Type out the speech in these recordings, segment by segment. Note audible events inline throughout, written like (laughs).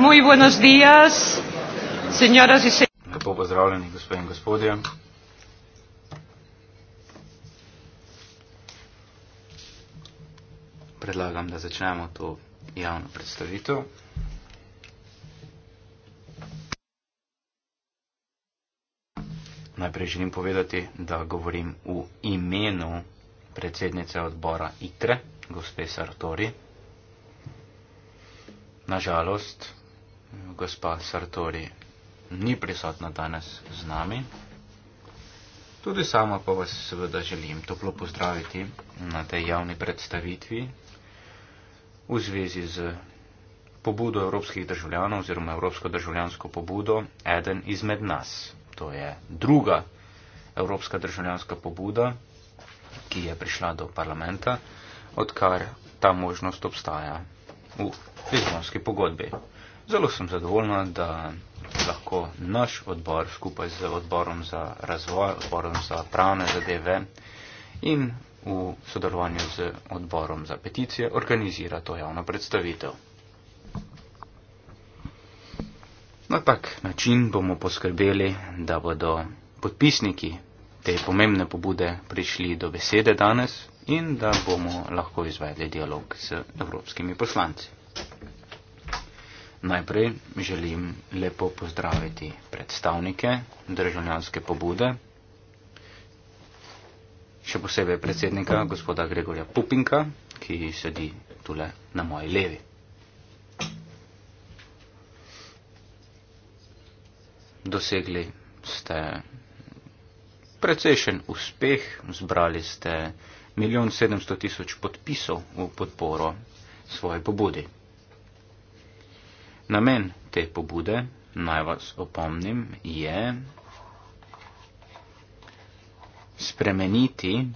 Muy buenos días, señoras y señores. Lepo pozdravljeni, gospodin gospodje. Predlagam, da začnemo to javno predstavitev. Najprej želim povedati, da govorim v imenu predsednice odbora ITRE, gospe Sartori. Nažalost, gospa Sartori ni prisotna danes z nami. Tudi sama pa vas seveda želim toplo pozdraviti na tej javni predstavitvi v zvezi z pobudo evropskih državljanov oziroma evropsko državljansko pobudo Eden izmed nas. To je druga evropska državljanska pobuda, ki je prišla do parlamenta, odkar ta možnost obstaja v Lizbonski pogodbi. Zelo sem zadovoljna, da lahko naš odbor skupaj z odborom za razvoj, odborom za pravne zadeve in v sodelovanju z odborom za peticije organizira to javno predstavitev. Na tak način bomo poskrbeli, da bodo podpisniki te pomembne pobude prišli do besede danes in da bomo lahko izvedli dialog s evropskimi poslanci. Najprej želim lepo pozdraviti predstavnike državljanske pobude, še posebej predsednika gospoda Gregorja Pupinka, ki sedi tule na moji levi. Dosegli ste precejšen uspeh, zbrali ste milijon sedemsto tisoč podpisov v podporo svoje pobudi. Namen te pobude, naj vas opomnim, je spremeniti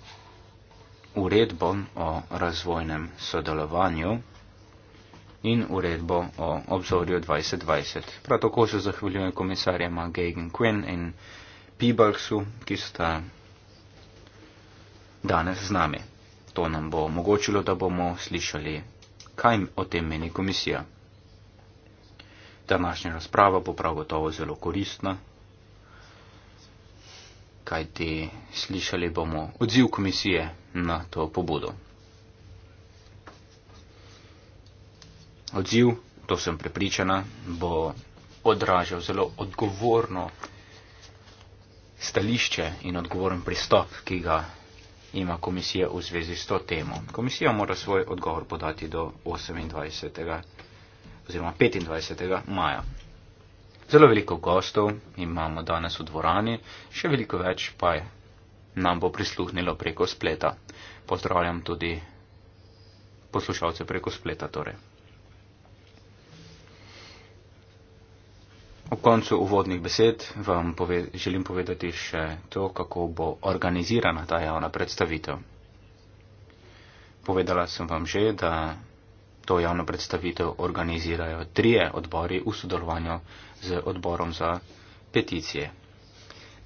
uredbo o razvojnem sodelovanju in uredbo o obzorju 2020. Prav tako se zahvaljujem komisarjema Gagan Quinn in Pibalksu, ki sta danes z nami. To nam bo omogočilo, da bomo slišali, kaj o tem meni komisija današnja razprava bo prav gotovo zelo koristna, kajti slišali bomo odziv komisije na to pobudo. Odziv, to sem prepričana, bo odražal zelo odgovorno stališče in odgovoren pristop, ki ga ima komisija v zvezi s to temo. Komisija mora svoj odgovor podati do 28 oziroma 25. maja. Zelo veliko gostov imamo danes v dvorani, še veliko več pa je. nam bo prisluhnilo preko spleta. Pozdravljam tudi poslušalce preko spleta torej. V koncu uvodnih besed vam pove, želim povedati še to, kako bo organizirana ta javna predstavitev. Povedala sem vam že, da to javno predstavitev organizirajo trije odbori v sodelovanju z odborom za peticije.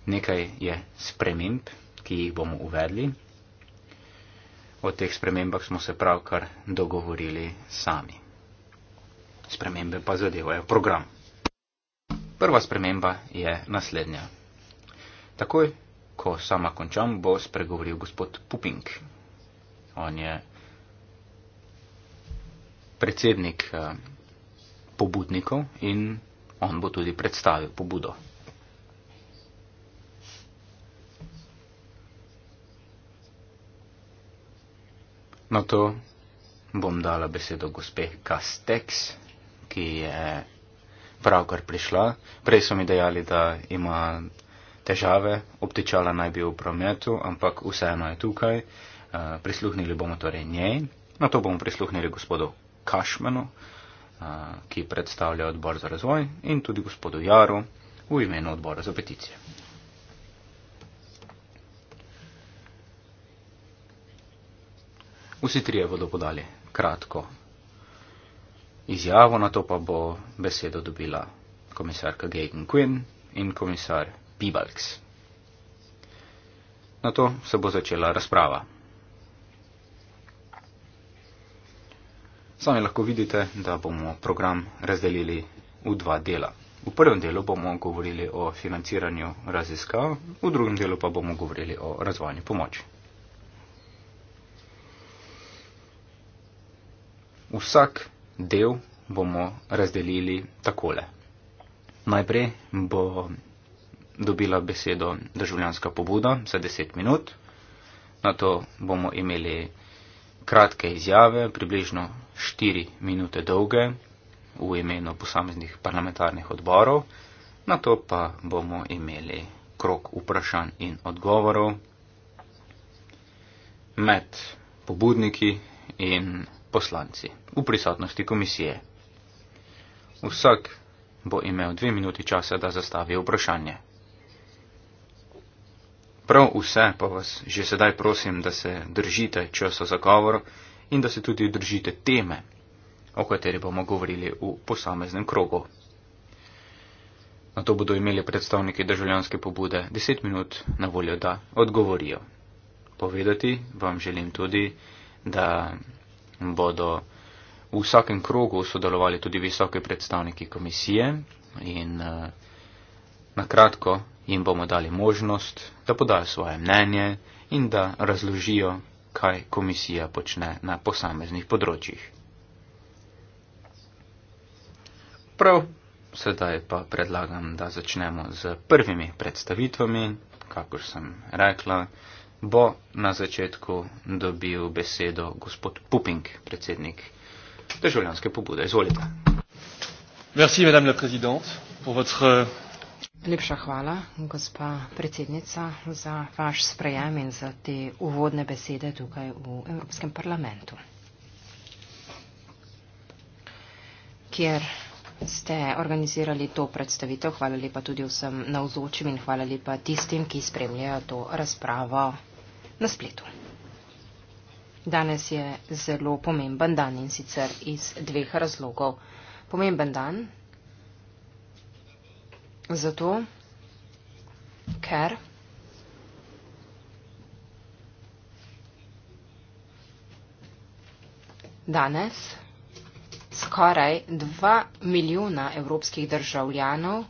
Nekaj je sprememb, ki jih bomo uvedli. O teh spremembah smo se pravkar dogovorili sami. Spremembe pa zadevajo program. Prva sprememba je naslednja. Takoj, ko sama končam, bo spregovoril gospod Puping. On je predsednik eh, pobudnikov in on bo tudi predstavil pobudo. Na no, to bom dala besedo gospe Kastex, ki je pravkar prišla. Prej so mi dejali, da ima težave, obtečala naj bi v prometu, ampak vseeno je tukaj. Eh, prisluhnili bomo torej njej. Na no, to bomo prisluhnili gospodu Kašmanu, ki predstavlja odbor za razvoj, in tudi gospodu Jaru v imenu odbora za peticije. Vsi trije bodo podali kratko izjavo, na to pa bo besedo dobila komisarka Gagan Quinn in komisar Pibalks. Na to se bo začela razprava. Sami lahko vidite, da bomo program razdelili v dva dela. V prvem delu bomo govorili o financiranju raziskav, v drugem delu pa bomo govorili o razvojni pomoči. Vsak del bomo razdelili takole. Najprej bo dobila besedo državljanska pobuda za 10 minut, na to bomo imeli kratke izjave, približno 4 minute dolge, v imenu posameznih parlamentarnih odborov, na to pa bomo imeli krok vprašanj in odgovorov med pobudniki in poslanci v prisotnosti komisije. Vsak bo imel dve minuti časa, da zastavi vprašanje. Prav vse pa vas že sedaj prosim, da se držite časa za govor in da se tudi držite teme, o kateri bomo govorili v posameznem krogu. Na to bodo imeli predstavniki državljanske pobude 10 minut na voljo, da odgovorijo. Povedati vam želim tudi, da bodo v vsakem krogu sodelovali tudi visoke predstavniki komisije in eh, na kratko jim bomo dali možnost, da podajo svoje mnenje in da razložijo, kaj komisija počne na posameznih področjih. Prav sedaj pa predlagam, da začnemo z prvimi predstavitvami, kakor sem rekla, bo na začetku dobil besedo gospod Puping, predsednik državljanske pobude. Izvolite. Merci, madame la présidente, pour votre Lepša hvala, gospa predsednica, za vaš sprejem in za te uvodne besede tukaj v Evropskem parlamentu, kjer ste organizirali to predstavitev. Hvala lepa tudi vsem navzočim in hvala lepa tistim, ki spremljajo to razpravo na spletu. Danes je zelo pomemben dan in sicer iz dveh razlogov. Pomemben dan Zato, ker danes skoraj dva milijona evropskih državljanov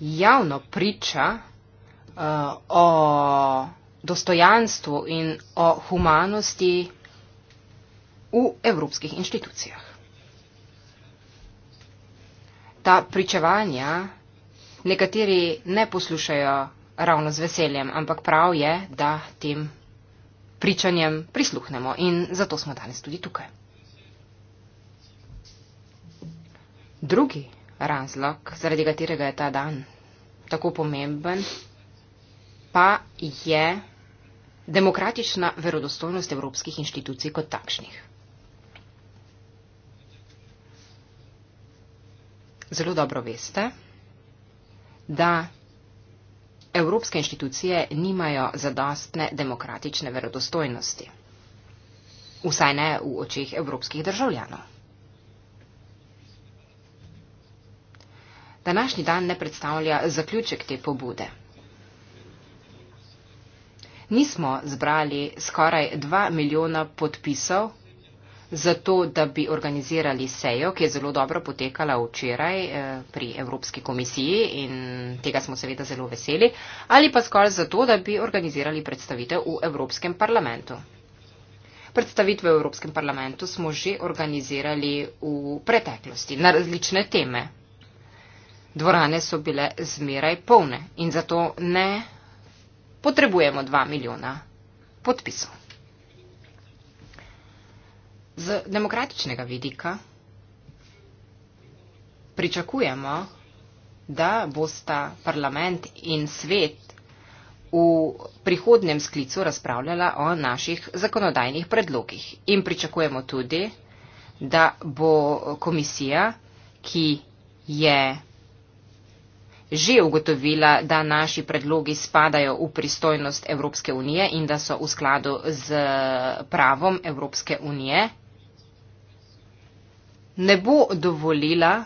javno priča uh, o dostojanstvu in o humanosti u evropskih inštitucijah. Ta pričevanja nekateri ne poslušajo ravno z veseljem, ampak prav je, da tem pričanjem prisluhnemo in zato smo danes tudi tukaj. Drugi razlog, zaradi katerega je ta dan tako pomemben, pa je demokratična verodostojnost evropskih inštitucij kot takšnih. zelo dobro veste, da evropske inštitucije nimajo zadostne demokratične verodostojnosti. Vsaj ne v očih evropskih državljanov. Današnji dan ne predstavlja zaključek te pobude. Nismo zbrali skoraj 2 milijona podpisov zato, da bi organizirali sejo, ki je zelo dobro potekala včeraj eh, pri Evropski komisiji in tega smo seveda zelo veseli, ali pa skoraj zato, da bi organizirali predstavitev v Evropskem parlamentu. Predstavitve v Evropskem parlamentu smo že organizirali v preteklosti na različne teme. Dvorane so bile zmeraj polne in zato ne potrebujemo dva milijona podpisov. Z demokratičnega vidika pričakujemo, da bosta parlament in svet v prihodnem sklicu razpravljala o naših zakonodajnih predlogih. In pričakujemo tudi, da bo komisija, ki je že ugotovila, da naši predlogi spadajo v pristojnost Evropske unije in da so v skladu z pravom Evropske unije, ne bo dovolila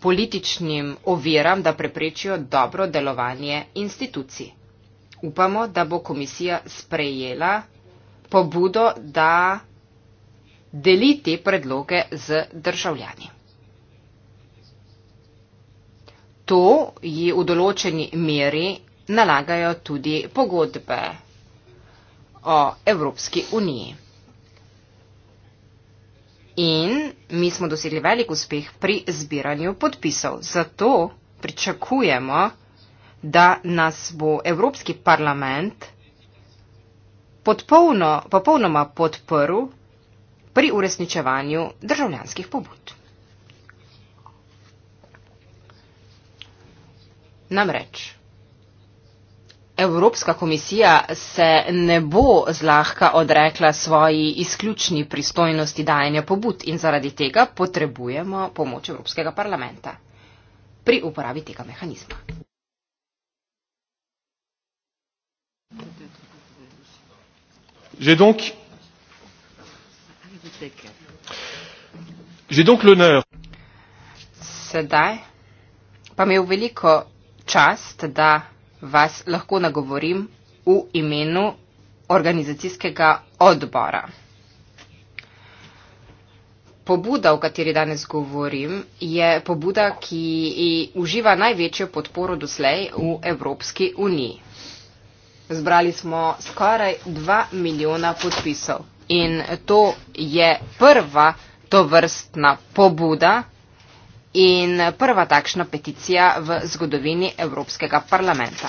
političnim oviram, da preprečijo dobro delovanje institucij. Upamo, da bo komisija sprejela pobudo, da deli te predloge z državljani. To ji v določeni meri nalagajo tudi pogodbe o Evropski uniji. In mi smo dosegli velik uspeh pri zbiranju podpisov. Zato pričakujemo, da nas bo Evropski parlament podpolno, popolnoma podprl pri uresničevanju državljanskih pobud. Namreč. Evropska komisija se ne bo zlahka odrekla svoji izključni pristojnosti dajanja pobud in zaradi tega potrebujemo pomoč Evropskega parlamenta pri uporabi tega mehanizma. Sedaj pa mi je v veliko čast, da vas lahko nagovorim v imenu organizacijskega odbora. Pobuda, o kateri danes govorim, je pobuda, ki uživa največjo podporo doslej v Evropski uniji. Zbrali smo skoraj 2 milijona podpisov in to je prva to vrstna pobuda in prva takšna peticija v zgodovini Evropskega parlamenta.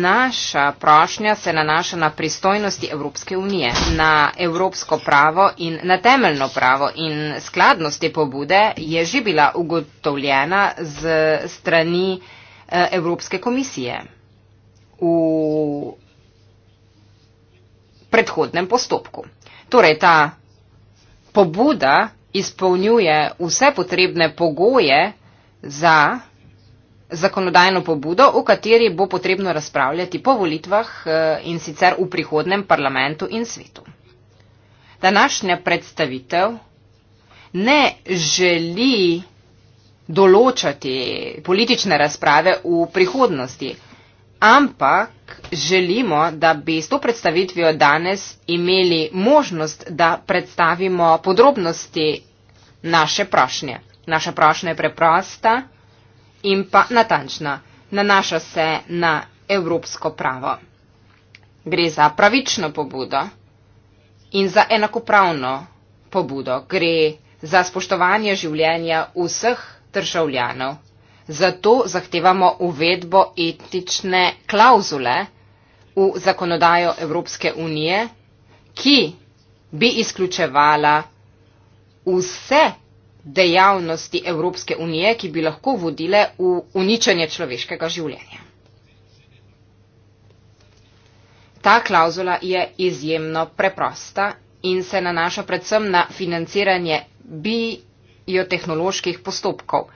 Naša prošnja se nanaša na pristojnosti Evropske unije, na evropsko pravo in na temeljno pravo in skladnosti pobude je že bila ugotovljena z strani eh, Evropske komisije v predhodnem postopku. Torej, ta pobuda izpolnjuje vse potrebne pogoje za zakonodajno pobudo, v kateri bo potrebno razpravljati po volitvah eh, in sicer v prihodnem parlamentu in svetu. Današnja predstavitev ne želi določati politične razprave v prihodnosti, ampak želimo, da bi s to predstavitvijo danes imeli možnost, da predstavimo podrobnosti naše prošnje. Naša prošnja je preprosta in pa natančna. Nanaša se na evropsko pravo. Gre za pravično pobudo in za enakopravno pobudo. Gre za spoštovanje življenja vseh državljanov. Zato zahtevamo uvedbo etične klauzule v zakonodajo Evropske unije, ki bi izključevala vse dejavnosti Evropske unije, ki bi lahko vodile v uničenje človeškega življenja. Ta klauzula je izjemno preprosta in se nanaša predvsem na financiranje biotehnoloških postopkov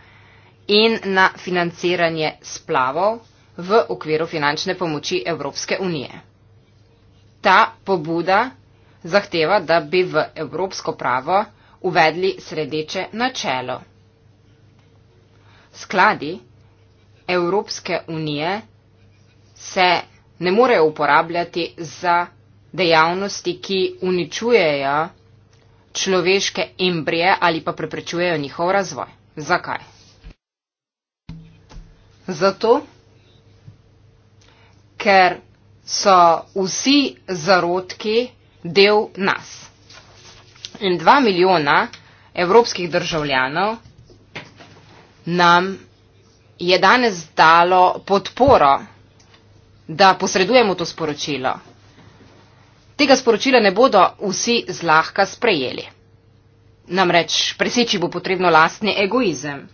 in na financiranje splavov v okviru finančne pomoči Evropske unije. Ta pobuda zahteva, da bi v evropsko pravo uvedli sredeče načelo. Skladi Evropske unije se ne morejo uporabljati za dejavnosti, ki uničujejo človeške embrije ali pa preprečujejo njihov razvoj. Zakaj? Zato, ker so vsi zarodki del nas. In dva milijona evropskih državljanov nam je danes dalo podporo, da posredujemo to sporočilo. Tega sporočila ne bodo vsi zlahka sprejeli. Namreč preseči bo potrebno lastni egoizem.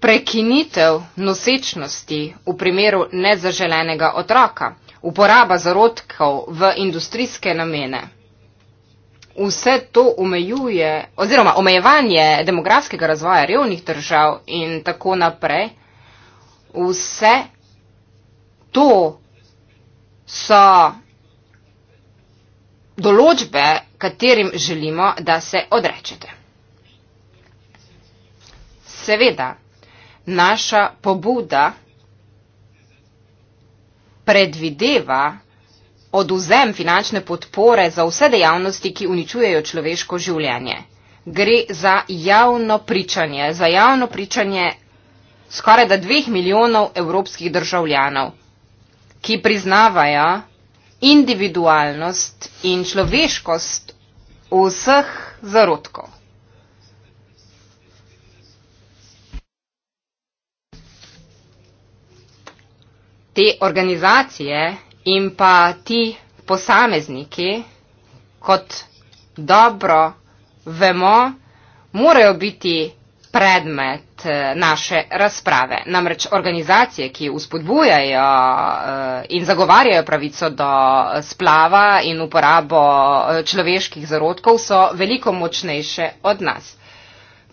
prekinitev nosečnosti v primeru nezaželenega otroka, uporaba zarodkov v industrijske namene. Vse to omejuje, oziroma omejevanje demografskega razvoja revnih držav in tako naprej, vse to so določbe, katerim želimo, da se odrečete. Seveda, naša pobuda predvideva oduzem finančne podpore za vse dejavnosti, ki uničujejo človeško življenje. Gre za javno pričanje, za javno pričanje skoraj da dveh milijonov evropskih državljanov, ki priznavajo individualnost in človeškost vseh zarodkov. te organizacije in pa ti posamezniki, kot dobro vemo, morajo biti predmet eh, naše razprave. Namreč organizacije, ki uspodbujajo eh, in zagovarjajo pravico do splava in uporabo eh, človeških zarodkov, so veliko močnejše od nas.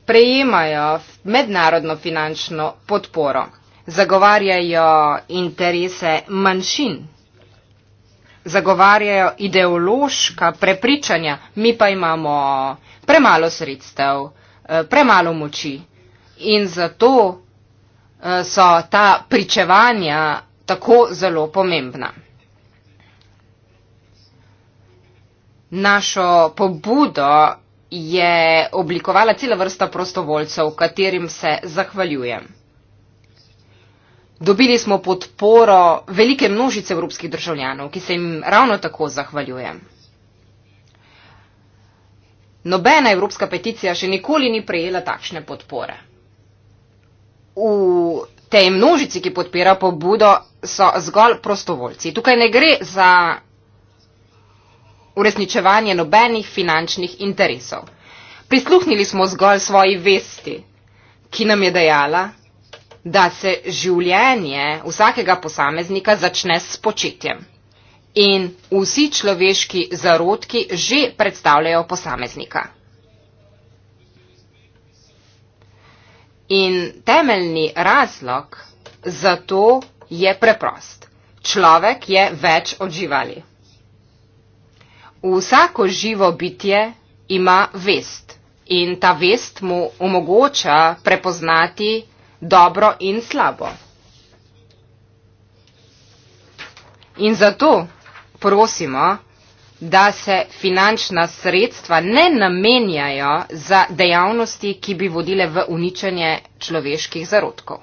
Prejemajo mednarodno finančno podporo zagovarjajo interese manjšin, zagovarjajo ideološka prepričanja, mi pa imamo premalo sredstev, eh, premalo moči in zato eh, so ta pričevanja tako zelo pomembna. Našo pobudo je oblikovala cela vrsta prostovoljcev, katerim se zahvaljujem. Dobili smo podporo velike množice evropskih državljanov, ki se jim ravno tako zahvaljujem. Nobena evropska peticija še nikoli ni prejela takšne podpore. V tej množici, ki podpira pobudo, so zgolj prostovoljci. Tukaj ne gre za uresničevanje nobenih finančnih interesov. Prisluhnili smo zgolj svoji vesti, ki nam je dejala, da se življenje vsakega posameznika začne s početjem. In vsi človeški zarodki že predstavljajo posameznika. In temeljni razlog za to je preprost. Človek je več od živali. Vsako živo bitje ima vest in ta vest mu omogoča prepoznati, dobro in slabo. In zato prosimo, da se finančna sredstva ne namenjajo za dejavnosti, ki bi vodile v uničenje človeških zarodkov.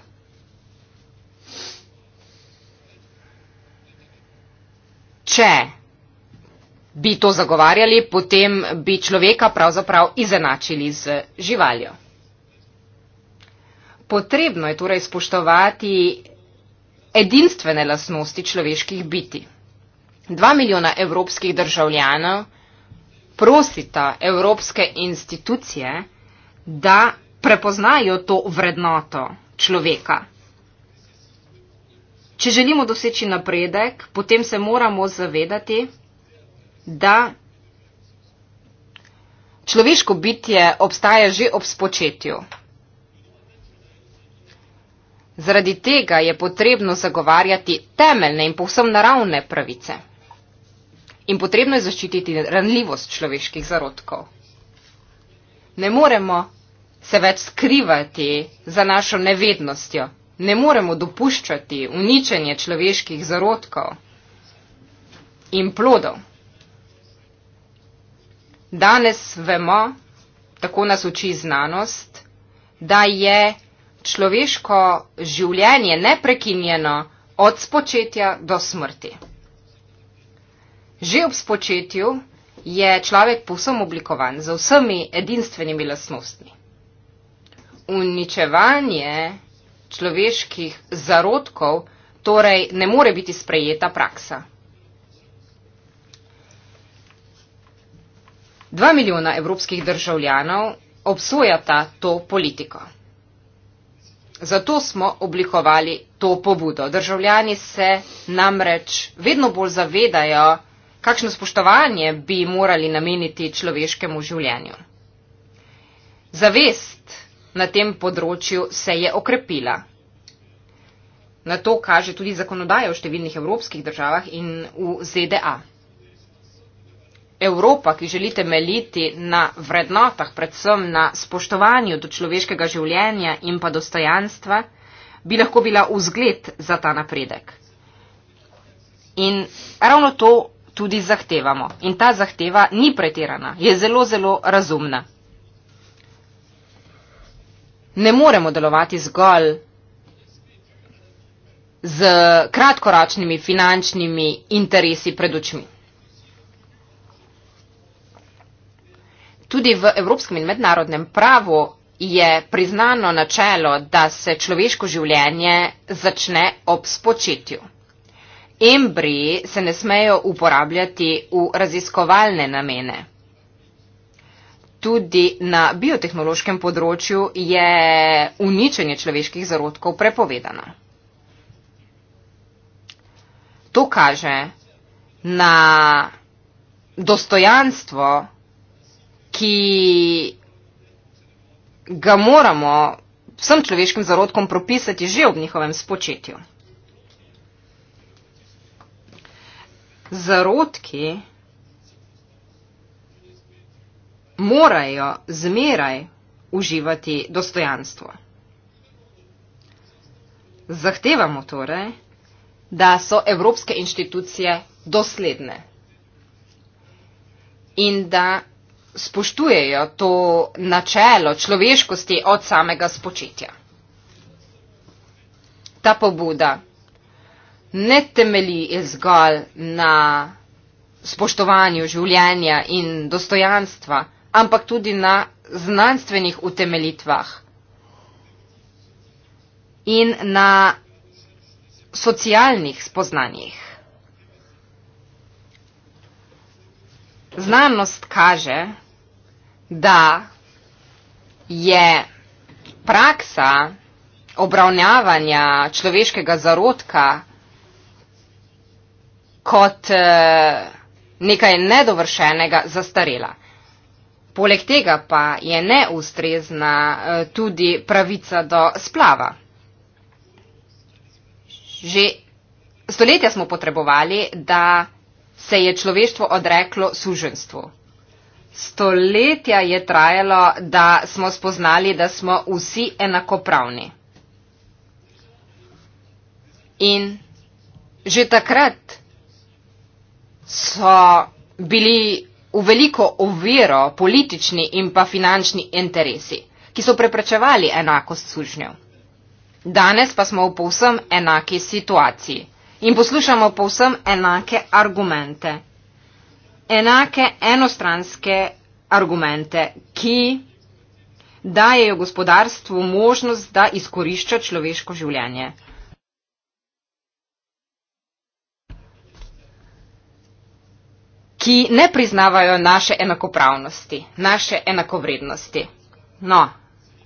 Če bi to zagovarjali, potem bi človeka pravzaprav izenačili z živaljo. Potrebno je torej spoštovati edinstvene lasnosti človeških biti. Dva milijona evropskih državljanov prosita evropske institucije, da prepoznajo to vrednoto človeka. Če želimo doseči napredek, potem se moramo zavedati, da človeško bitje obstaja že ob spočetju. Zaradi tega je potrebno zagovarjati temeljne in povsem naravne pravice. In potrebno je zaščititi ranljivost človeških zarodkov. Ne moremo se več skrivati za našo nevednostjo, ne moremo dopuščati uničenje človeških zarodkov in plodov. Danes vemo, tako nas uči znanost, da je človeško življenje neprekinjeno od spočetja do smrti. Že ob spočetju je človek povsem oblikovan z vsemi edinstvenimi lasnostmi. Uničevanje človeških zarodkov torej ne more biti sprejeta praksa. Dva milijona evropskih državljanov obsojata to politiko. Zato smo oblikovali to pobudo. Državljani se namreč vedno bolj zavedajo, kakšno spoštovanje bi morali nameniti človeškemu življenju. Zavest na tem področju se je okrepila. Na to kaže tudi zakonodaja v številnih evropskih državah in v ZDA. Evropa, ki želi temeljiti na vrednotah, predvsem na spoštovanju do človeškega življenja in pa dostojanstva, bi lahko bila vzgled za ta napredek. In ravno to tudi zahtevamo. In ta zahteva ni pretirana, je zelo, zelo razumna. Ne moremo delovati zgolj z kratkoročnimi finančnimi interesi pred očmi. Tudi v evropskem in mednarodnem pravu je priznano načelo, da se človeško življenje začne ob spočetju. Embriji se ne smejo uporabljati v raziskovalne namene. Tudi na biotehnološkem področju je uničenje človeških zarodkov prepovedano. To kaže na dostojanstvo ki ga moramo vsem človeškim zarodkom propisati že ob njihovem spočetju. Zarodki morajo zmeraj uživati dostojanstvo. Zahtevamo torej, da so evropske inštitucije dosledne in da spoštujejo to načelo človeškosti od samega spočetja. Ta pobuda ne temeli zgolj na spoštovanju življenja in dostojanstva, ampak tudi na znanstvenih utemelitvah in na socialnih spoznanjih. Znanost kaže, da je praksa obravnavanja človeškega zarodka kot eh, nekaj nedovršenega zastarela. Poleg tega pa je neustrezna eh, tudi pravica do splava. Že stoletja smo potrebovali, da se je človeštvo odreklo suženstvu. Stoletja je trajalo, da smo spoznali, da smo vsi enakopravni. In že takrat so bili v veliko oviro politični in pa finančni interesi, ki so preprečevali enakost sužnjev. Danes pa smo v povsem enaki situaciji in poslušamo povsem enake argumente enake enostranske argumente, ki dajejo gospodarstvu možnost, da izkorišča človeško življenje. ki ne priznavajo naše enakopravnosti, naše enakovrednosti. No,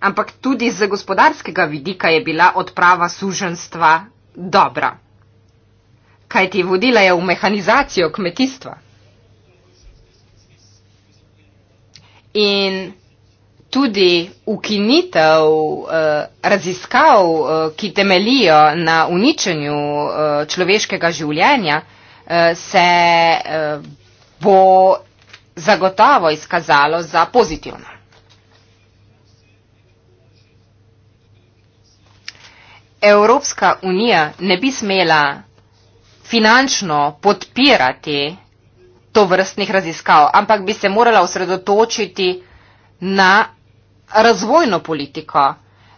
ampak tudi z gospodarskega vidika je bila odprava suženstva dobra, kajti vodila je v mehanizacijo kmetijstva. in tudi ukinitev uh, raziskav, uh, ki temelijo na uničenju uh, človeškega življenja, uh, se uh, bo zagotovo izkazalo za pozitivno. Evropska unija ne bi smela finančno podpirati to vrstnih raziskav, ampak bi se morala osredotočiti na razvojno politiko,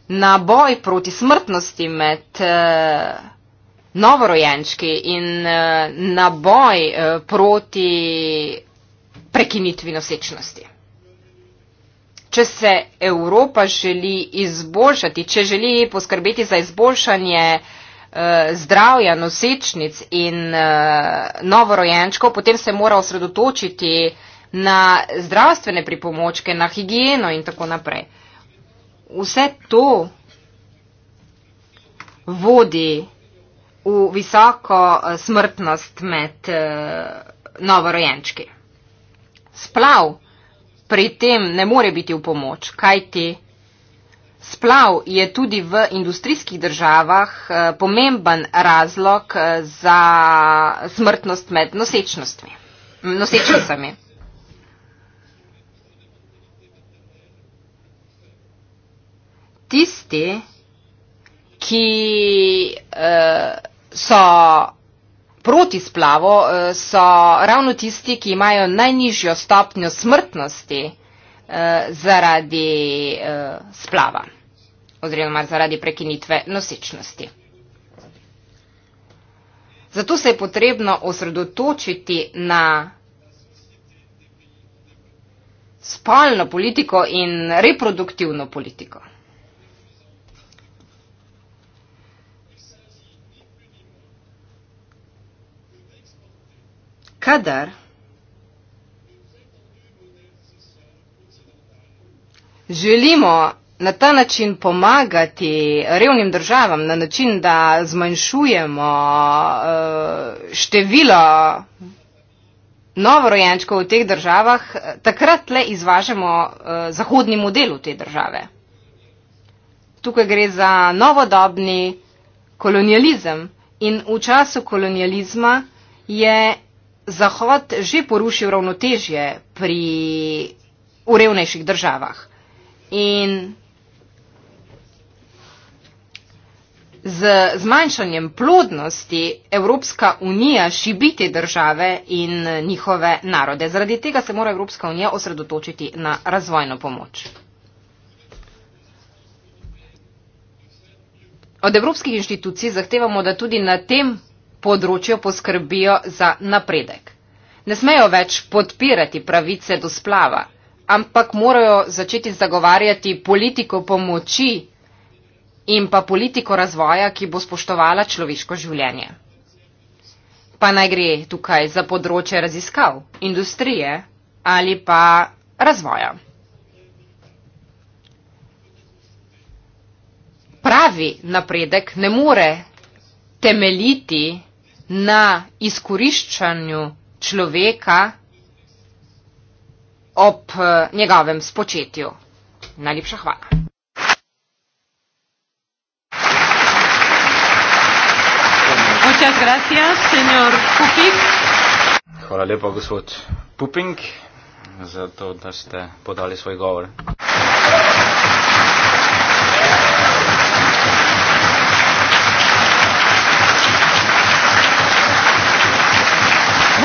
na boj proti smrtnosti med uh, novorojenčki in uh, na boj uh, proti prekinitvi nosečnosti. Če se Evropa želi izboljšati, če želi poskrbeti za izboljšanje uh, Eh, zdravja nosečnic in uh, novorojenčkov, potem se mora osredotočiti na zdravstvene pripomočke, na higieno in tako naprej. Vse to vodi v visoko uh, smrtnost med uh, novorojenčki. Splav pri tem ne more biti v pomoč, kaj ti. Splav je tudi v industrijskih državah eh, pomemben razlog eh, za smrtnost med nosečnostmi, nosečnostmi. Tisti, ki eh, so proti splavo, so ravno tisti, ki imajo najnižjo stopnjo smrtnosti Eh, zaradi eh, splava oziroma zaradi prekinitve nosečnosti. Zato se je potrebno osredotočiti na spolno politiko in reproduktivno politiko. Kadar želimo na ta način pomagati revnim državam, na način, da zmanjšujemo eh, število novorojenčkov v teh državah, eh, takrat le izvažamo eh, zahodni model v te države. Tukaj gre za novodobni kolonializem in v času kolonializma je Zahod že porušil ravnotežje pri urevnejših državah. In z zmanjšanjem plodnosti Evropska unija šibiti države in njihove narode. Zaradi tega se mora Evropska unija osredotočiti na razvojno pomoč. Od evropskih inštitucij zahtevamo, da tudi na tem področju poskrbijo za napredek. Ne smejo več podpirati pravice do splava ampak morajo začeti zagovarjati politiko pomoči in pa politiko razvoja, ki bo spoštovala človeško življenje. Pa naj gre tukaj za področje raziskav, industrije ali pa razvoja. Pravi napredek ne more temeljiti na izkoriščanju človeka, ob eh, njegovem spočetju. Najlepša hvala. Hvala lepa, gospod Puping, za to, da ste podali svoj govor. Hvala.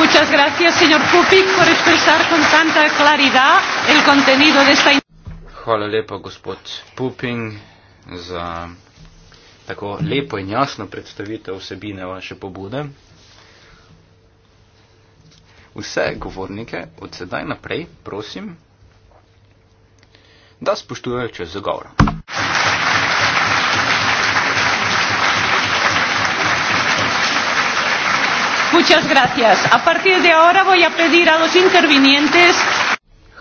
Muchas gracias, señor Kupik, por expresar con tanta claridad el contenido de esta. Hvala lepa, gospod Puping, za tako lepo in jasno predstavitev vsebine vaše pobude. Vse govornike od sedaj naprej prosim, da spoštujejo čas za govor. Muchas gracias. A partir de ahora voy a pedir a los intervinientes.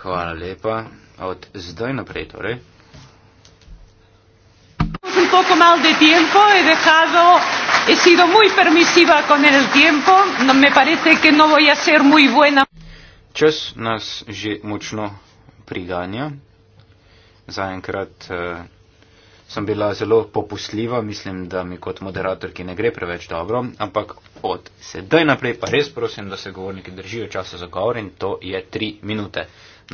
Hvala lepa. Od zdaj naprej, torej. Un poco mal de tiempo, he dejado, he sido muy permisiva con el tiempo, no me parece que no voy a ser muy buena. Čas nas že močno priganja. Zaenkrat uh, sem bila zelo popustljiva, mislim, da mi kot moderatorki ne gre preveč dobro, ampak pot. Sedaj naprej pa res prosim, da se govorniki držijo časa za govor in to je tri minute.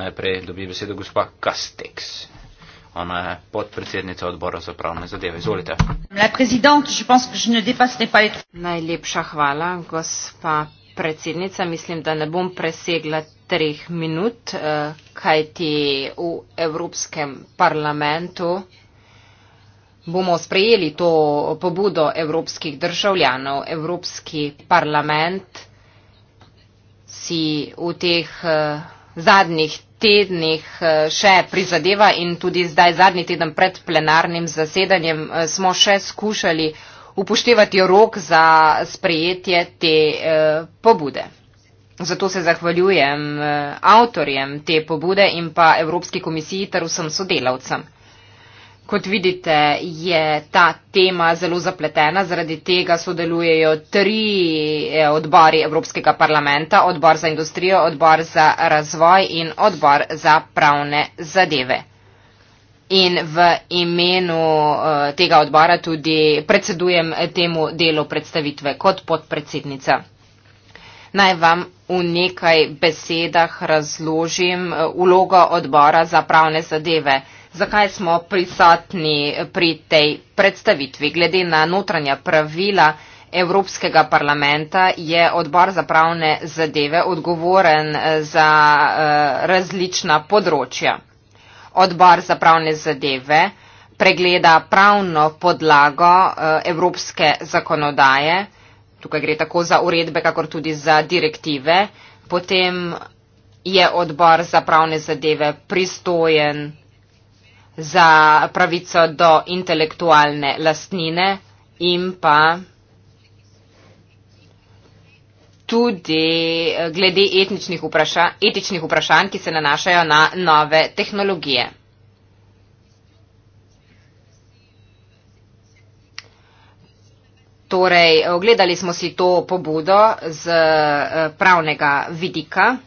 Najprej dobi besedo gospa Kasteks. Ona je podpredsednica odbora za pravne zadeve. Izvolite. Najlepša hvala, gospa predsednica. Mislim, da ne bom presegla treh minut, eh, kajti v Evropskem parlamentu bomo sprejeli to pobudo evropskih državljanov. Evropski parlament si v teh eh, zadnjih tednih eh, še prizadeva in tudi zdaj zadnji teden pred plenarnim zasedanjem eh, smo še skušali upoštevati rok za sprejetje te pobude. Zato se zahvaljujem avtorjem te pobude in pa Evropski komisiji ter vsem sodelavcem. Kot vidite, je ta tema zelo zapletena, zaradi tega sodelujejo tri eh, odbori Evropskega parlamenta, odbor za industrijo, odbor za razvoj in odbor za pravne zadeve. In v imenu eh, tega odbora tudi predsedujem temu delu predstavitve kot podpredsednica. Naj vam v nekaj besedah razložim ulogo eh, odbora za pravne zadeve zakaj smo prisotni pri tej predstavitvi. Glede na notranja pravila Evropskega parlamenta je odbor za pravne zadeve odgovoren eh, za eh, različna področja. Odbor za pravne zadeve pregleda pravno podlago eh, evropske zakonodaje, tukaj gre tako za uredbe, kakor tudi za direktive, potem je odbor za pravne zadeve pristojen za pravico do intelektualne lastnine in pa tudi eh, glede etničnih vprašanj, etičnih vprašanj, ki se nanašajo na nove tehnologije. Torej, ogledali smo si to pobudo z eh, pravnega vidika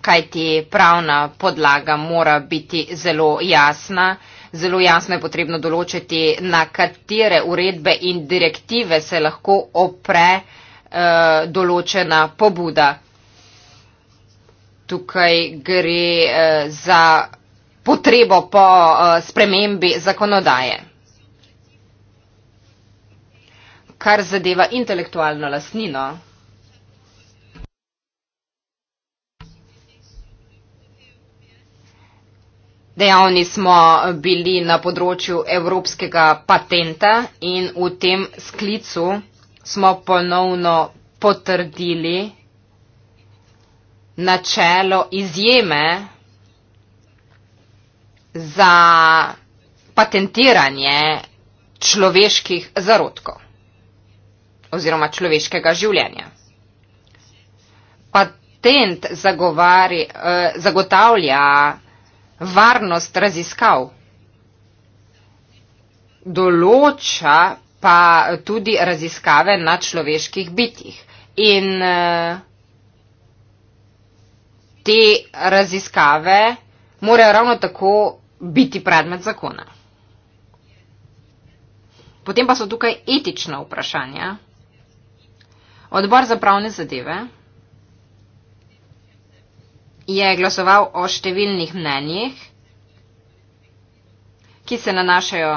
kajti pravna podlaga mora biti zelo jasna. Zelo jasno je potrebno določiti, na katere uredbe in direktive se lahko opre eh, določena pobuda. Tukaj gre eh, za potrebo po eh, spremembi zakonodaje. Kar zadeva intelektualno lasnino, dejavni smo eh, bili na področju evropskega patenta in v tem sklicu smo ponovno potrdili načelo izjeme za patentiranje človeških zarodkov oziroma človeškega življenja. Patent zagovari, eh, zagotavlja varnost raziskav. Določa pa tudi raziskave na človeških bitjih. In eh, te raziskave morajo ravno tako biti predmet zakona. Potem pa so tukaj etična vprašanja. Odbor za pravne zadeve je glasoval o številnih mnenjih, ki se nanašajo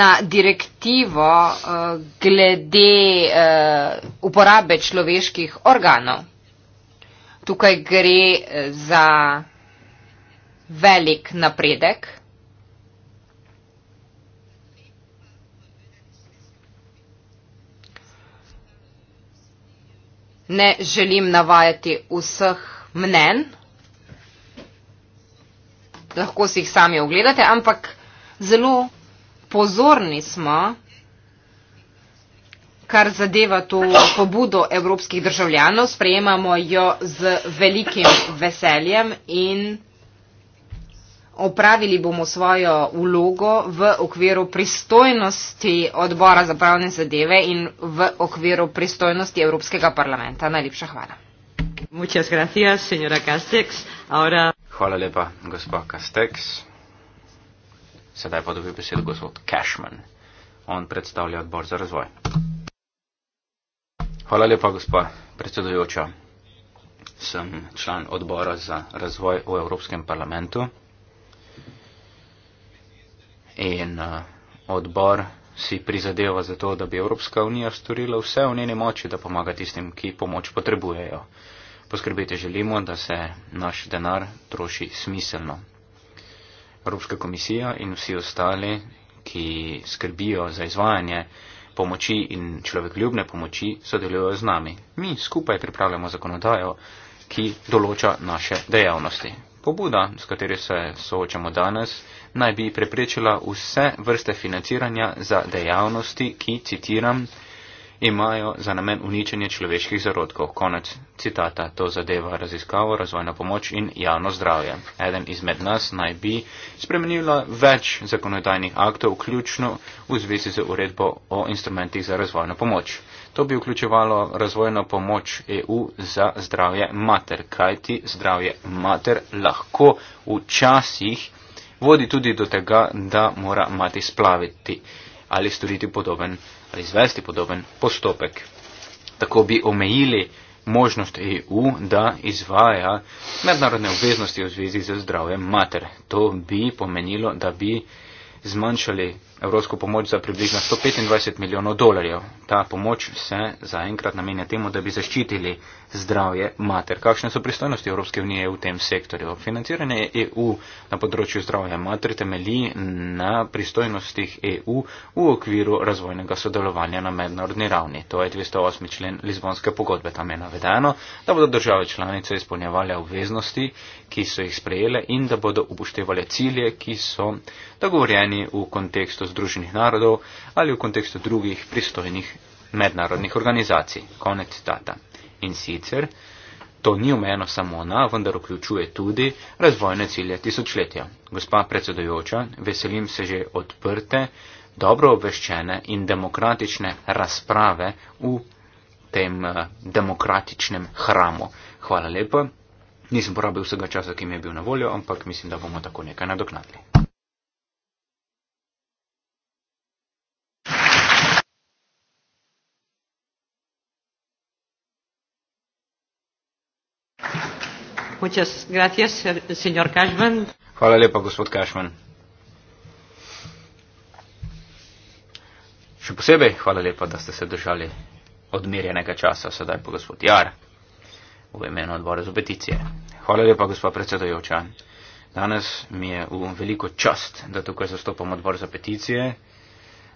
na direktivo eh, glede eh, uporabe človeških organov. Tukaj gre eh, za velik napredek. ne želim navajati vseh mnen, lahko si jih sami ogledate, ampak zelo pozorni smo, kar zadeva to pobudo evropskih državljanov, sprejemamo jo z velikim veseljem in veseljem opravili bomo svojo vlogo v okviru pristojnosti odbora za pravne zadeve in v okviru pristojnosti Evropskega parlamenta. Najlepša hvala. Hvala lepa, gospod Kastex. Sedaj pa dobi besedo gospod Cashman. On predstavlja odbor za razvoj. Hvala lepa, gospod predsedujoča. Sem član odbora za razvoj v Evropskem parlamentu in uh, odbor si prizadeva za to, da bi Evropska unija storila vse v njeni moči, da pomaga tistim, ki pomoč potrebujejo. Poskrbite želimo, da se naš denar troši smiselno. Evropska komisija in vsi ostali, ki skrbijo za izvajanje pomoči in človekljubne pomoči, sodelujo z nami. Mi skupaj pripravljamo zakonodajo, ki določa naše dejavnosti. Pobuda, s katero se soočamo danes, naj bi preprečila vse vrste financiranja za dejavnosti, ki, citiram, imajo za namen uničenje človeških zarodkov. Konec citata. To zadeva raziskavo, razvojna pomoč in javno zdravje. Eden izmed nas naj bi spremenila več zakonodajnih aktov, vključno v zvezi z uredbo o instrumentih za razvojno pomoč. To bi vključevalo razvojno pomoč EU za zdravje mater, kajti zdravje mater lahko včasih vodi tudi do tega, da mora mati splaviti ali storiti podoben ali izvesti podoben postopek. Tako bi omejili možnost EU, da izvaja mednarodne obveznosti v zvezi z zdravjem mater. To bi pomenilo, da bi zmanjšali evropsko pomoč za približno 125 milijonov dolarjev. Ta pomoč se zaenkrat namenja temu, da bi zaščitili zdravje mater. Kakšne so pristojnosti Evropske unije v tem sektorju? Financiranje EU na področju zdravja mater temelji na pristojnostih EU v okviru razvojnega sodelovanja na mednarodni ravni. To je 208. člen Lizbonske pogodbe. Tam je navedeno, da bodo države članice izpolnjevali obveznosti, ki so jih sprejele in da bodo upoštevali cilje, ki so dogovorjeni v kontekstu Združenih narodov ali v kontekstu drugih pristojnih mednarodnih organizacij. Konec citata. In sicer, to ni omejeno samo na, vendar vključuje tudi razvojne cilje tisočletja. Gospa predsedujoča, veselim se že odprte, dobro obveščene in demokratične razprave v tem eh, demokratičnem hramu. Hvala lepa. Nisem porabil vsega časa, ki mi je bil na voljo, ampak mislim, da bomo tako nekaj nadoknadili. Muchas gracias, señor Cashman. Hvala lepa, gospod Cashman. Še posebej hvala lepa, da ste se držali odmerjenega časa, sedaj pa gospod Jar, v imenu odbora za peticije. Hvala lepa, gospod predsedojoča. Danes mi je v veliko čast, da tukaj zastopam odbor za peticije.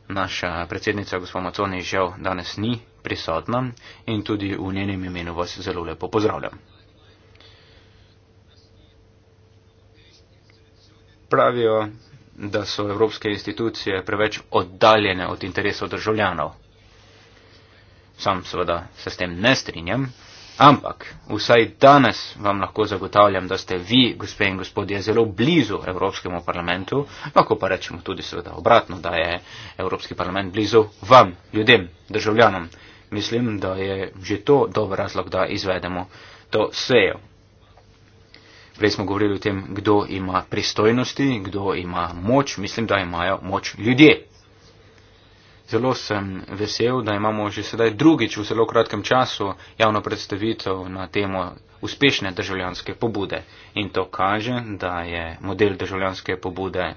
Naša predsednica, gospod Maconi, žal danes ni prisotna in tudi v njenem imenu vas zelo lepo pozdravljam. pravijo, da so evropske institucije preveč oddaljene od interesov državljanov. Sam seveda se s tem ne strinjam, ampak vsaj danes vam lahko zagotavljam, da ste vi, gospe in gospodje, zelo blizu Evropskemu parlamentu, lahko pa rečemo tudi seveda obratno, da je Evropski parlament blizu vam, ljudem, državljanom. Mislim, da je že to dober razlog, da izvedemo to sejo Prej smo govorili o tem, kdo ima pristojnosti, kdo ima moč. Mislim, da imajo moč ljudje. Zelo sem vesel, da imamo že sedaj drugič v zelo kratkem času javno predstavitev na temo uspešne državljanske pobude. In to kaže, da je model državljanske pobude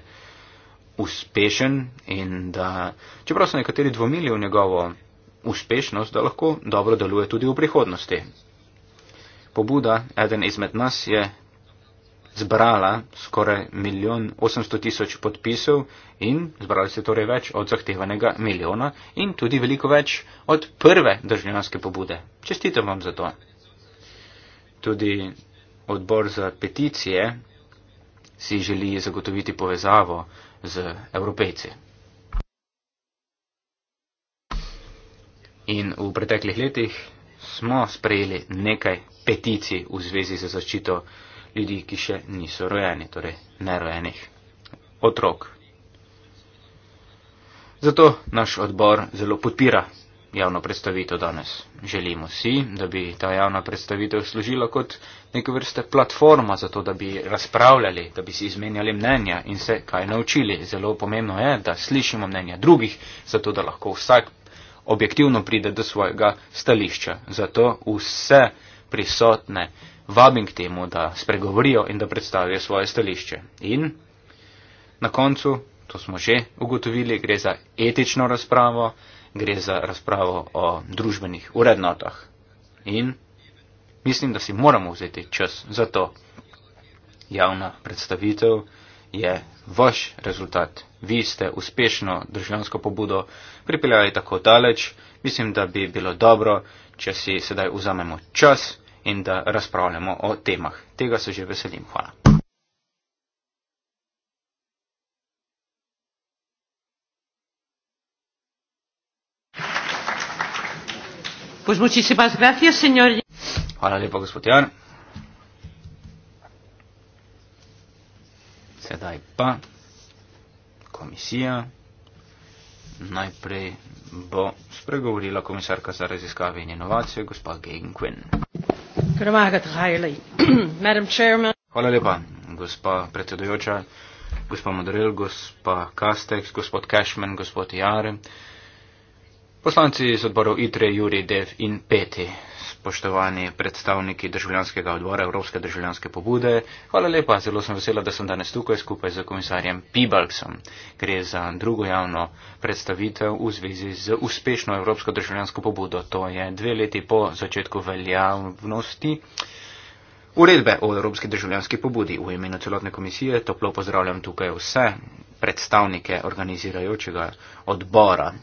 uspešen in da, čeprav so nekateri dvomili v njegovo uspešnost, da lahko dobro deluje tudi v prihodnosti. Pobuda eden izmed nas je zbrala skoraj milijon 800 tisoč podpisov in zbrali se torej več od zahtevanega milijona in tudi veliko več od prve državljanske pobude. Čestitam vam za to. Tudi odbor za peticije si želi zagotoviti povezavo z evropejci. In v preteklih letih smo sprejeli nekaj peticij v zvezi z zaščito ljudi, ki še niso rojeni, torej nerojenih otrok. Zato naš odbor zelo podpira javno predstavitev danes. Želimo si, da bi ta javna predstavitev služila kot neka vrste platforma za to, da bi razpravljali, da bi si izmenjali mnenja in se kaj naučili. Zelo pomembno je, da slišimo mnenja drugih, zato da lahko vsak objektivno pride do svojega stališča. Zato vse prisotne, vabim k temu, da spregovorijo in da predstavijo svoje stališče. In na koncu, to smo že ugotovili, gre za etično razpravo, gre za razpravo o družbenih urednotah. In mislim, da si moramo vzeti čas za to. Javna predstavitev je vaš rezultat. Vi ste uspešno državljansko pobudo pripeljali tako daleč. Mislim, da bi bilo dobro, če si sedaj vzamemo čas in da razpravljamo o temah. Tega se že veselim. Hvala. Pues muchísimas gracias, señor. Hvala lepa, gospod Jan. Sedaj pa komisija. Najprej bo spregovorila komisarka za raziskave in inovacije, gospa Gegen Quinn. (clears throat) Hvala lepa, gospa predsedujoča, gospa Modrel, gospa Kastek, gospod Cashman, gospod Jare. Poslanci iz odborov ITRE, Juri, DEV in PETI, spoštovani predstavniki državljanskega odbora Evropske državljanske pobude, hvala lepa, zelo sem vesela, da sem danes tukaj skupaj z komisarjem Pibalksom. Gre za drugo javno predstavitev v zvezi z uspešno Evropsko državljansko pobudo. To je dve leti po začetku veljavnosti. Uredbe o Evropski državljanski pobudi v imenu celotne komisije toplo pozdravljam tukaj vse predstavnike organizirajočega odbora.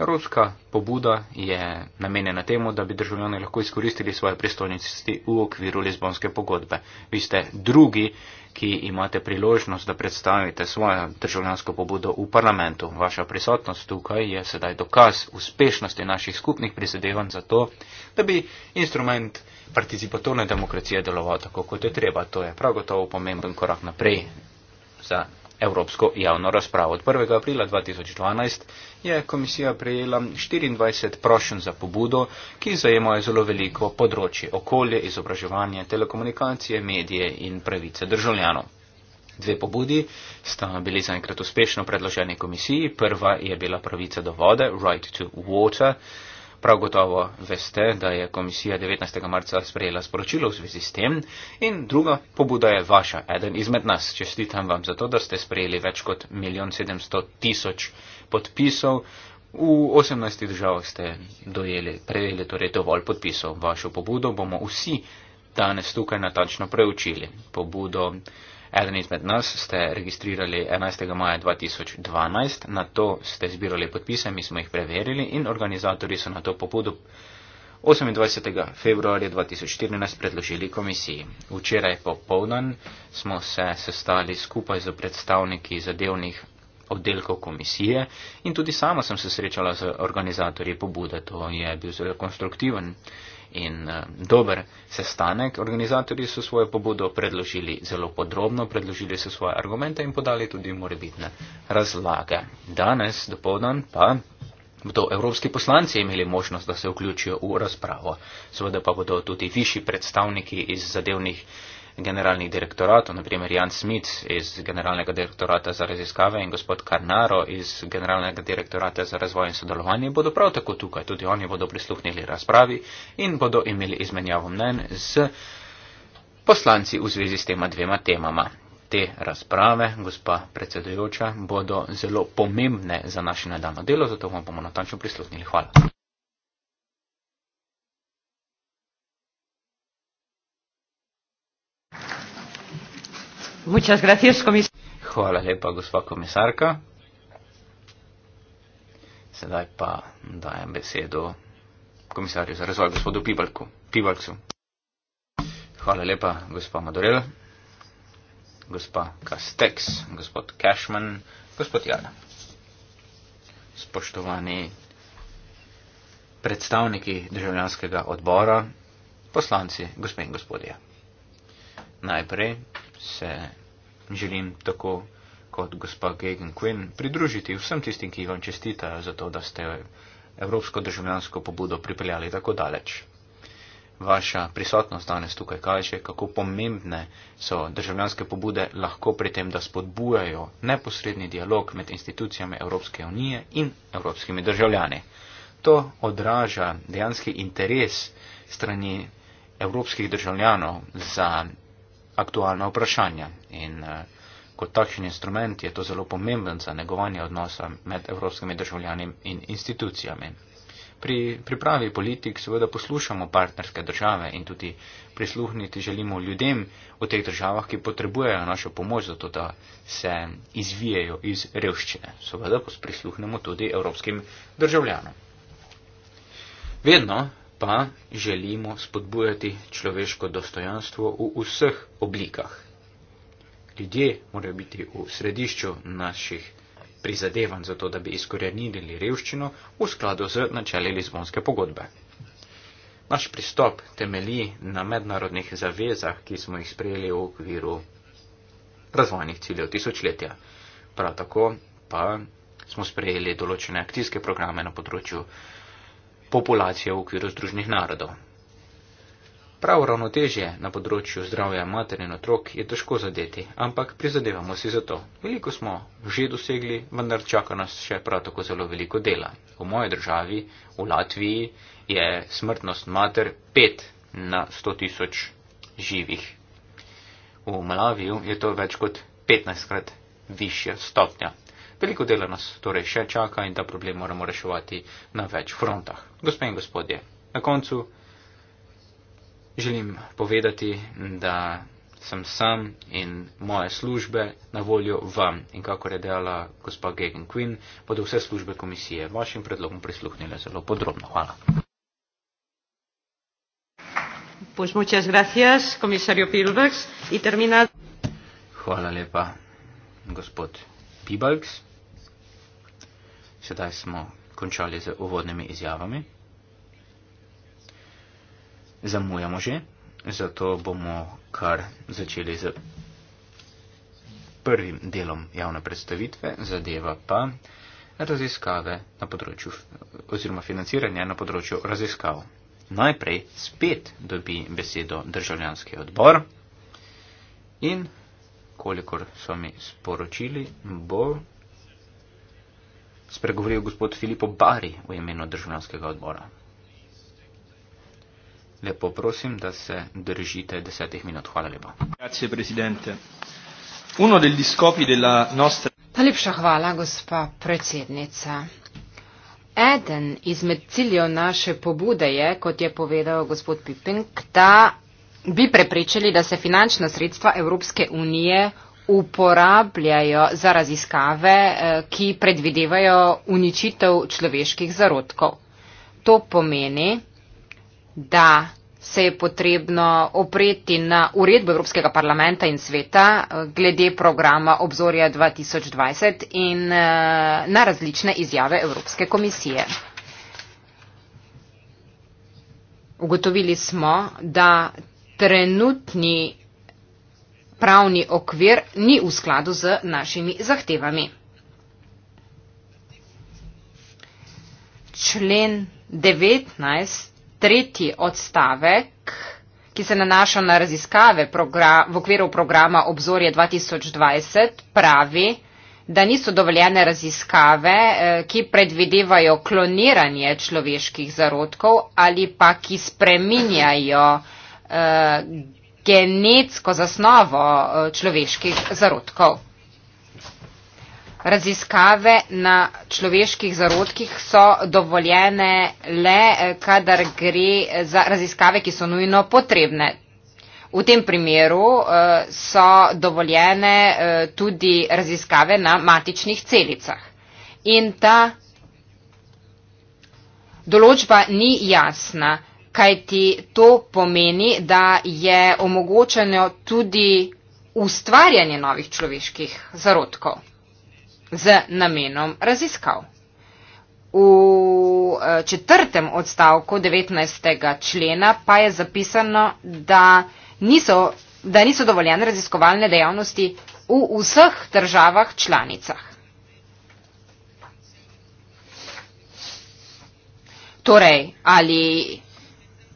Evropska pobuda je namenjena temu, da bi državljani lahko izkoristili svoje pristojnosti v okviru Lizbonske pogodbe. Vi ste drugi, ki imate priložnost, da predstavite svojo državljansko pobudo v parlamentu. Vaša prisotnost tukaj je sedaj dokaz uspešnosti naših skupnih prizadevanj za to, da bi instrument participatorne demokracije deloval tako, kot je treba. To je prav gotovo pomemben korak naprej za evropsko javno razpravo. Od 1. aprila 2012 je komisija prejela 24 prošen za pobudo, ki zajemajo zelo veliko področje okolje, izobraževanje, telekomunikacije, medije in pravice državljanov. Dve pobudi sta bili zaenkrat uspešno predloženi komisiji. Prva je bila pravica do vode, right to water, Prav gotovo veste, da je komisija 19. marca sprejela sporočilo v zvezi s tem in druga pobuda je vaša, eden izmed nas. Čestitam vam za to, da ste sprejeli več kot milijon sedemsto tisoč podpisov. V 18 državah ste dojeli, prejeli torej dovolj podpisov. Vašo pobudo bomo vsi danes tukaj natančno preučili. Pobudo Eden izmed nas ste registrirali 11. maja 2012, na to ste zbirali podpise, mi smo jih preverili in organizatori so na to popodob 28. februarja 2014 predložili komisiji. Včeraj popovdan smo se sestali skupaj z predstavniki zadevnih oddelkov komisije in tudi sama sem se srečala z organizatorji pobude. To je bil zelo konstruktiven in eh, dober sestanek. Organizatorji so svojo pobudo predložili zelo podrobno, predložili so svoje argumente in podali tudi morebitne razlage. Danes dopoldan pa bodo evropski poslanci imeli možnost, da se vključijo v razpravo. Seveda pa bodo tudi višji predstavniki iz zadevnih generalnih direktoratov, naprimer Jan Smit iz Generalnega direktorata za raziskave in gospod Karnaro iz Generalnega direktorata za razvoj in sodelovanje, bodo prav tako tukaj. Tudi oni bodo prisluhnili razpravi in bodo imeli izmenjavo mnen z poslanci v zvezi s tema dvema temama. Te razprave, gospa predsedujoča, bodo zelo pomembne za naše nedavno delo, zato vam bomo natančno prisluhnili. Hvala. Muchas gracias, comis... Hvala lepa, gospa komisarka. Sedaj pa dajem besedo komisarju za razvoj, gospodu Pivalku. Pivalcu. Hvala lepa, gospa Madurel, gospa Kastex, gospod Cashman, gospod Jana. Spoštovani predstavniki državljanskega odbora, poslanci, gospe in gospodje. Najprej se želim tako kot gospa Gagan Quinn pridružiti vsem tistim, ki vam čestitajo za to, da ste evropsko državljansko pobudo pripeljali tako daleč. Vaša prisotnost danes tukaj kaže, kako pomembne so državljanske pobude lahko pri tem, da spodbujajo neposredni dialog med institucijami Evropske unije in evropskimi državljani. To odraža dejanski interes strani evropskih državljanov za aktualna vprašanja. In eh, kot takšen instrument je to zelo pomemben za negovanje odnosa med evropskimi državljani in institucijami. Pri pripravi politik seveda poslušamo partnerske države in tudi prisluhniti želimo ljudem v teh državah, ki potrebujejo našo pomoč za to, da se izvijejo iz revščine. Seveda pa prisluhnemo tudi evropskim državljanom. Vedno pa želimo spodbujati človeško dostojanstvo v vseh oblikah. Ljudje morajo biti v središču naših prizadevanj za to, da bi izkorenili revščino v skladu z načeli Lizbonske pogodbe. Naš pristop temelji na mednarodnih zavezah, ki smo jih sprejeli v okviru razvojnih ciljev tisočletja. Prav tako pa smo sprejeli določene akcijske programe na področju populacije v okviru Združenih narodov. Prav ravnotežje na področju zdravja mater in otrok je težko zadeti, ampak prizadevamo si za to. Veliko smo že dosegli, vendar čaka nas še prav tako zelo veliko dela. V moji državi, v Latviji, je smrtnost mater 5 na 100 tisoč živih. V Malaviju je to več kot 15 krat višja stopnja. Veliko dela nas torej še čaka in ta problem moramo reševati na več frontah. Gospe in gospodje, na koncu želim povedati, da sem sam in moje službe na voljo vam in kako je dejala gospa Gagan Quinn, bodo vse službe komisije vašim predlogom prisluhnile zelo podrobno. Hvala. Pues muchas gracias, komisarjo Pilbergs. Termina... Hvala lepa, gospod Pibalks. Sedaj smo končali z uvodnimi izjavami. Zamujamo že, zato bomo kar začeli z prvim delom javne predstavitve, zadeva pa raziskave na področju oziroma financiranje na področju raziskav. Najprej spet dobi besedo državljanski odbor in kolikor so mi sporočili, bo spregovoril gospod Filipo Bari v imenu državljanskega odbora. Lepo prosim, da se držite desetih minut. Hvala lepa. Grazie, presidente. Uno del discopi della nostra... Najlepša hvala, gospa predsednica. Eden izmed ciljev naše pobude je, kot je povedal gospod Pipink, da bi prepričali, da se finančna sredstva Evropske unije uporabljajo za raziskave, eh, ki predvidevajo uničitev človeških zarodkov. To pomeni, da se je potrebno opreti na uredbo Evropskega parlamenta in sveta eh, glede programa obzorja 2020 in eh, na različne izjave Evropske komisije. Ugotovili smo, da trenutni pravni okvir ni v skladu z našimi zahtevami. Člen 19, tretji odstavek, ki se nanaša na raziskave v okviru programa Obzorje 2020, pravi, da niso dovoljene raziskave, eh, ki predvidevajo kloniranje človeških zarodkov ali pa ki spreminjajo uh, genetsko zasnovo eh, človeških zarodkov. Raziskave na človeških zarodkih so dovoljene le, eh, kadar gre za raziskave, ki so nujno potrebne. V tem primeru eh, so dovoljene tudi raziskave na matičnih celicah. In ta določba ni jasna kajti to pomeni, da je omogočeno tudi ustvarjanje novih človeških zarodkov z namenom raziskav. V eh, četrtem odstavku 19. člena pa je zapisano, da niso, da niso dovoljene raziskovalne dejavnosti v vseh državah članicah. Torej, ali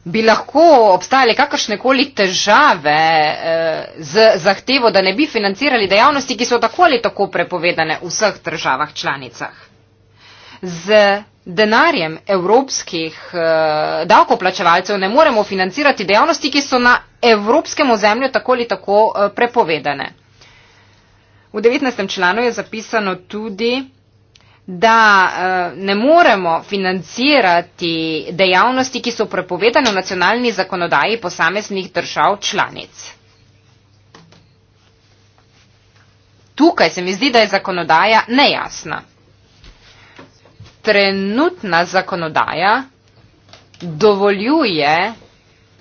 bi lahko obstajale kakršne koli težave eh, z zahtevo, da ne bi financirali dejavnosti, ki so tako ali tako prepovedane v vseh državah članicah. Z denarjem evropskih eh, davkoplačevalcev ne moremo financirati dejavnosti, ki so na evropskem ozemlju tako ali tako eh, prepovedane. V 19. članu je zapisano tudi, da eh, ne moremo financirati dejavnosti, ki so prepovedane v nacionalni zakonodaji posameznih držav članic. Tukaj se mi zdi, da je zakonodaja nejasna. Trenutna zakonodaja dovoljuje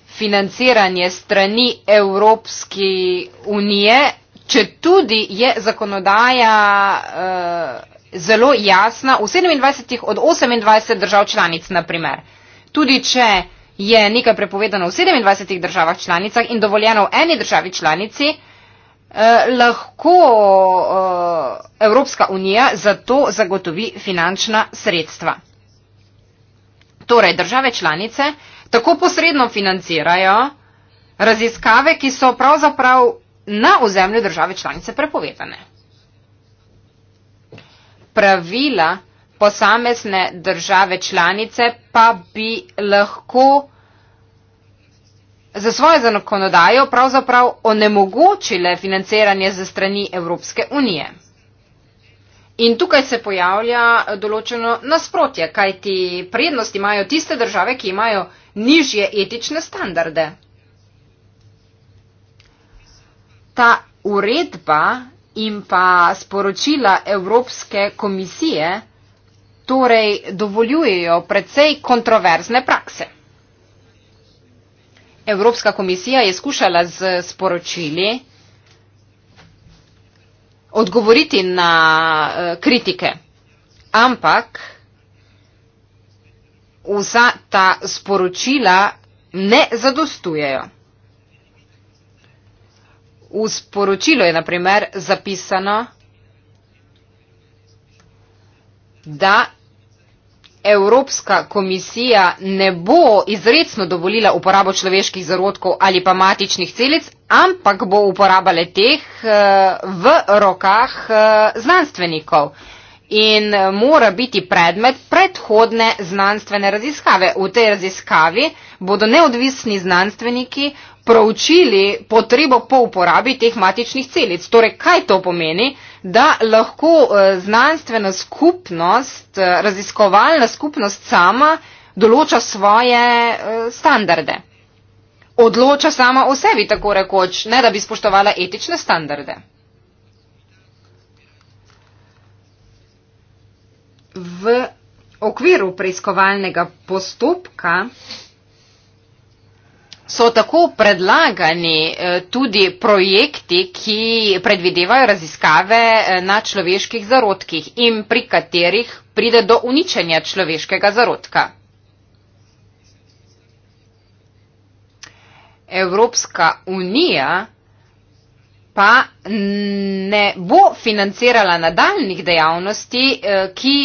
financiranje strani Evropske unije, če tudi je zakonodaja uh, zelo jasna v 27 od 28 držav članic, naprimer. Tudi če je nekaj prepovedano v 27 državah članicah in dovoljeno v eni državi članici, eh, lahko eh, Evropska unija za to zagotovi finančna sredstva. Torej, države članice tako posredno financirajo raziskave, ki so pravzaprav na ozemlju države članice prepovedane pravila posamezne države članice pa bi lahko za svojo zakonodajo pravzaprav onemogočile financiranje za strani Evropske unije. In tukaj se pojavlja določeno nasprotje, kajti prednost imajo tiste države, ki imajo nižje etične standarde. Ta uredba in pa sporočila Evropske komisije torej dovoljujejo predvsej kontroverzne prakse. Evropska komisija je skušala z sporočili odgovoriti na eh, kritike, ampak vsa ta sporočila ne zadostujejo. V sporočilu je naprimer zapisano, da Evropska komisija ne bo izredno dovolila uporabo človeških zarodkov ali pa matičnih celic, ampak bo uporabljala teh eh, v rokah eh, znanstvenikov in eh, mora biti predmet predhodne znanstvene raziskave. V tej raziskavi bodo neodvisni znanstveniki proučili potrebo po uporabi teh matičnih celic. Torej, kaj to pomeni? Da lahko eh, znanstvena skupnost, eh, raziskovalna skupnost sama določa svoje eh, standarde. Odloča sama o sebi, tako rekoč, ne da bi spoštovala etične standarde. V okviru preiskovalnega postopka so tako predlagani eh, tudi projekti, ki predvidevajo raziskave eh, na človeških zarodkih in pri katerih pride do uničenja človeškega zarodka. Evropska unija pa ne bo financirala nadaljnih dejavnosti, eh, ki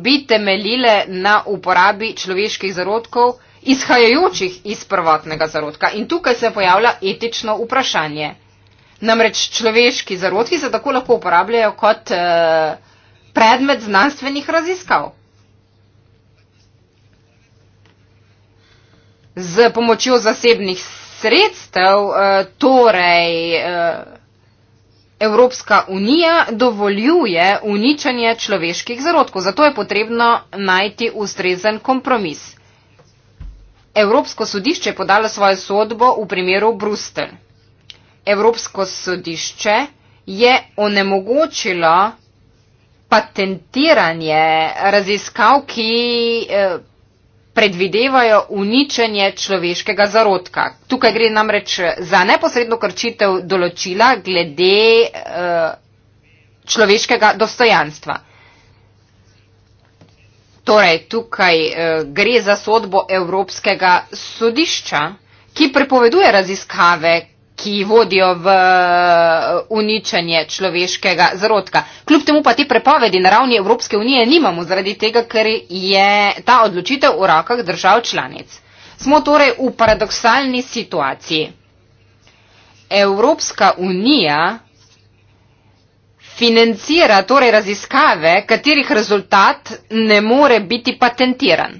bi temeljile na uporabi človeških zarodkov, izhajajočih iz prvotnega zarodka. In tukaj se pojavlja etično vprašanje. Namreč človeški zarodki se tako lahko uporabljajo kot eh, predmet znanstvenih raziskav. Z pomočjo zasebnih sredstev eh, torej eh, Evropska unija dovoljuje uničanje človeških zarodkov, zato je potrebno najti ustrezen kompromis. Evropsko sodišče je podalo svojo sodbo v primeru Brustelj. Evropsko sodišče je onemogočilo patentiranje raziskav, ki eh, predvidevajo uničenje človeškega zarodka. Tukaj gre namreč za neposredno krčitev določila glede eh, človeškega dostojanstva. Torej, tukaj eh, gre za sodbo Evropskega sodišča, ki prepoveduje raziskave, ki vodijo v eh, uničenje človeškega zarodka. Kljub temu pa te prepovedi na ravni Evropske unije nimamo, zaradi tega, ker je ta odločitev v rokah držav članic. Smo torej v paradoksalni situaciji. Evropska unija financira torej raziskave, katerih rezultat ne more biti patentiran.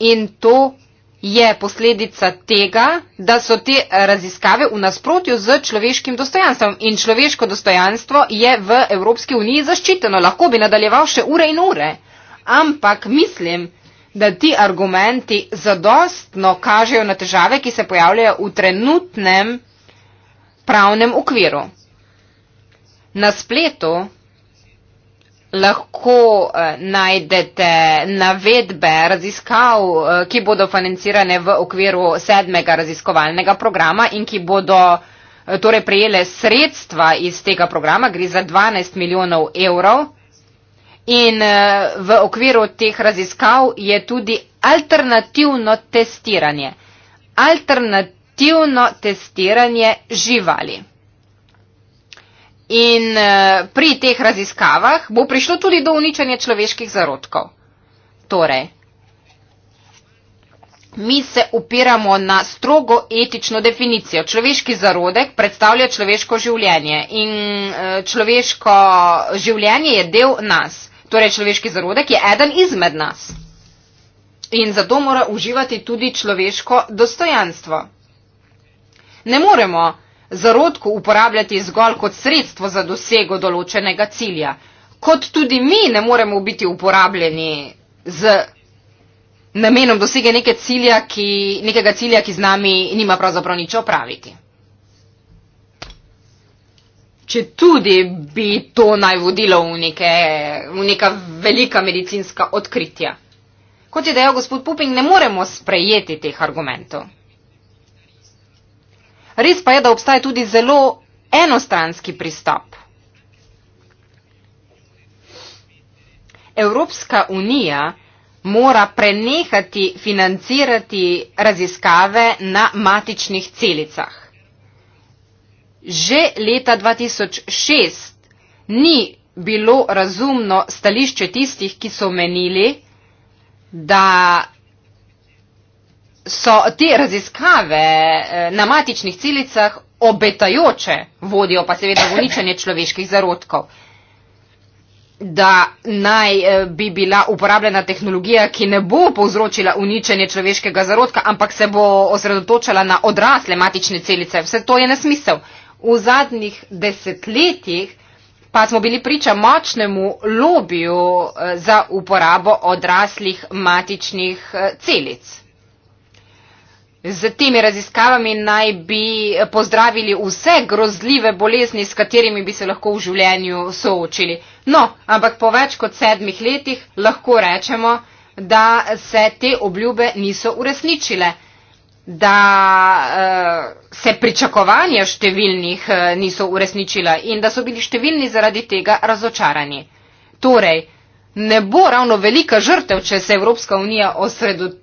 In to je posledica tega, da so te raziskave v nasprotju z človeškim dostojanstvom. In človeško dostojanstvo je v Evropski uniji zaščiteno. Lahko bi nadaljeval še ure in ure. Ampak mislim, da ti argumenti zadostno kažejo na težave, ki se pojavljajo v trenutnem pravnem okviru. Na spletu lahko eh, najdete navedbe raziskav, eh, ki bodo financirane v okviru sedmega raziskovalnega programa in ki bodo eh, torej prejele sredstva iz tega programa, gre za 12 milijonov evrov. In v okviru teh raziskav je tudi alternativno testiranje. Alternativno testiranje živali. In eh, pri teh raziskavah bo prišlo tudi do uničenja človeških zarodkov. Torej, mi se upiramo na strogo etično definicijo. Človeški zarodek predstavlja človeško življenje in eh, človeško življenje je del nas. Torej, človeški zarodek je eden izmed nas. In zato mora uživati tudi človeško dostojanstvo. Ne moremo zarodku uporabljati zgolj kot sredstvo za dosego določenega cilja, kot tudi mi ne moremo biti uporabljeni z namenom dosege neke cilja, ki, nekega cilja, ki z nami nima pravzaprav nič opraviti. Če tudi bi to naj vodilo v, neke, v neka velika medicinska odkritja. Kot je dejal gospod Puping, ne moremo sprejeti teh argumentov. Res pa je, da obstaja tudi zelo enostranski pristop. Evropska unija mora prenehati financirati raziskave na matičnih celicah. Že leta 2006 ni bilo razumno stališče tistih, ki so menili, da so te raziskave eh, na matičnih celicah obetajoče, vodijo pa seveda v uničenje človeških zarodkov. Da naj eh, bi bila uporabljena tehnologija, ki ne bo povzročila uničenje človeškega zarodka, ampak se bo osredotočala na odrasle matične celice. Vse to je nesmisel. V zadnjih desetletjih pa smo bili priča močnemu lobiju eh, za uporabo odraslih matičnih celic. Z temi raziskavami naj bi pozdravili vse grozljive bolezni, s katerimi bi se lahko v življenju soočili. No, ampak po več kot sedmih letih lahko rečemo, da se te obljube niso uresničile, da uh, se pričakovanja številnih uh, niso uresničila in da so bili številni zaradi tega razočarani. Torej, ne bo ravno velika žrtev, če se Evropska unija osredotoča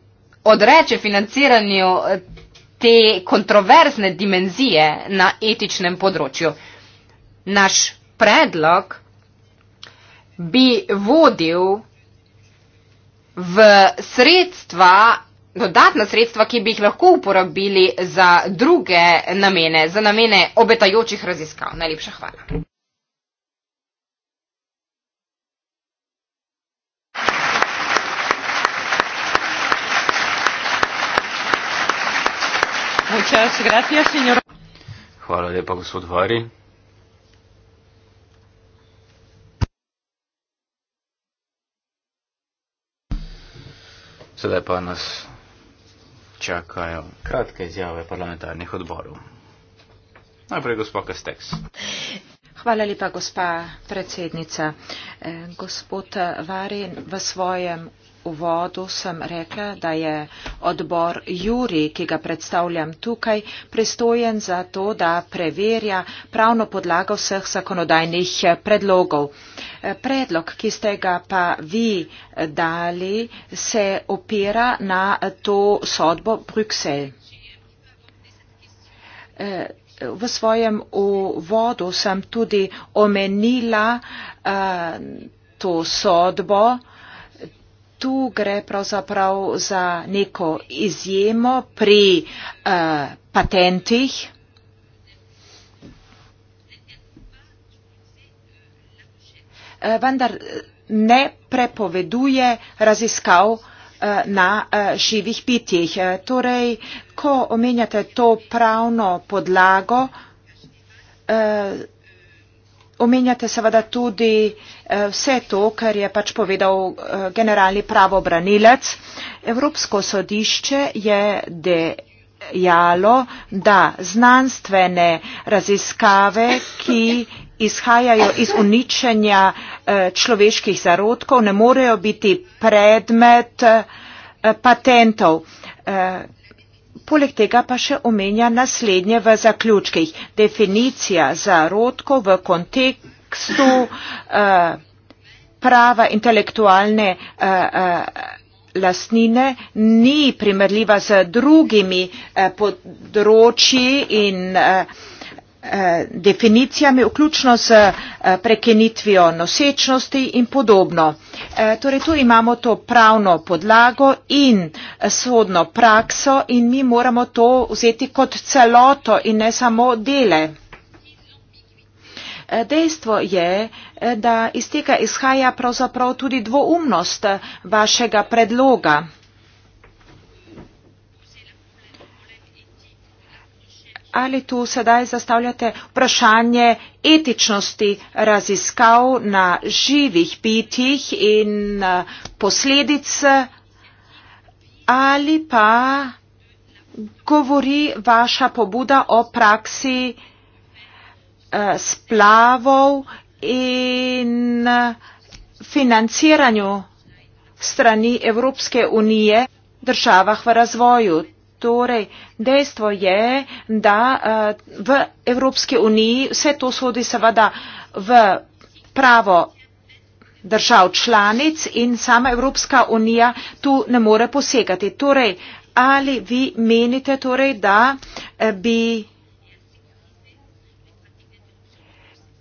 odreče financiranju eh, te kontroverzne dimenzije na etičnem področju. Naš predlog bi vodil v sredstva, dodatna sredstva, ki bi jih lahko uporabili za druge namene, za namene obetajočih raziskav. Najlepša hvala. Hvala lepa, gospod Vari. Sedaj pa nas čakajo kratke izjave parlamentarnih odborov. Najprej gospod Kesteks. Hvala lepa, gospa predsednica. Eh, gospod Vari v svojem uvodu sem rekla, da je odbor Juri, ki ga predstavljam tukaj, pristojen za to, da preverja pravno podlago vseh zakonodajnih predlogov. Predlog, ki ste ga pa vi dali, se opira na to sodbo Bruksel. V svojem uvodu sem tudi omenila uh, to sodbo uh, tu gre pravzaprav za neko izjemo pri uh, patentih. Eh, vendar ne prepoveduje raziskav eh, na živih pitjih. Torej, ko omenjate to pravno podlago, Omenjate seveda tudi eh, vse to, kar je pač povedal eh, generalni pravobranilec. Evropsko sodišče je dejalo, da znanstvene raziskave, ki izhajajo iz uničenja eh, človeških zarodkov, ne morejo biti predmet patentov poleg tega pa še omenja naslednje v zaključkih. Definicija zarodko v kontekstu eh, prava intelektualne eh, eh, lastnine ni primerljiva z drugimi področji in vsega, Eh, definicijami vključno s eh, prekinitvijo nosečnosti in podobno. Eh, torej tu imamo to pravno podlago in sodno prakso in mi moramo to vzeti kot celoto in ne samo dele. Dejstvo je, da iz tega izhaja pravzaprav tudi dvoumnost vašega predloga. ali tu sedaj zastavljate vprašanje etičnosti raziskav na živih bitjih in eh, posledic ali pa govori vaša pobuda o praksi eh, splavov in eh, financiranju strani Evropske unije državah v razvoju. Torej, dejstvo je, da eh, v Evropski uniji vse to sodi seveda v pravo držav članic in sama Evropska unija tu ne more posegati. Torej, ali vi menite, torej, da eh, bi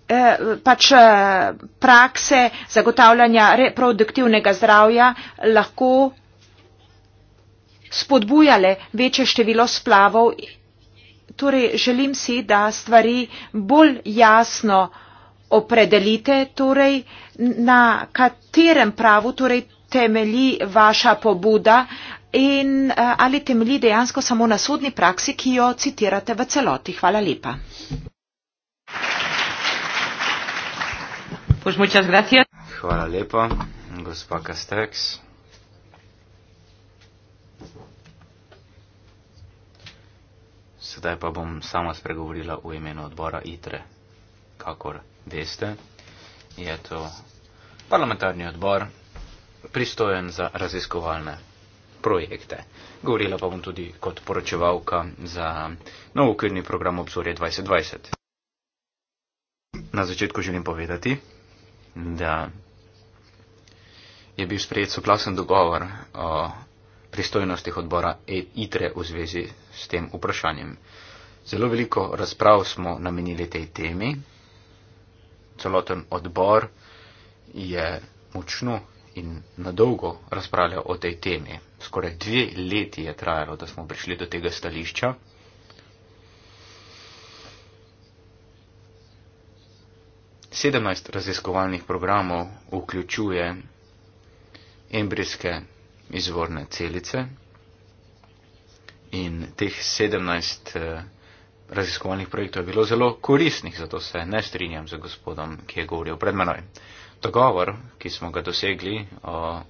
eh, pač prakse zagotavljanja reproduktivnega zdravja lahko spodbujale večje število splavov. Torej, želim si, da stvari bolj jasno opredelite, torej, na katerem pravu torej, temelji vaša pobuda in eh, ali temelji dejansko samo na sodni praksi, ki jo citirate v celoti. Hvala lepa. Pues muchas gracias. Hvala lepa, gospa Kastreks. Sedaj pa bom sama spregovorila v imenu odbora ITRE. Kakor veste, je to parlamentarni odbor, pristojen za raziskovalne projekte. Govorila pa bom tudi kot poročevalka za nov okvirni program obzorje 2020. Na začetku želim povedati, da je bil sprejet soglasen dogovor o pristojnostih odbora e- ITRE v zvezi s tem vprašanjem. Zelo veliko razprav smo namenili tej temi. Celoten odbor je močno in nadolgo razpravljal o tej temi. Skoraj dve leti je trajalo, da smo prišli do tega stališča. Sedemnajst raziskovalnih programov vključuje embrijske izvorne celice, in teh 17 eh, raziskovalnih projektov je bilo zelo korisnih, zato se ne strinjam z gospodom, ki je govoril pred menoj. Dogovor, ki smo ga dosegli o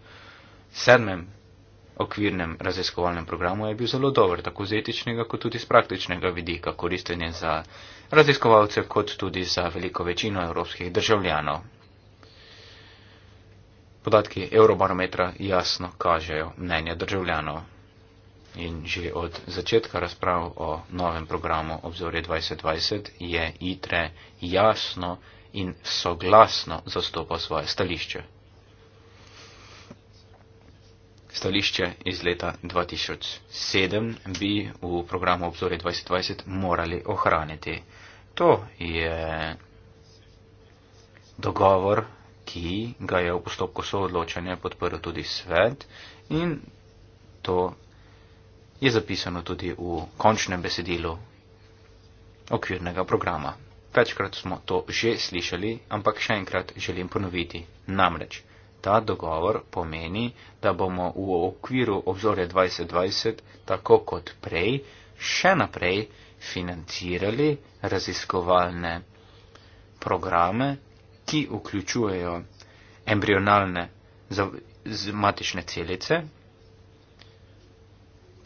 sedmem okvirnem raziskovalnem programu, je bil zelo dober, tako z etičnega kot tudi z praktičnega vidika, koristen je za raziskovalce kot tudi za veliko večino evropskih državljanov. Podatki Eurobarometra jasno kažejo mnenje državljanov. In že od začetka razprav o novem programu obzorje 2020 je ITRE jasno in soglasno zastopal svoje stališče. Stališče iz leta 2007 bi v programu obzorje 2020 morali ohraniti. To je dogovor, ki ga je v postopku soodločanja podprl tudi svet in to je zapisano tudi v končnem besedilu okvirnega programa. Večkrat smo to že slišali, ampak še enkrat želim ponoviti. Namreč, ta dogovor pomeni, da bomo v okviru obzorja 2020, tako kot prej, še naprej financirali raziskovalne programe, ki vključujejo embrionalne z matične celice,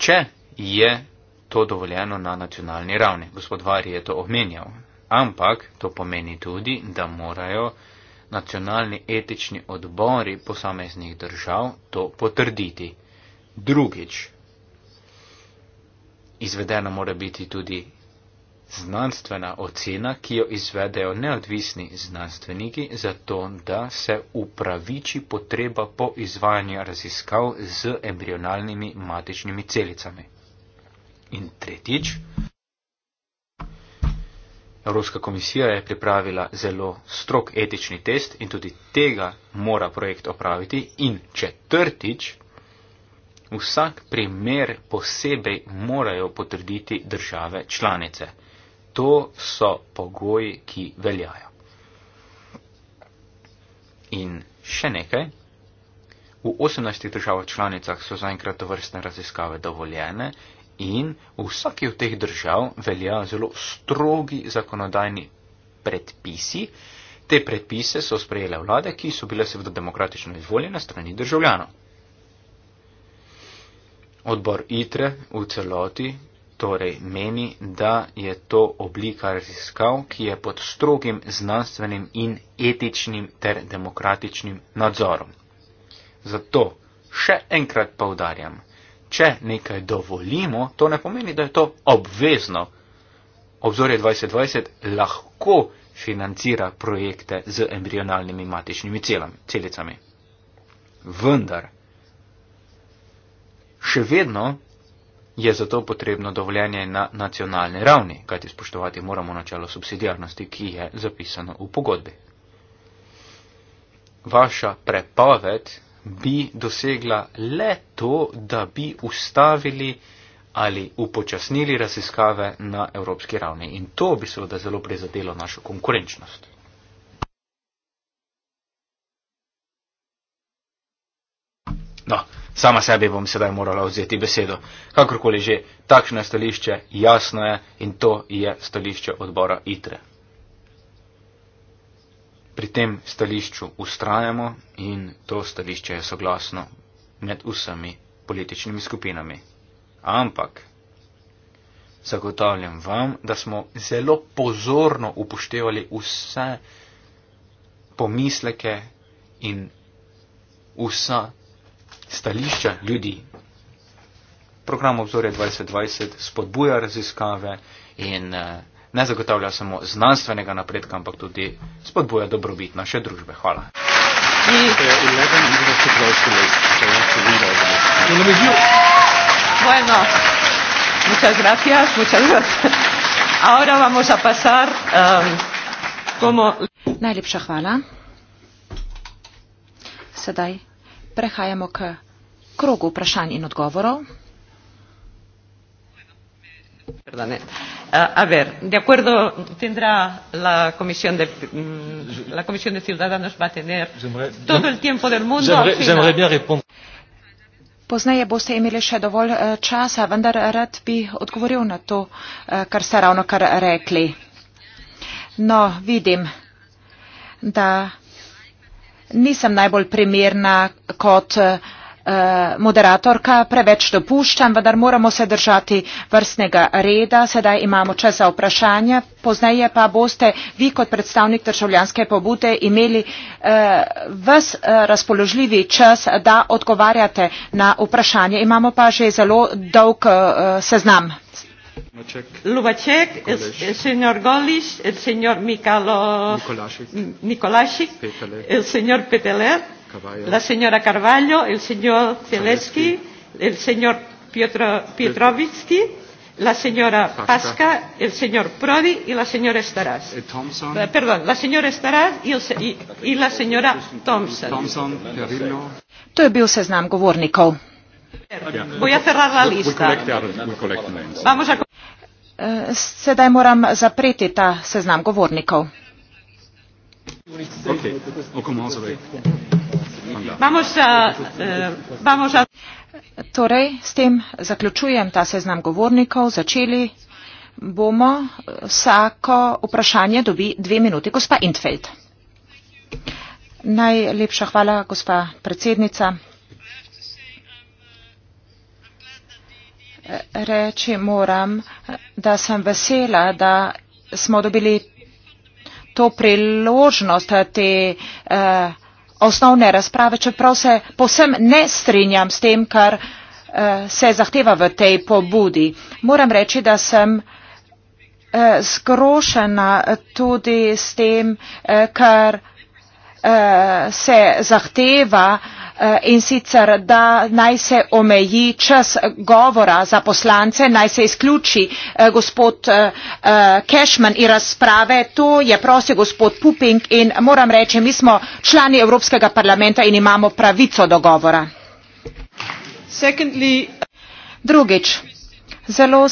če je to dovoljeno na nacionalni ravni. Gospod Vari je to omenjal. Ampak to pomeni tudi, da morajo nacionalni etični odbori posameznih držav to potrditi. Drugič, izvedena mora biti tudi znanstvena ocena, ki jo izvedejo neodvisni znanstveniki, zato da se upraviči potreba po izvajanju raziskav z embrionalnimi matičnimi celicami. In tretjič, Evropska komisija je pripravila zelo strok etični test in tudi tega mora projekt opraviti. In četrtič, vsak primer posebej morajo potrditi države članice to so pogoji, ki veljajo. In še nekaj. V 18 državah članicah so zaenkrat tovrstne raziskave dovoljene in v vsaki od teh držav velja zelo strogi zakonodajni predpisi. Te predpise so sprejele vlade, ki so bile seveda demokratično izvoljene strani državljanov. Odbor ITRE v celoti torej meni, da je to oblika raziskav, ki je pod strogim znanstvenim in etičnim ter demokratičnim nadzorom. Zato še enkrat povdarjam, če nekaj dovolimo, to ne pomeni, da je to obvezno. Obzorje 2020 lahko financira projekte z embrionalnimi matičnimi celicami. Vendar, še vedno je zato potrebno dovoljenje na nacionalni ravni, kajti spoštovati moramo načelo subsidijarnosti, ki je zapisano v pogodbi. Vaša prepoved bi dosegla le to, da bi ustavili ali upočasnili raziskave na evropski ravni. In to bi seveda zelo prizadelo našo konkurenčnost. No, sama sebi bom sedaj morala vzeti besedo. Kakorkoli že, takšno stališče jasno je in to je stališče odbora ITRE. Pri tem stališču ustrajamo in to stališče je soglasno med vsemi političnimi skupinami. Ampak zagotavljam vam, da smo zelo pozorno upoštevali vse pomisleke in vsa stališča ljudi. Program obzorja 2020 spodbuja raziskave in eh, ne zagotavlja samo znanstvenega napredka, ampak tudi spodbuja dobrobit naše družbe. Hvala. Bueno, muchas gracias, muchas gracias. Ahora vamos a pasar um, como. Najlepša hvala. Sedaj prehajamo k krogu vprašanj in odgovorov. Uh, a ver, de acuerdo, tendrá la comisión de mm, la comisión de ciudadanos va a tener todo el tiempo del mundo. J'aimerais bien répondre. Poznaje boste imeli še dovolj eh, časa, vendar rad bi odgovoril na to, eh, kar ste ravno kar rekli. No, vidim, da nisem najbolj primerna kot eh, moderatorka, preveč dopuščam, vendar moramo se držati vrstnega reda. Sedaj imamo čas za vprašanje, pozneje pa boste vi kot predstavnik državljanske pobude imeli eh, ves eh, razpoložljivi čas, da odgovarjate na vprašanje. Imamo pa že zelo dolg seznam. Lubacek, el, el señor Golis, el señor Mikalo Nikolasik, el señor Peteler, Caballo. la señora Carvalho, el señor Zelensky, el señor Piotr Pietrovitsky, la señora Pasca, el señor Prodi y la señora Staras. Eh, eh, perdón, la señora Staras y, el, y, y la señora Thompson. Thompson to je bil seznam govornikov. Voy a cerrar la lista. Vamos a... Eh, sedaj moram zapreti ta seznam govornikov. Eh, torej, s tem zaključujem ta seznam govornikov. Začeli bomo. Vsako vprašanje dobi dve minuti. Gospa Intfeld. Najlepša hvala, gospa predsednica. reči moram, da sem vesela, da smo dobili to priložnost te eh, osnovne razprave, čeprav se posem ne strinjam s tem, kar eh, se zahteva v tej pobudi. Moram reči, da sem eh, skrošena tudi s tem, eh, kar. Eh, Eh, se zahteva eh, in sicer da naj se omeji čas govora za poslance naj se izključi eh, gospod cashman iz razprave to je prosil gospod puping in moram reči mi smo člani evropskega parlamenta in imamo pravico do govora drugič zelo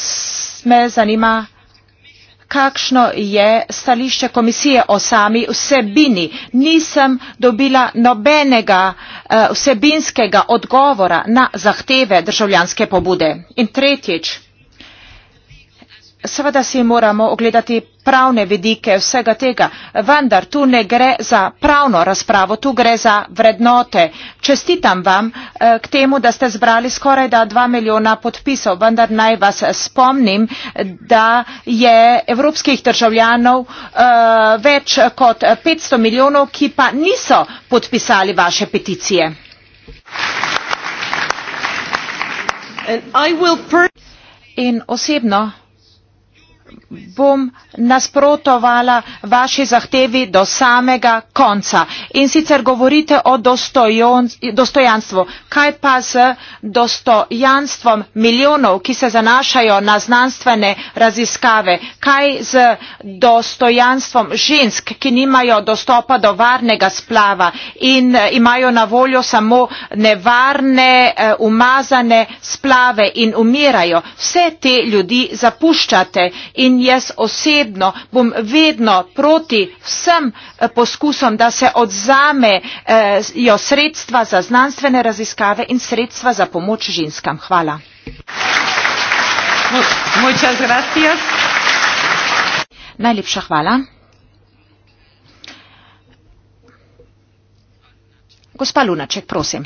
me zanima kakšno je stališče komisije o sami vsebini nisem dobila nobenega eh, vsebinskega odgovora na zahteve državljanske pobude in tretjič seveda si moramo ogledati pravne vidike vsega tega vendar tu ne gre za pravno razpravo tu gre za vrednote čestitam vam eh, k temu da ste zbrali skorajda dva milijona podpisov vendar naj vas spomnim da je evropskih državljanov eh, več kot petsto milijonov ki pa niso podpisali vaše peticije in osebno bom nasprotovala vaši zahtevi do samega konca. In sicer govorite o dostojanstvu. Kaj pa z dostojanstvom milijonov, ki se zanašajo na znanstvene raziskave? Kaj z dostojanstvom žensk, ki nimajo dostopa do varnega splava in eh, imajo na voljo samo nevarne, eh, umazane splave in umirajo? Vse te ljudi zapuščate in jaz osebno bom vedno proti vsem eh, poskusom da se odvzamejo eh, sredstva za znanstvene raziskave in sredstva za pomoč ženskam. Najlepša hvala. Gospa Lunaček, prosim.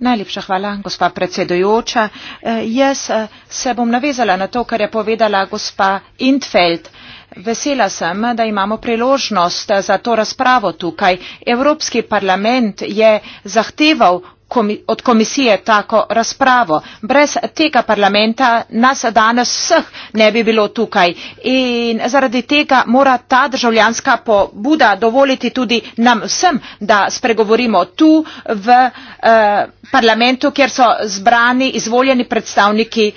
Najlepša hvala, gospa predsedujoča. Eh, jaz eh, se bom navezala na to, kar je povedala gospa Intfeld vesela sem da imamo priložnost za to razpravo tukaj evropski parlament je zahteval od komisije tako razpravo. Brez tega parlamenta nas danes vseh ne bi bilo tukaj in zaradi tega mora ta državljanska pobuda dovoliti tudi nam vsem, da spregovorimo tu v eh, parlamentu, kjer so zbrani izvoljeni predstavniki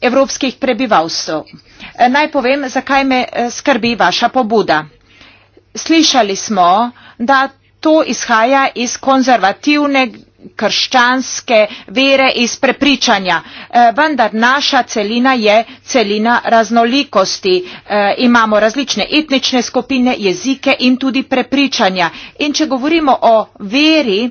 evropskih prebivalstv. E, naj povem, zakaj me e, skrbi vaša pobuda. Slišali smo, da to izhaja iz konzervativne krščanske vere iz prepričanja. E, vendar naša celina je celina raznolikosti. Imamo različne etnične skupine, jezike in tudi prepričanja. In če govorimo o veri,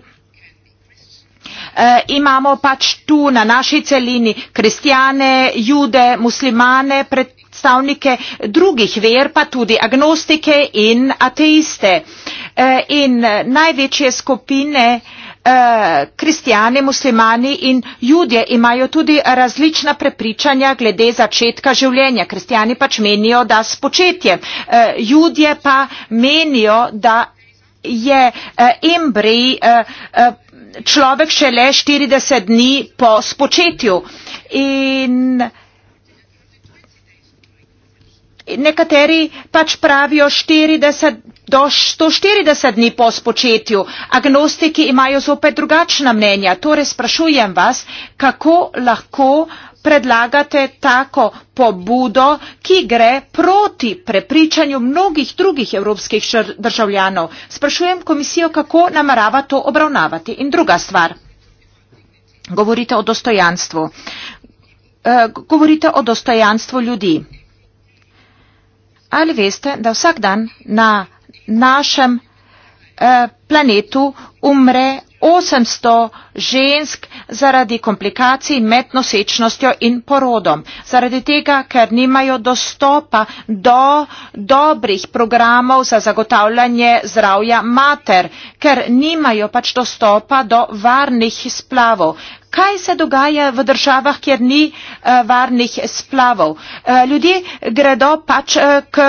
Eh, imamo pač tu na naši celini kristijane jude muslimane predstavnike drugih ver pa tudi agnostike in ateiste eh, in največje skupine eh, kristijani muslimani in judje imajo tudi različna prepričanja glede začetka življenja kristijani pač menijo da spočetje judje pa menijo da je eh, embrij eh, eh, človek šele 40 dni po spočetju. In nekateri pač pravijo 40 do 140 dni po spočetju. Agnostiki imajo zopet drugačna mnenja. Torej sprašujem vas, kako lahko uh, predlagate tako pobudo, ki gre proti prepričanju mnogih drugih evropskih državljanov. Sprašujem komisijo, kako namerava to obravnavati. In druga stvar. Govorite o dostojanstvu. Eh, govorite o dostojanstvu ljudi. Ali veste, da vsak dan na našem eh, planetu umre 800 žensk zaradi komplikacij med nosečnostjo in porodom, zaradi tega, ker nimajo dostopa do dobrih programov za zagotavljanje zdravja mater, ker nimajo pač dostopa do varnih splavov. Kaj se dogaja v državah, kjer ni uh, varnih splavov? Uh, ljudje gredo pač uh, k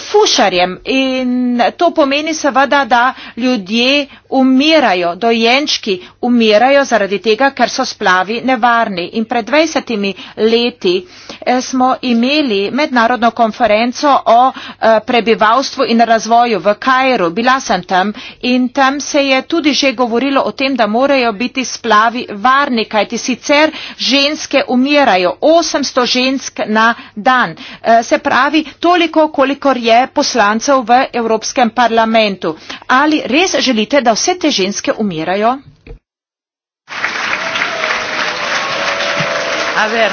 fušarjem in to pomeni seveda, da ljudje umirajo, dojenčki umirajo zaradi tega, ker so splavi nevarni. In pred 20 leti eh, smo imeli mednarodno konferenco o eh, prebivalstvu in razvoju v Kajru. Bila sem tam in tam se je tudi že govorilo o tem, da morajo biti splavi varni, kajti sicer ženske umirajo, 800 žensk na dan. Eh, se pravi, toliko, kolikor je poslancev v Evropskem parlamentu. Ali res želite, da vse te ženske umirajo? A ver.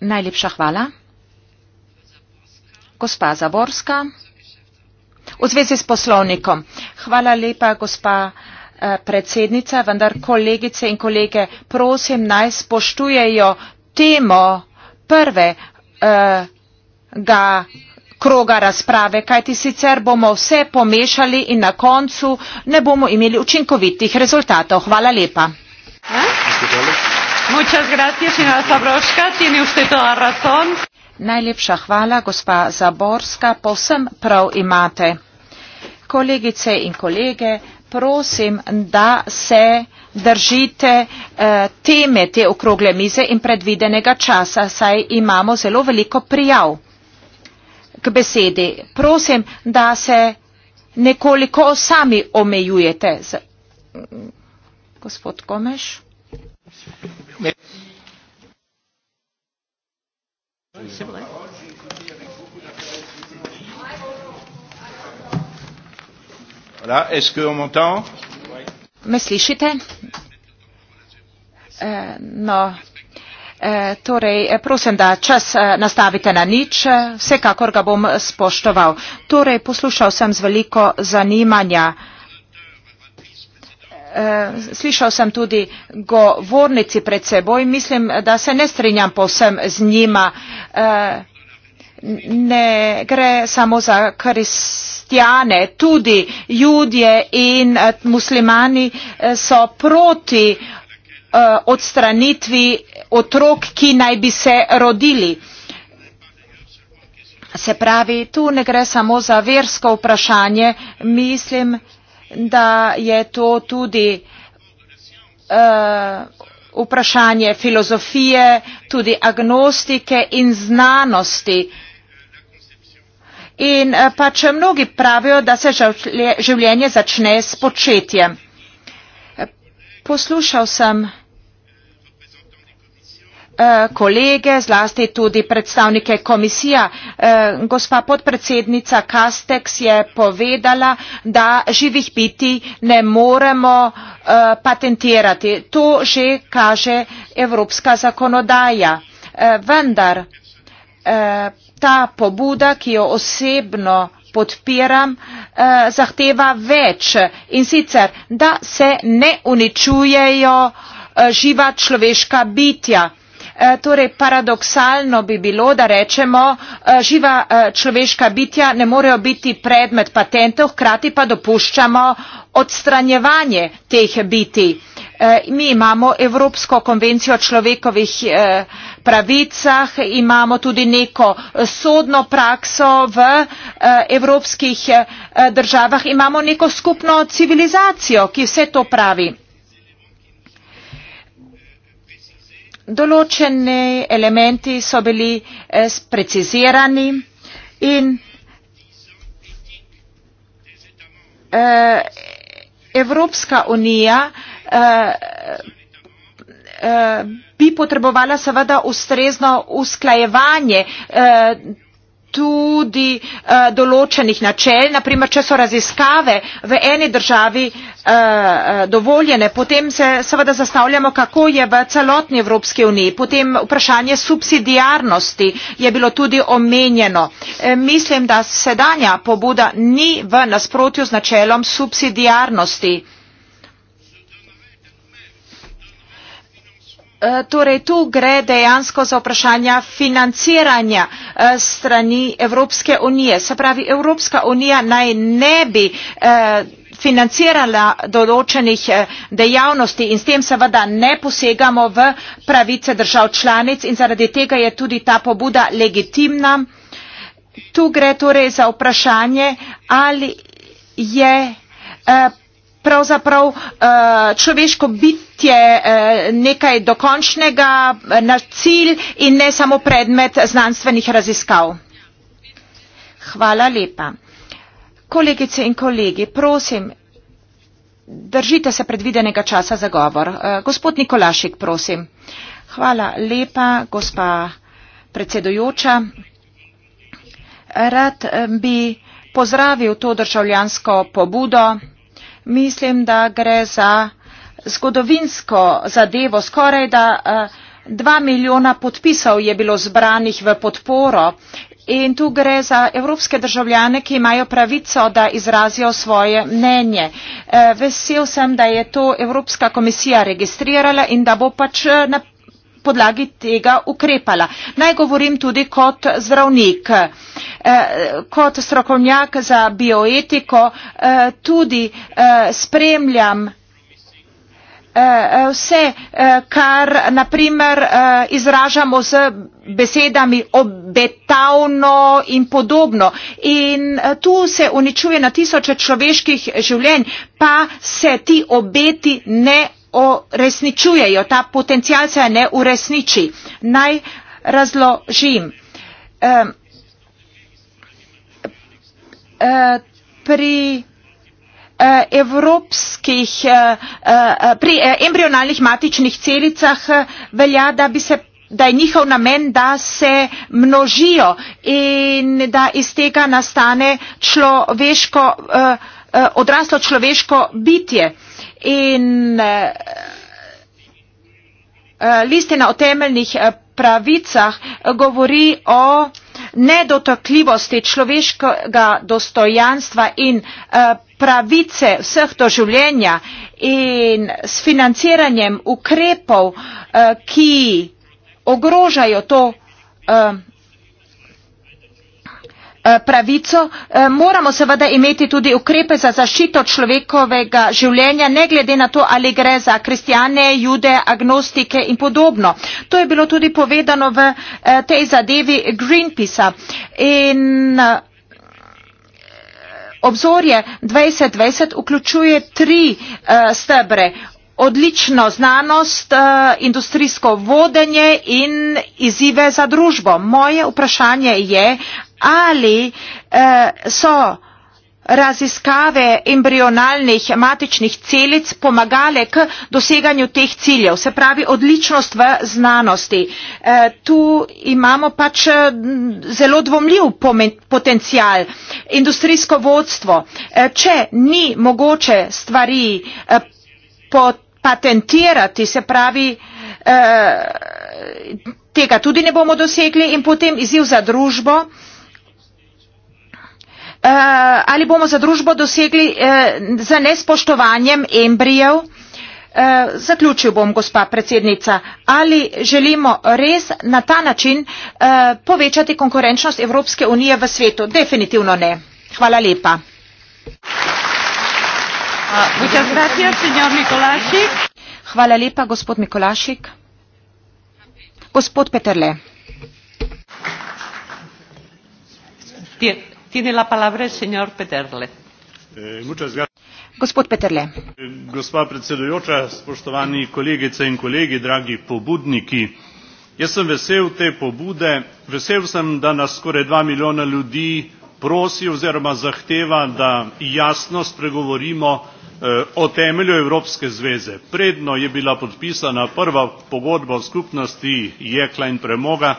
Najlepša hvala. Gospa Zaborska. V zvezi s poslovnikom. Hvala lepa, gospa. Eh, predsednica vendar kolegice in kolege prosim naj spoštujejo temo prve eh, ga kroga razprave kajti sicer bomo vse pomešali in na koncu ne bomo imeli učinkovitih rezultatov hvala lepa Najlepša hvala, gospa Zaborska, povsem prav imate. Kolegice in kolege, prosim, da se držite eh, teme te okrogle mize in predvidenega časa, saj imamo zelo veliko prijav k besedi. Prosim, da se nekoliko sami omejujete. Z, gospod Gomeš. Me. Voilà. Est-ce qu'on m'entend euh, eh, Non. Eh, torej, eh, prosim, da čas nastavite na nič, vsekakor ga bom spoštoval. Torej, poslušal sem z veliko zanimanja. Slišal sem tudi govornici pred seboj. Mislim, da se ne strinjam povsem z njima. Ne gre samo za kristjanstvo kristjane tudi judje in eh, muslimani eh, so proti eh, odstranitvi otrok, ki naj bi se rodili. Se pravi, tu ne gre samo za versko vprašanje, mislim, da je to tudi uh, vprašanje filozofije, tudi agnostike in znanosti. Uh, in eh, pač mnogi pravijo, da se življenje začne s početjem. Eh, poslušal sem eh, kolege, zlasti tudi predstavnike komisija. Gospa podpredsednica Kastex je povedala, da živih biti ne moremo patentirati. To že kaže evropska zakonodaja. Vendar ta pobuda, ki jo osebno podpiram, eh, zahteva več in sicer, da se ne uničujejo eh, živa človeška bitja. Eh, torej, paradoksalno bi bilo, da rečemo, živa človeška bitja ne morejo biti predmet patentov, hkrati pa dopuščamo odstranjevanje teh bitij. Eh, mi imamo evropsko konvencijo o človekovih eh, pravicah imamo tudi neko eh, sodno prakso v evropskih državah imamo neko skupno civilizacijo ki vse to pravi določeni elementi so bili precizirani in Evropska unija Eh, eh, bi potrebovala seveda ustrezno usklajevanje eh, tudi določenih načel, naprimer, če so raziskave v eni državi dovoljene, potem se seveda zastavljamo, kako je v celotni Evropski uniji. Potem vprašanje subsidijarnosti je bilo tudi omenjeno. Mislim, da sedanja pobuda ni v nasprotju z načelom subsidijarnosti. Eh, torej tu gre dejansko za vprašanja financiranja eh, strani evropske unije se pravi evropska unija naj ne bi eh, financirala določenih dejavnosti in s tem seveda ne posegamo v pravice držav članic in zaradi tega je tudi ta pobuda legitimna tu gre torej za vprašanje ali je pravzaprav eh, človeško bitje eh, nekaj dokončnega eh, na cilj in ne samo predmet znanstvenih raziskav. Hvala lepa. Kolegice in kolegi, prosim, držite se predvidenega časa za govor. Gospod Nikolašik, prosim. Hvala lepa, gospa predsedujoča. Rad bi pozdravil to državljansko pobudo mislim da gre za zgodovinsko zadevo skoraj da eh, dva milijona podpisov je bilo zbranih v podporo in tu gre za evropske državljane ki imajo pravico da izrazijo svoje mnenje eh, vesel sem da je to evropska komisija registrirala in da bo pač na podlagi tega ukrepala. Naj govorim tudi kot zdravnik, eh, kot strokovnjak za bioetiko, eh, tudi eh, spremljam vse, kar naprimer izražamo z besedami obetavno in podobno. In tu se uničuje na tisoče človeških življenj, pa se ti obeti ne uresničujejo, ta potencial se ne uresniči. Naj razložim. Pri eh, evropskih, eh, eh, pri embrionalnih matičnih celicah velja, da bi se da je njihov namen, da se množijo in da iz tega nastane človeško, odraslo človeško bitje in eh, eh, listina o temeljnih eh, pravicah govori o nedotakljivosti človeškega dostojanstva in pravice vseh do življenja in s financiranjem ukrepov, ki ogrožajo to Eh, pravico eh, moramo seveda imeti tudi ukrepe za zaščito človekovega življenja ne glede na to ali gre za kristjane jude agnostike in podobno to je bilo tudi povedano v eh, tej zadevi greenpeacea in obzorje dvajset dvajset vključuje tri stebre odlično znanost industrijsko vodenje in izzive za družbo moje vprašanje je ali uh, so raziskave embrionalnih matičnih celic pomagale k doseganju teh ciljev, se pravi odličnost v znanosti. E, tu imamo pač eh, zelo dvomljiv pomen, potencial. Industrijsko vodstvo, e, če ni mogoče stvari e, patentirati, se pravi, e, tega tudi ne bomo dosegli in potem izziv za družbo. E, eh, ali bomo za družbo dosegli eh, za nespoštovanjem embrijev. Eh, zaključil bom, gospa predsednica, ali želimo res na ta način eh, povečati konkurenčnost Evropske unije v svetu? Definitivno ne. Hvala lepa. Hvala lepa, gospod Mikolašik. Gospod Peterle. Eh, gospa predsedujoča spoštovani kolegice in kolegi dragi pobudniki jaz sem vesel te pobude vesel sem da nas skoraj dva milijona ljudi prosi oziroma zahteva da jasno spregovorimo eh, o temelju evropske zveze. predno je bila podpisana prva pogodba o skupnosti jekla in premoga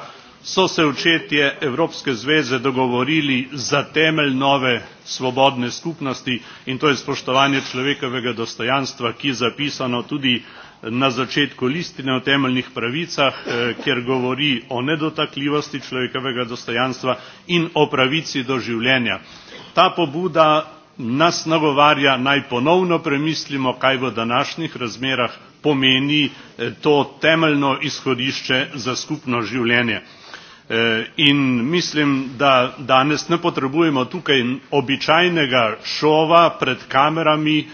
so se očetje evropske zveze dogovorili za temelj nove svobodne skupnosti in to je spoštovanje človekovega dostojanstva ki je zapisano tudi na začetku listine o temeljnih pravicah eh, kjer govori o nedotakljivosti človekovega dostojanstva in o pravici do življenja. ta pobuda nas nagovarja naj ponovno premislimo kaj v današnjih razmerah pomeni eh, to temeljno izhodišče za skupno življenje. Eh, in mislim da danes ne potrebujemo tukaj običajnega šova pred kamerami eh,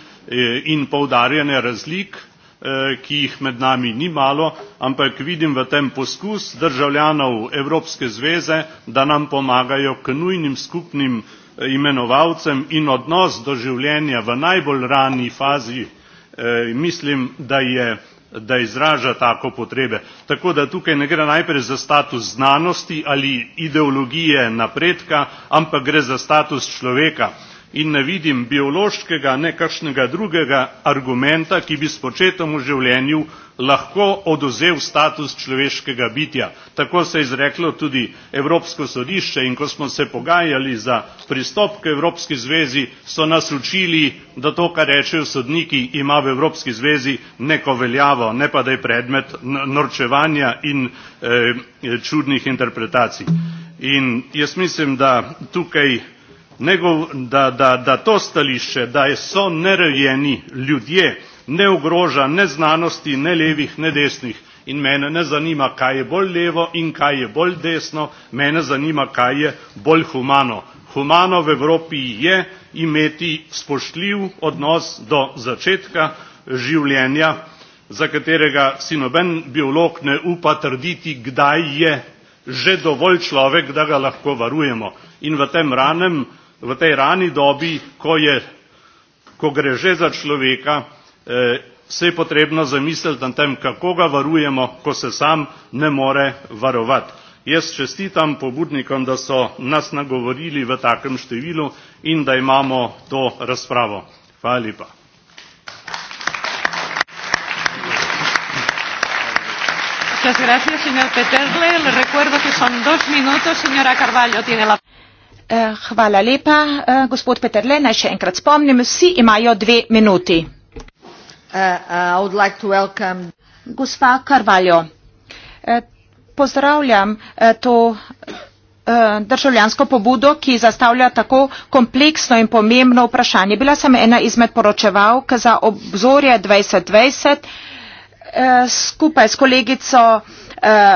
in poudarjanja razlik eh, ki jih med nami ni malo ampak vidim v tem poskus državljanov evropske zveze da nam pomagajo k nujnim skupnim imenovalcem in odnos do življenja v najbolj rani fazi mislim da je da izraža tako potrebe. Tako da tukaj ne gre najprej za status znanosti ali ideologije napredka, ampak gre za status človeka in ne vidim biološkega, ne kakšnega drugega argumenta, ki bi spočetemu življenju lahko oduzel status človeškega bitja. Tako se je izreklo tudi Evropsko sodišče in ko smo se pogajali za pristop k Evropski zvezi, so nas učili, da to, kar rečejo sodniki, ima v Evropski zvezi neko veljavo, ne pa da je predmet norčevanja in eh, čudnih interpretacij. In jaz mislim, da tukaj gov, da, da, da to stališče, da so nerejeni ljudje, ne ogroža ne znanosti, ne levih, ne desnih. In mene ne zanima, kaj je bolj levo in kaj je bolj desno, mene zanima, kaj je bolj humano. Humano v Evropi je imeti spoštljiv odnos do začetka življenja, za katerega si noben biolog ne upa trditi, kdaj je že dovolj človek, da ga lahko varujemo. In v tem ranem v tej rani dobi, ko, je, ko gre že za človeka, eh, se je potrebno zamisliti na tem, kako ga varujemo, ko se sam ne more varovati. Jaz čestitam pobudnikom, da so nas nagovorili v takem številu in da imamo to razpravo. Hvala lepa. Muchas gracias, señor Peterle. Le recuerdo que son dos minutos. Señora Carvalho tiene la palabra. Eh, hvala lepa, eh, gospod Peterle. Naj še enkrat spomnim, vsi imajo dve minuti. Eh, Gospa Carvalho, pozdravljam to državljansko pobudo, ki zastavlja tako kompleksno in pomembno vprašanje. Bila sem ena izmed poročevalk za obzorje 2020 skupaj s kolegico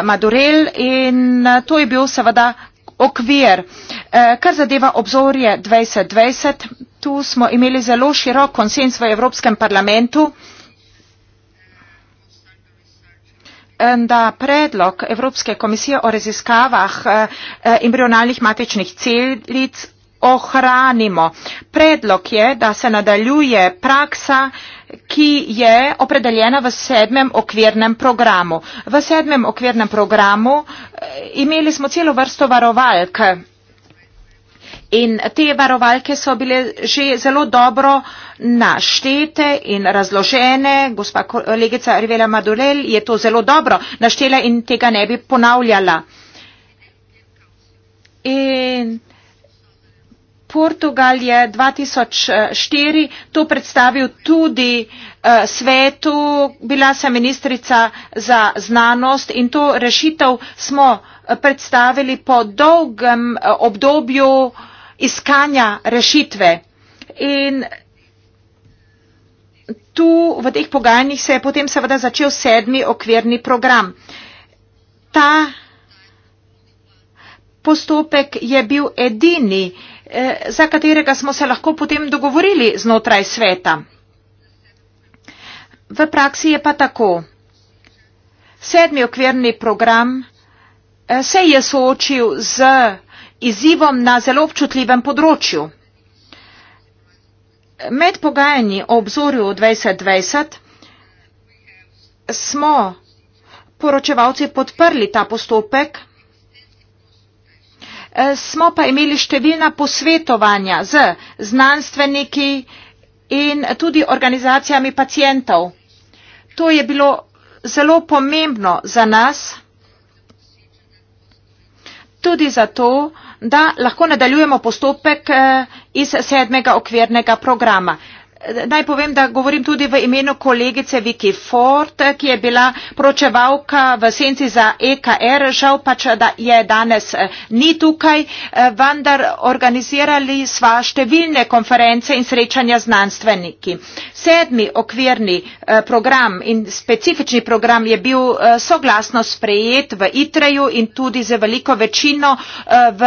Madurel in to je bil seveda okvir. Eh, kar zadeva obzorje 2020, tu smo imeli zelo širok konsens v Evropskem parlamentu, eh, da predlog Evropske komisije o raziskavah eh, embrionalnih matičnih celic ohranimo. Predlog je, da se nadaljuje praksa, ki je opredeljena v sedmem okvirnem programu. V sedmem okvirnem programu eh, imeli smo celo vrsto varovalk in te varovalke so bile že zelo dobro naštete in razložene. Gospa kolegica Rivela Madurel je to zelo dobro naštela in tega ne bi ponavljala. In Portugal je 2004 to predstavil tudi eh, svetu, bila sem ministrica za znanost in to rešitev smo eh, predstavili po dolgem eh, obdobju iskanja rešitve. In tu v teh pogajanjih se je potem seveda začel sedmi okvirni program. Ta postopek je bil edini, Eh, za katerega smo se lahko potem dogovorili znotraj sveta. V praksi je pa tako. Sedmi okvirni program eh, se je soočil z izzivom na zelo občutljivem področju. Med pogajanji o obzorju 2020 smo poročevalci podprli ta postopek Eh, smo pa imeli številna posvetovanja z znanstveniki in tudi organizacijami pacijentov. To je bilo zelo pomembno za nas, tudi zato, da lahko nadaljujemo postopek eh, iz sedmega okvirnega programa. Naj povem, da govorim tudi v imenu kolegice Viki Ford, ki je bila pročevalka v senci za EKR. Žal pač, da je danes eh, ni tukaj, eh, vendar organizirali sva številne konference in srečanja znanstveniki. Sedmi okvirni eh, program in specifični program je bil soglasno sprejet v ITREju in tudi z veliko večino v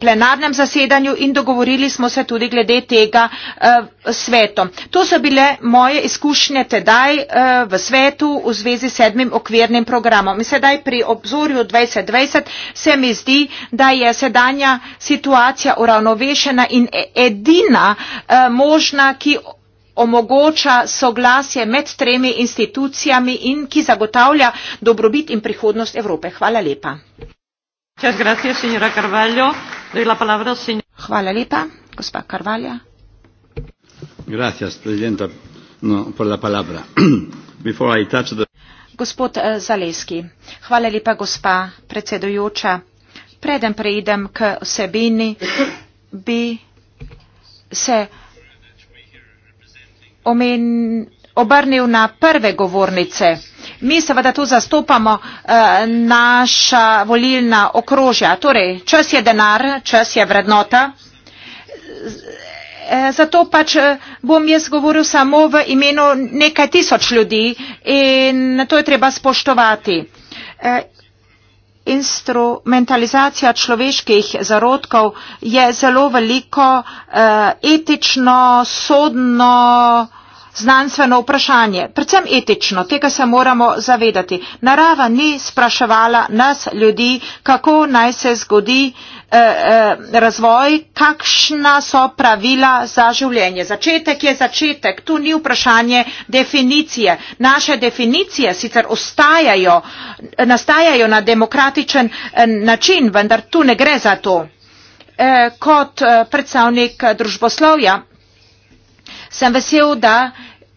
plenarnem zasedanju in dogovorili smo se tudi glede tega sveta leto. To so bile moje izkušnje tedaj eh, v svetu v zvezi s sedmim okvirnim programom. In sedaj pri obzorju 2020 se mi zdi, da je sedanja situacija uravnovešena in e-, edina eh, možna, ki omogoča soglasje med tremi institucijami in ki zagotavlja dobrobit in prihodnost Evrope. Hvala lepa. Hvala lepa, gospa Karvalja. Gracias, presidenta, no, por la palabra. (clears throat) Before I touch the... Gospod eh, Zaleski, hvala lepa gospa predsedujoča. Preden preidem k osebini, bi se omen, obrnil na prve govornice. Mi seveda tu zastopamo uh, naša volilna okrožja. Torej, čas je denar, čas je vrednota. Eh, zato pač eh, bom jaz govoril samo v imenu nekaj tisoč ljudi in to je treba spoštovati. Eh, instrumentalizacija človeških zarodkov je zelo veliko etično, sodno, znanstveno vprašanje, predvsem etično, tega se moramo zavedati. Narava ni spraševala nas ljudi, kako naj se zgodi eh, eh, razvoj, kakšna so pravila za življenje. Začetek je začetek, tu ni vprašanje definicije. Naše definicije sicer ostajajo, nastajajo na demokratičen eh, način, vendar tu ne gre za to. Eh, kot eh, predstavnik eh, družboslovja sem vesel, da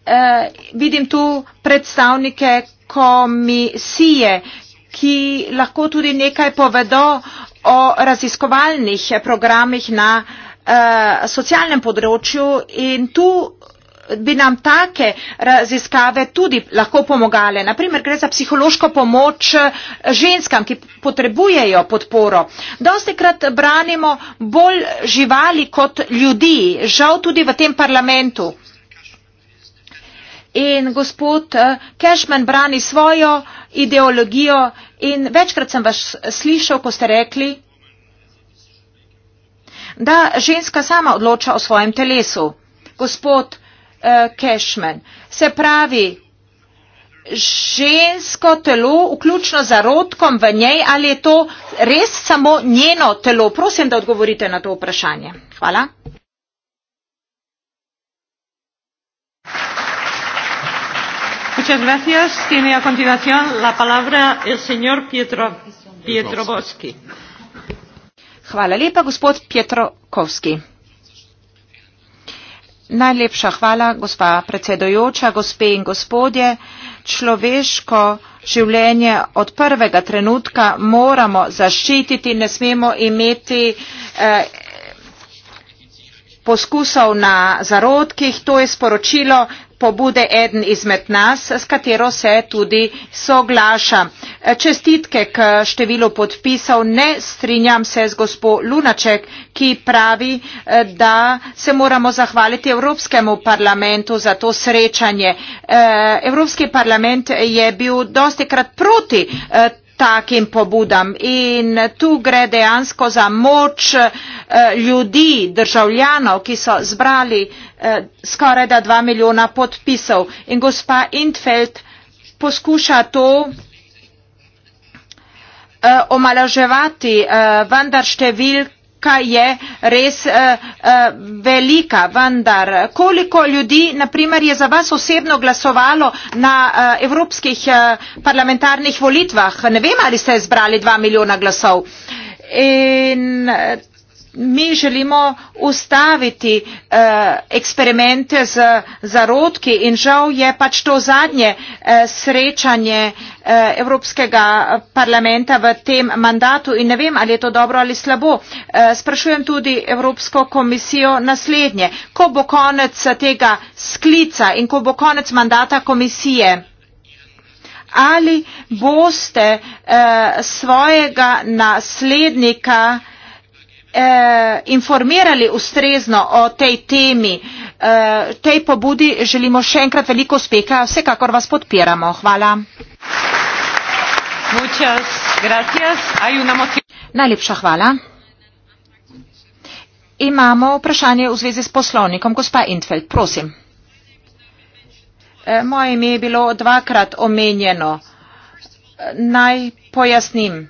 eh, vidim tu predstavnike komisije, ki lahko tudi nekaj povedo o raziskovalnih programih na eh, socialnem področju in tu bi nam take raziskave tudi lahko pomagale. Naprimer, gre za psihološko pomoč eh, ženskam, ki potrebujejo podporo. Dosti krat branimo bolj živali kot ljudi, žal tudi v tem parlamentu in gospod eh, Cashman brani svojo ideologijo in večkrat sem vas slišal, ko ste rekli, da ženska sama odloča o svojem telesu. Gospod eh, Cashman, se pravi, žensko telo, vključno z rodkom v njej, ali je to res samo njeno telo? Prosim, da odgovorite na to vprašanje. Hvala. Muchas gracias. Tiene a continuación la palabra el señor Pietro, Pietrovski. Hvala lepa, gospod Pietrovski. Najlepša hvala, gospa predsedojoča, gospe in gospodje. Človeško življenje od prvega trenutka moramo zaščititi, ne smemo imeti eh, poskusov na zarodkih. To je sporočilo pobude eden izmed nas, s katero se tudi soglaša. Čestitke k številu podpisov. Ne strinjam se z gospod Lunaček, ki pravi, da se moramo zahvaliti Evropskemu parlamentu za to srečanje. Eh, Evropski parlament je bil dosti krat proti eh, takim pobudam in tu gre dejansko za moč eh, ljudi, državljanov, ki so zbrali eh, skoraj da dva milijona podpisov in gospa Intfeld poskuša to eh, omalaževati, vendar številka številka je res uh, uh, velika, vendar koliko ljudi, naprimer, je za vas osebno glasovalo na uh, evropskih uh, parlamentarnih volitvah? Ne vem, ali ste zbrali dva milijona glasov. In mi želimo ustaviti eh, eksperimente z zarodki in žal je pač to zadnje eh, srečanje eh, Evropskega parlamenta v tem mandatu in ne vem, ali je to dobro ali slabo. Eh, sprašujem tudi Evropsko komisijo naslednje. Ko bo konec tega sklica in ko bo konec mandata komisije? Ali boste eh, svojega naslednika eh, Eh, informirali ustrezno o tej temi, eh, tej pobudi želimo še enkrat veliko uspeha. Vsekakor vas podpiramo. Hvala. Najlepša hvala. Imamo vprašanje v zvezi s poslovnikom. Gospa Intfeld, prosim. Eh, moje ime je bilo dvakrat omenjeno. Naj pojasnim.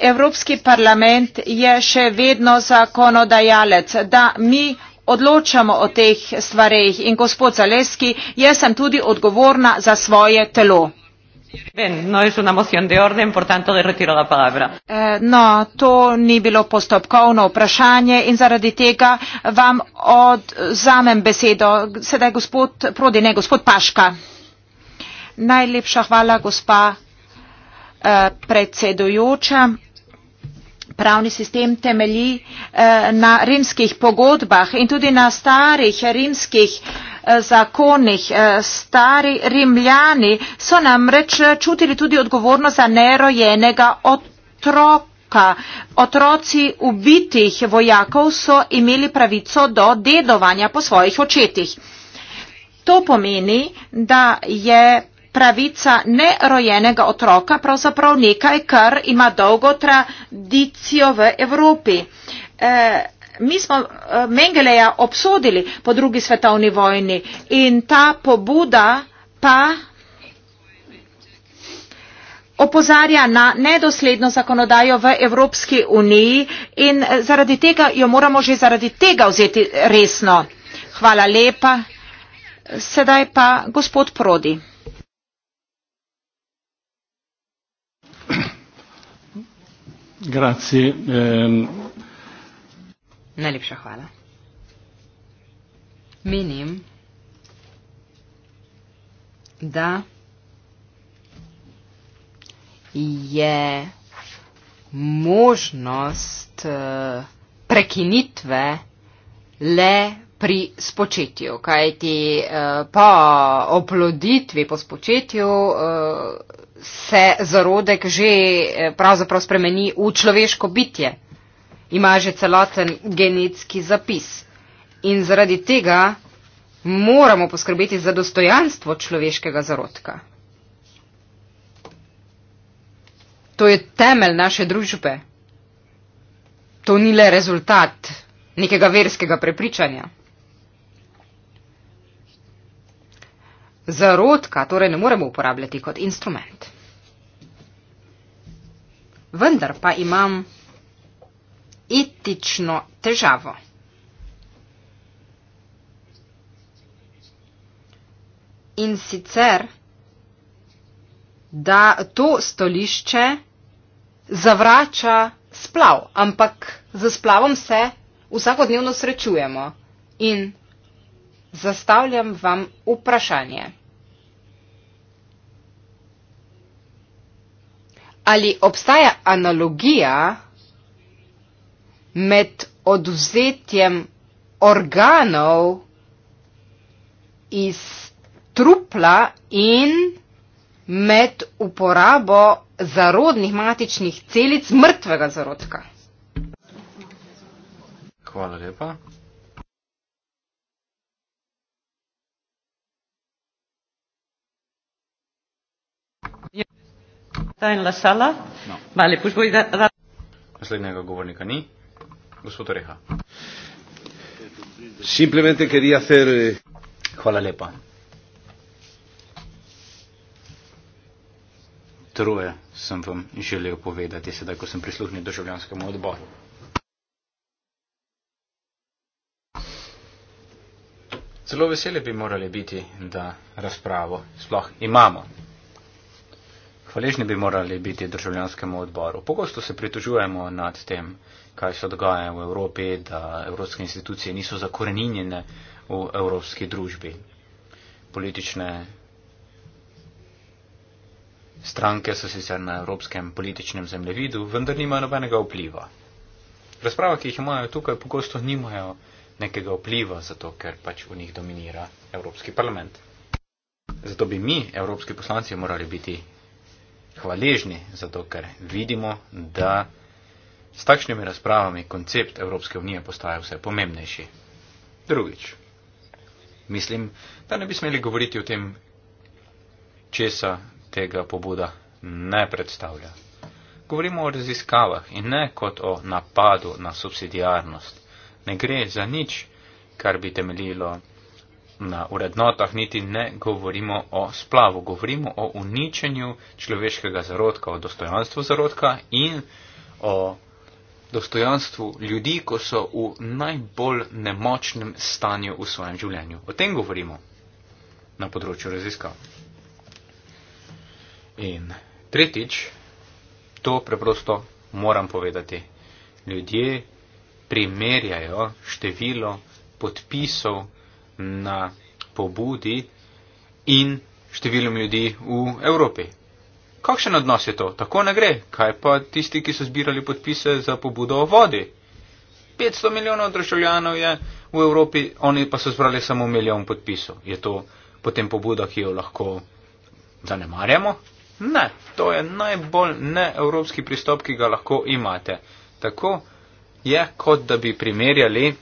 Evropski parlament je še vedno zakonodajalec, da mi odločamo o teh stvarih in gospod Zaleski, jaz sem tudi odgovorna za svoje telo. No, eh, no, to ni bilo postopkovno vprašanje in zaradi tega vam odzamem besedo. Sedaj gospod Prodi, ne gospod Paška. Najlepša hvala, gospa eh, predsedujoča pravni sistem temelji eh, na rimskih pogodbah in tudi na starih rimskih eh, zakonih. Eh, stari rimljani so namreč čutili tudi odgovornost za nerojenega otroka. Otroci ubitih vojakov so imeli pravico do dedovanja po svojih očetih. To pomeni, da je pravica nerojenega otroka pravzaprav nekaj, kar ima dolgo tradicijo v Evropi. E, mi smo e, Mengeleja obsodili po drugi svetovni vojni in ta pobuda pa opozarja na nedosledno zakonodajo v Evropski uniji in zaradi tega jo moramo že zaradi tega vzeti resno. Hvala lepa. Sedaj pa gospod Prodi. Grazie. Ehm. Najlepša hvala. Menim, da je možnost eh, prekinitve le pri spočetju, kajti eh, pa oploditvi po spočetju eh, se zarodek že eh, pravzaprav spremeni v človeško bitje. Ima že celoten genetski zapis. In zaradi tega moramo poskrbeti za dostojanstvo človeškega zarodka. To je temelj naše družbe. To ni le rezultat nekega verskega prepričanja. Zarodka torej ne moremo uporabljati kot instrument. Vendar pa imam etično težavo. In sicer, da to stolišče zavrača splav, ampak z splavom se vsakodnevno srečujemo in zastavljam vam vprašanje. Ali obstaja analogija med oduzetjem organov iz trupla in med uporabo zarodnih matičnih celic mrtvega zarodka? Hvala lepa. Ta in la sala. No. Vale, pues voy a dar. Naslednjega govornika ni. Gospod Reha. Simplemente quería hacer. Eh, Hvala lepa. Troje sem vam želel povedati, sedaj ko sem prisluhnil državljanskemu odboru. Zelo veseli bi morali biti, da razpravo sploh imamo. Hvaležni bi morali biti državljanskemu odboru. Pogosto se pritožujemo nad tem, kaj se dogaja v Evropi, da evropske institucije niso zakoreninjene v evropski družbi. Politične stranke so sicer na evropskem političnem zemljevidu, vendar nima nobenega vpliva. Razprava, ki jih imajo tukaj, pogosto nimajo nekega vpliva, zato ker pač v njih dominira Evropski parlament. Zato bi mi, evropski poslanci, morali biti hvaležni, zato ker vidimo, da s takšnimi razpravami koncept Evropske unije postaja vse pomembnejši. Drugič, mislim, da ne bi smeli govoriti o tem, česa tega pobuda ne predstavlja. Govorimo o raziskavah in ne kot o napadu na subsidijarnost. Ne gre za nič, kar bi temeljilo na urednotah niti ne govorimo o splavu, govorimo o uničenju človeškega zarodka, o dostojanstvu zarodka in o dostojanstvu ljudi, ko so v najbolj nemočnem stanju v svojem življenju. O tem govorimo na področju raziskav. In tretjič, to preprosto moram povedati. Ljudje primerjajo število podpisov na pobudi in številom ljudi v Evropi. Kakšen odnos je to? Tako ne gre. Kaj pa tisti, ki so zbirali podpise za pobudo o vodi? 500 milijonov državljanov je v Evropi, oni pa so zbrali samo milijon podpisov. Je to potem pobuda, ki jo lahko zanemarjamo? Ne, to je najbolj neevropski pristop, ki ga lahko imate. Tako je, kot da bi primerjali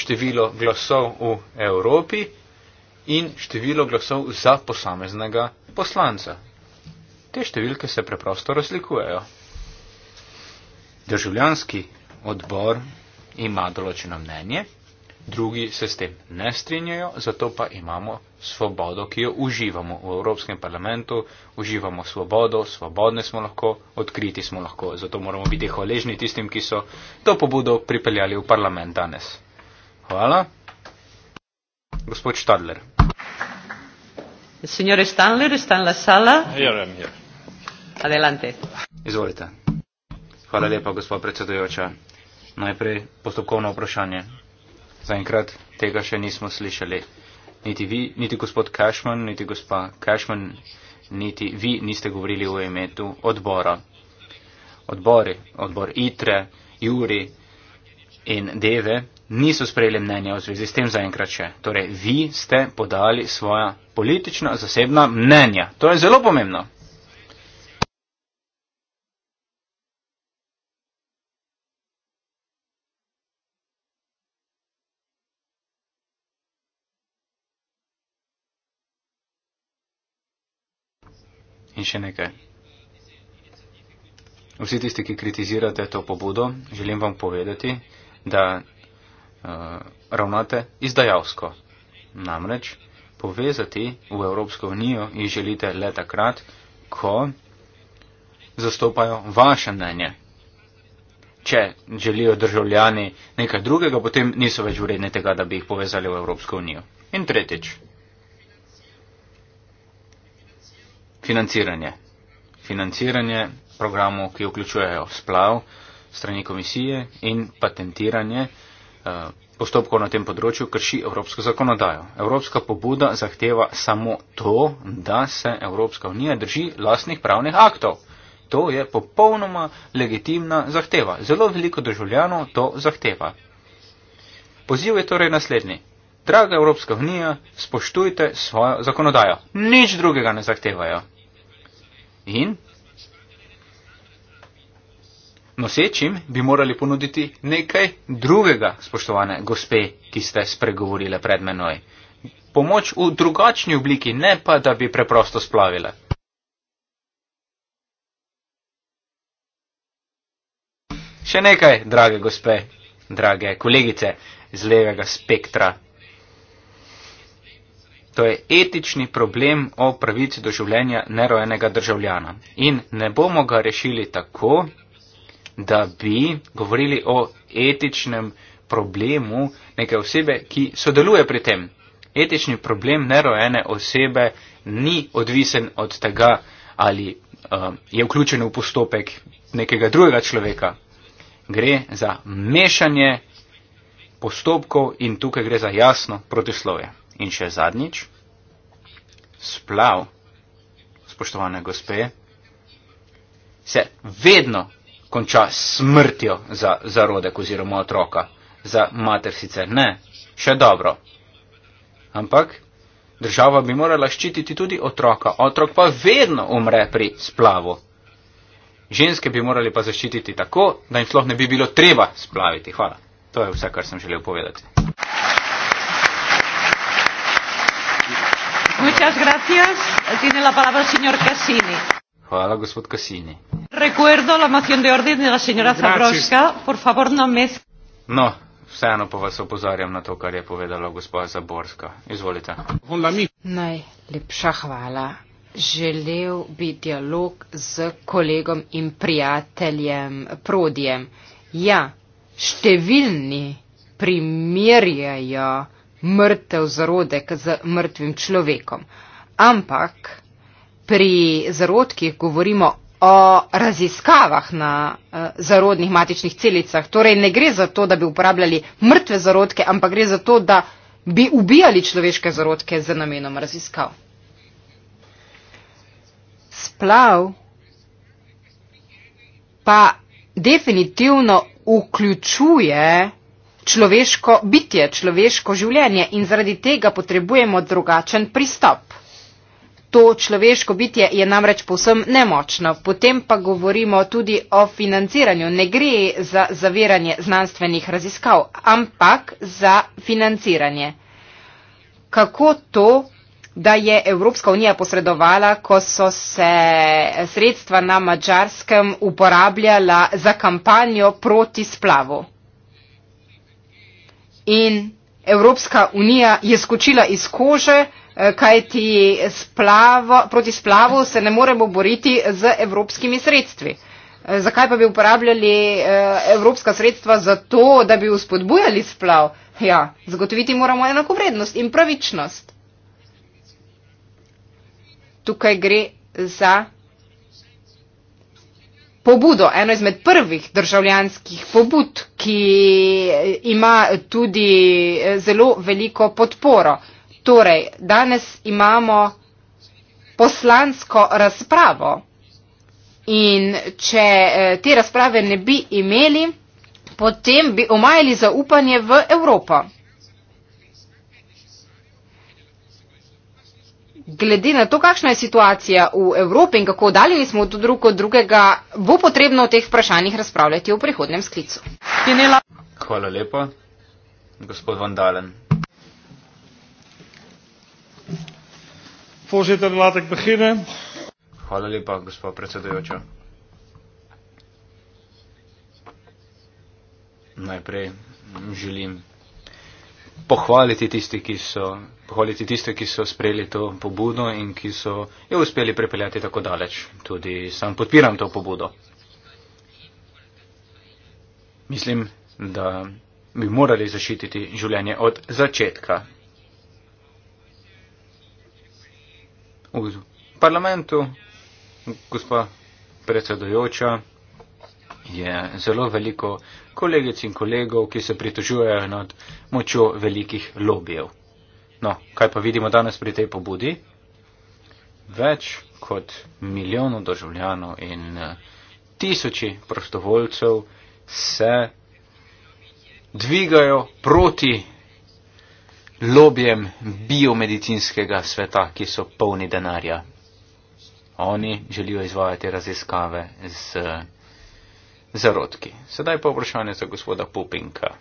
število glasov v Evropi in število glasov za posameznega poslanca. Te številke se preprosto razlikujejo. Državljanski odbor ima določeno mnenje, drugi se s tem ne strinjajo, zato pa imamo svobodo, ki jo uživamo v Evropskem parlamentu, uživamo svobodo, svobodne smo lahko, odkriti smo lahko, zato moramo biti hvaležni tistim, ki so to pobudo pripeljali v parlament danes. Hvala. Gospod Stadler. Signore Stadler, sta la sala. Jerem, jerem. Adelante. Izvolite. Hvala lepa, gospod predsedujoča. Najprej postopkovno vprašanje. Zaenkrat tega še nismo slišali. Niti vi, niti gospod Cashman, niti gospa Cashman, niti vi niste govorili o imetu odbora. Odbori, odbor ITRE, JURI in DEVE niso sprejeli mnenja v zvezi s tem zaenkrat še. Torej, vi ste podali svoja politična zasebna mnenja. To je zelo pomembno. In še nekaj. Vsi tisti, ki kritizirate to pobudo, želim vam povedati, da Eh, ravnate izdajalsko. Namreč povezati v Evropsko unijo jih želite le takrat, ko zastopajo vaše mnenje. Če želijo državljani nekaj drugega, potem niso več vredni tega, da bi jih povezali v Evropsko unijo. In tretjič. Financiranje. Financiranje programov, ki vključujejo splav strani komisije in patentiranje uh, Eh, postopkov na tem področju krši evropsko zakonodajo. Evropska pobuda zahteva samo to, da se Evropska unija drži lastnih pravnih aktov. To je popolnoma legitimna zahteva. Zelo veliko državljanov to zahteva. Poziv je torej naslednji. Draga Evropska unija, spoštujte svojo zakonodajo. Nič drugega ne zahtevajo. In Nosečim bi morali ponuditi nekaj drugega, spoštovane gospe, ki ste spregovorile pred menoj. Pomoč v drugačni obliki, ne pa da bi preprosto splavile. Še nekaj, drage gospe, drage kolegice z levega spektra. To je etični problem o pravici do življenja nerojenega državljana. In ne bomo ga rešili tako, da bi govorili o etičnem problemu neke osebe, ki sodeluje pri tem. Etični problem nerojene osebe ni odvisen od tega, ali uh, je vključen v postopek nekega drugega človeka. Gre za mešanje postopkov in tukaj gre za jasno protislovje. In še zadnjič, splav, spoštovane gospe, se vedno konča s smrtjo za zarodek oziroma otroka. Za mater sicer ne, še dobro. Ampak država bi morala ščititi tudi otroka. Otrok pa vedno umre pri splavu. Ženske bi morali pa zaščititi tako, da jim sploh ne bi bilo treba splaviti. Hvala. To je vse, kar sem želel povedati. Hvala, gospod Kasini. Recuerdo la moción de orden de la señora Zabrowska. Por favor, no me. No. Vseeno pa vas opozarjam na to, kar je povedala gospa Zaborska. Izvolite. Najlepša hvala. Želel bi dialog z kolegom in prijateljem Prodijem. Ja, številni primerjajo mrtev zarodek z mrtvim človekom. Ampak pri zarodkih govorimo o raziskavah na uh, zarodnih matičnih celicah. Torej ne gre za to, da bi uporabljali mrtve zarodke, ampak gre za to, da bi ubijali človeške zarodke z namenom raziskav. Splav pa definitivno vključuje človeško bitje, človeško življenje in zaradi tega potrebujemo drugačen pristop to človeško bitje je namreč povsem nemočno. Potem pa govorimo tudi o financiranju. Ne gre za zaviranje znanstvenih raziskav, ampak za financiranje. Kako to, da je Evropska unija posredovala, ko so se sredstva na mačarskem uporabljala za kampanjo proti splavu? In Evropska unija je skočila iz kože, Eh, kajti splavo, proti splavu se ne moremo boriti z evropskimi sredstvi. Eh, zakaj pa bi uporabljali eh, evropska sredstva za to, da bi uspodbujali splav? Ja, zagotoviti moramo enakovrednost in pravičnost. Tukaj gre za pobudo, eno izmed prvih državljanskih pobud, ki ima tudi zelo veliko podporo. Torej, danes imamo poslansko razpravo in če eh, te razprave ne bi imeli, potem bi omajali zaupanje v Evropo. Glede na to, kakšna je situacija v Evropi in kako daljni smo od drug od drugega, bo potrebno o teh vprašanjih razpravljati v prihodnem sklicu. Hvala lepa, gospod Vandalen. Voorzitter, laat ik beginnen. Hvala lepa, gospod predsedujoča. Najprej želim pohvaliti tiste, ki so, pohvaliti tiste, ki so sprejeli to pobudo in ki so jo uspeli prepeljati tako daleč. Tudi sam podpiram to pobudo. Mislim, da bi morali zaščititi življenje od začetka v parlamentu, gospa predsedojoča, je zelo veliko kolegic in kolegov, ki se pritožujejo nad močjo velikih lobijev. No, kaj pa vidimo danes pri tej pobudi? Več kot milijonov državljanov in eh, tisoči prostovoljcev se dvigajo proti lobijem biomedicinskega sveta, ki so polni denarja. Oni želijo izvajati raziskave z zarodki. Sedaj pa vprašanje za gospoda Pupinka.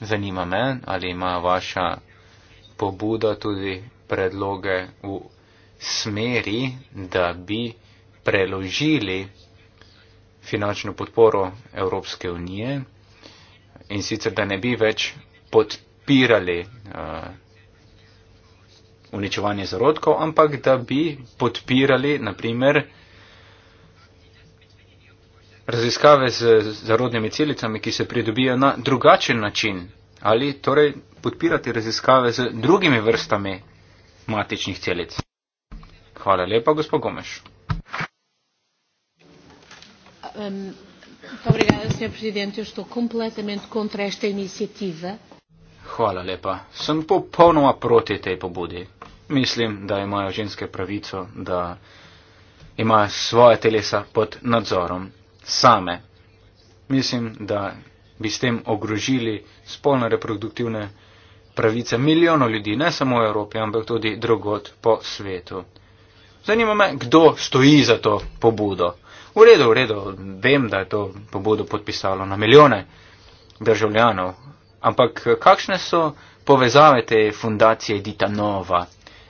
Zanima me, ali ima vaša pobuda tudi predloge v smeri, da bi preložili finančno podporo Evropske unije in sicer, da ne bi več podpirali uh, uničevanje zarodkov, ampak da bi podpirali, naprimer, raziskave z zarodnimi celicami, ki se pridobijo na drugačen način ali torej podpirati raziskave z drugimi vrstami matičnih celic. Hvala lepa, gospod Gomeš. Um gospa predsednica jaz sem kompletno proti tej iniciativi. Hvala lepa. Sem popolnoma proti tej pobudi. Mislim, da imajo ženske pravico, da imajo svoje telesa pod nadzorom same. Mislim, da bi s tem ogrožili spolno reproduktivne pravice milijonov ljudi, ne samo v Evropi, ampak tudi drugot po svetu. Zanima me, kdo stoji za to pobudo. V redu, v redu, vem, da je to pobudo podpisalo na milijone državljanov, ampak kakšne so povezave te fundacije Dita Nova?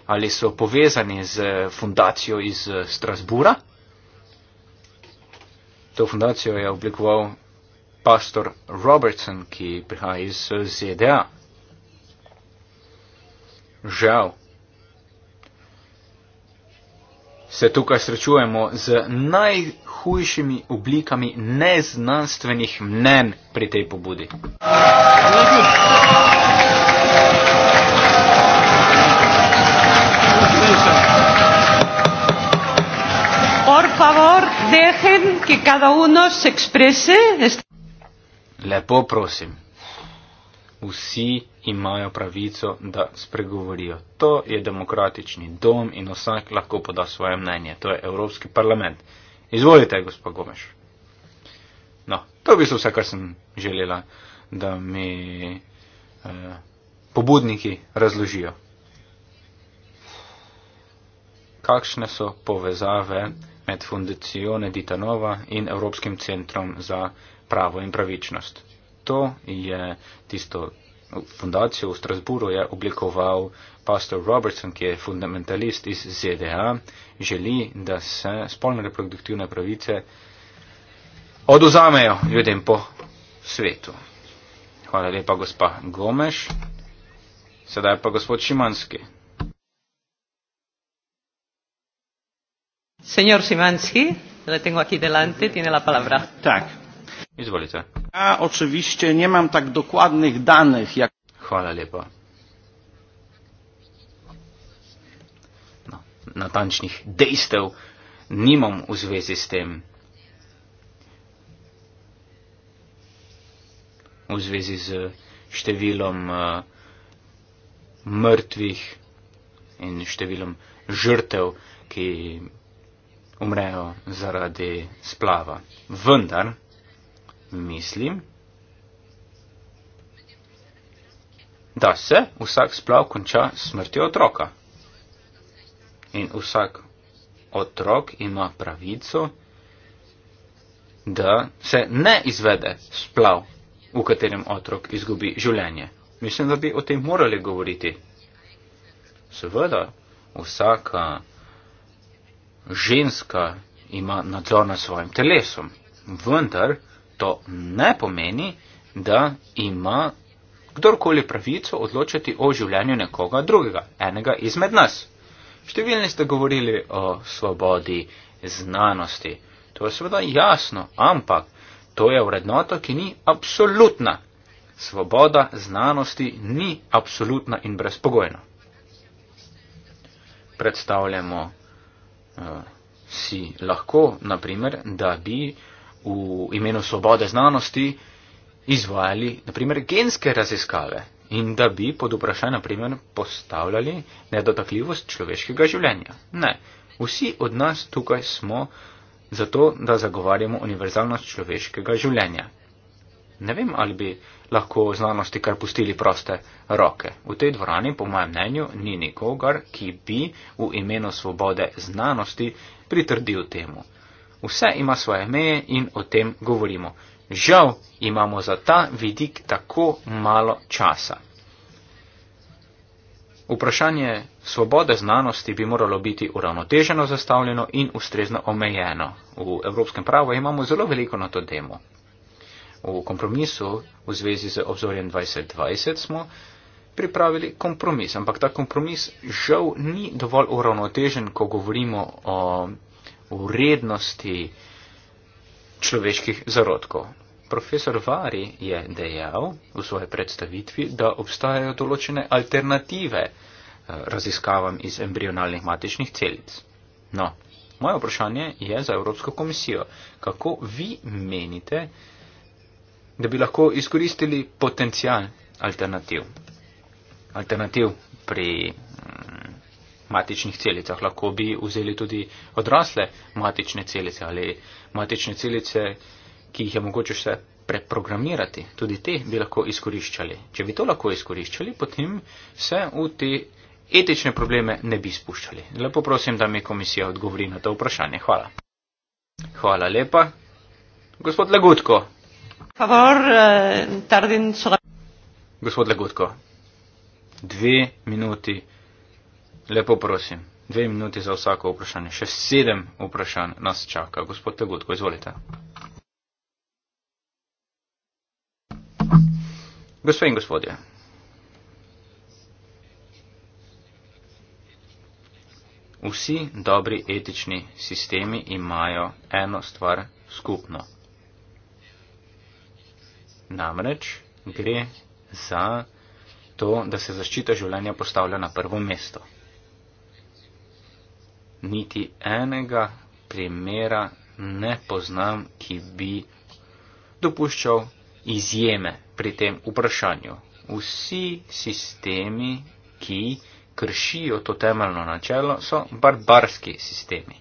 Ali so povezani z fundacijo iz eh, Strasbura? To fundacijo je oblikoval pastor Robertson, ki prihaja iz eh, ZDA. Žal. se tukaj srečujemo z najhujšimi oblikami neznanstvenih mnen pri tej pobudi. Lepo prosim, vsi imajo pravico, da spregovorijo. To je demokratični dom in vsak lahko poda svoje mnenje. To je Evropski parlament. Izvolite, gospod Gomeš. No, to je v bistvu vse, kar sem želela, da mi eh, pobudniki razložijo. Kakšne so povezave med fundacijone Ditanova in Evropskim centrom za pravo in pravičnost? To je tisto fundacijo v Strasburu je oblikoval pastor Robertson, ki je fundamentalist iz ZDA, želi, da se spolne reproduktivne pravice oduzamejo ljudem po svetu. Hvala lepa, gospa Gomeš. Sedaj pa gospod Šimanski. Senjor Šimanski, da le tengo aki delante, tine la palabra. Tak, Izvolite. Ja, očiščen, nimam tak dokładnih danih. Jak... Hvala lepa. No, natančnih dejstev nimam v zvezi s tem. V zvezi z številom uh, mrtvih in številom žrtev, ki umrejo zaradi splava. Vendar mislim, da se vsak splav konča smrti otroka. In vsak otrok ima pravico, da se ne izvede splav, v katerem otrok izgubi življenje. Mislim, da bi o tem morali govoriti. Seveda, vsaka ženska ima nadzor nad svojim telesom, vendar To ne pomeni, da ima kdorkoli pravico odločati o življenju nekoga drugega, enega izmed nas. Številni ste govorili o svobodi znanosti. To je seveda jasno, ampak to je vrednota, ki ni absolutna. Svoboda znanosti ni absolutna in brezpogojna. Predstavljamo uh, si lahko, naprimer, da bi uh, v imenu svobode znanosti izvajali, naprimer, genske raziskave in da bi pod vprašanje, naprimer, postavljali nedotakljivost človeškega življenja. Ne, vsi od nas tukaj smo zato, da zagovarjamo univerzalnost človeškega življenja. Ne vem, ali bi lahko znanosti kar pustili proste roke. V tej dvorani, po mojem mnenju, ni nikogar, ki bi v imenu svobode znanosti pritrdil temu. Vse ima svoje meje in o tem govorimo. Žal imamo za ta vidik tako malo časa. Vprašanje svobode znanosti bi moralo biti uravnoteženo zastavljeno in ustrezno omejeno. V evropskem pravu imamo zelo veliko na to temo. V kompromisu v zvezi z obzorjem 2020 smo pripravili kompromis, ampak ta kompromis žal ni dovolj uravnotežen, ko govorimo o vrednosti človeških zarodkov. Profesor Vari je dejal v svoji predstavitvi, da obstajajo določene alternative eh, raziskavam iz embrionalnih matičnih celic. No, moje vprašanje je za Evropsko komisijo. Kako vi menite, da bi lahko izkoristili potencial alternativ? Alternativ pri matičnih celicah. Lahko bi vzeli tudi odrasle matične celice ali matične celice, ki jih je mogoče še preprogramirati. Tudi te bi lahko izkoriščali. Če bi to lahko izkoriščali, potem se v te etične probleme ne bi spuščali. Lepo prosim, da mi komisija odgovori na to vprašanje. Hvala. Hvala lepa. Gospod Legutko. Favor, eh, tardin, Gospod Legutko. Dve minuti. Lepo prosim, dve minuti za vsako vprašanje. Še sedem vprašanj nas čaka. Gospod Tegutko, izvolite. Gospod in gospodje. Vsi dobri etični sistemi imajo eno stvar skupno. Namreč gre za to, da se zaščita življenja postavlja na prvo mesto niti enega primera ne poznam, ki bi dopuščal izjeme pri tem vprašanju. Vsi sistemi, ki kršijo to temeljno načelo, so barbarski sistemi.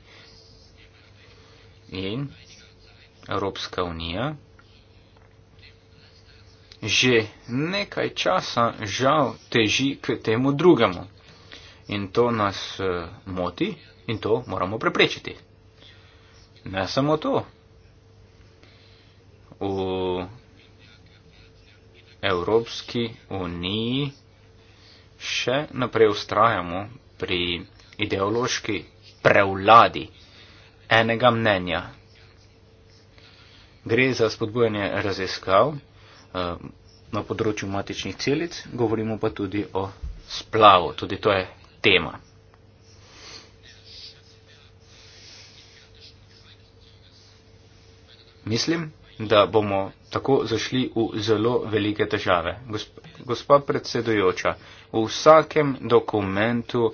In Evropska unija že nekaj časa žal teži k temu drugemu. In to nas eh, moti, In to moramo preprečiti. Ne samo to. V Evropski uniji še naprej ustrajamo pri ideološki prevladi enega mnenja. Gre za spodbujanje raziskav eh, na področju matičnih celic, govorimo pa tudi o splavu, tudi to je tema. Mislim, da bomo tako zašli v zelo velike težave. Gospa predsedujoča, v vsakem dokumentu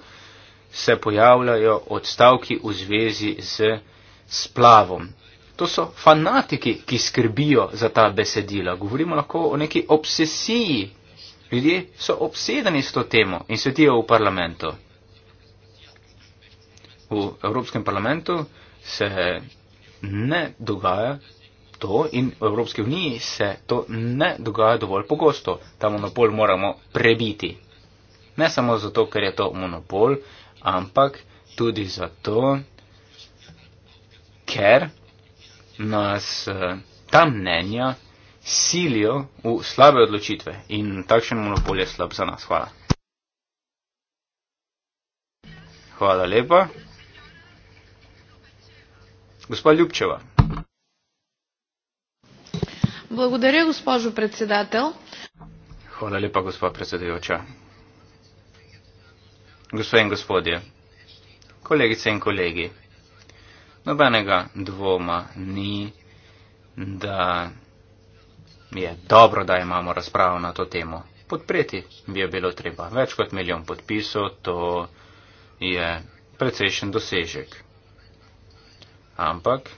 se pojavljajo odstavki v zvezi z splavom. To so fanatiki, ki skrbijo za ta besedila. Govorimo lahko o neki obsesiji. Ljudje so obsedeni s to temo in sedijo v parlamentu. V Evropskem parlamentu se ne dogaja to in v Evropski uniji se to ne dogaja dovolj pogosto. Ta monopol moramo prebiti. Ne samo zato, ker je to monopol, ampak tudi zato, ker nas eh, ta mnenja silijo v slabe odločitve in takšen monopol je slab za nas. Hvala. Hvala lepa. Gospa Ljubčeva. Благодаря, госпожо председател. Хвала лепа, госпо председател. Господин господи, колегице и колеги, nobenega dvoma ni, da je dobro, da imamo razpravo na to temo. Podpreti bi jo bilo treba. Več kot milijon podpisov, to je precejšen dosežek. Ampak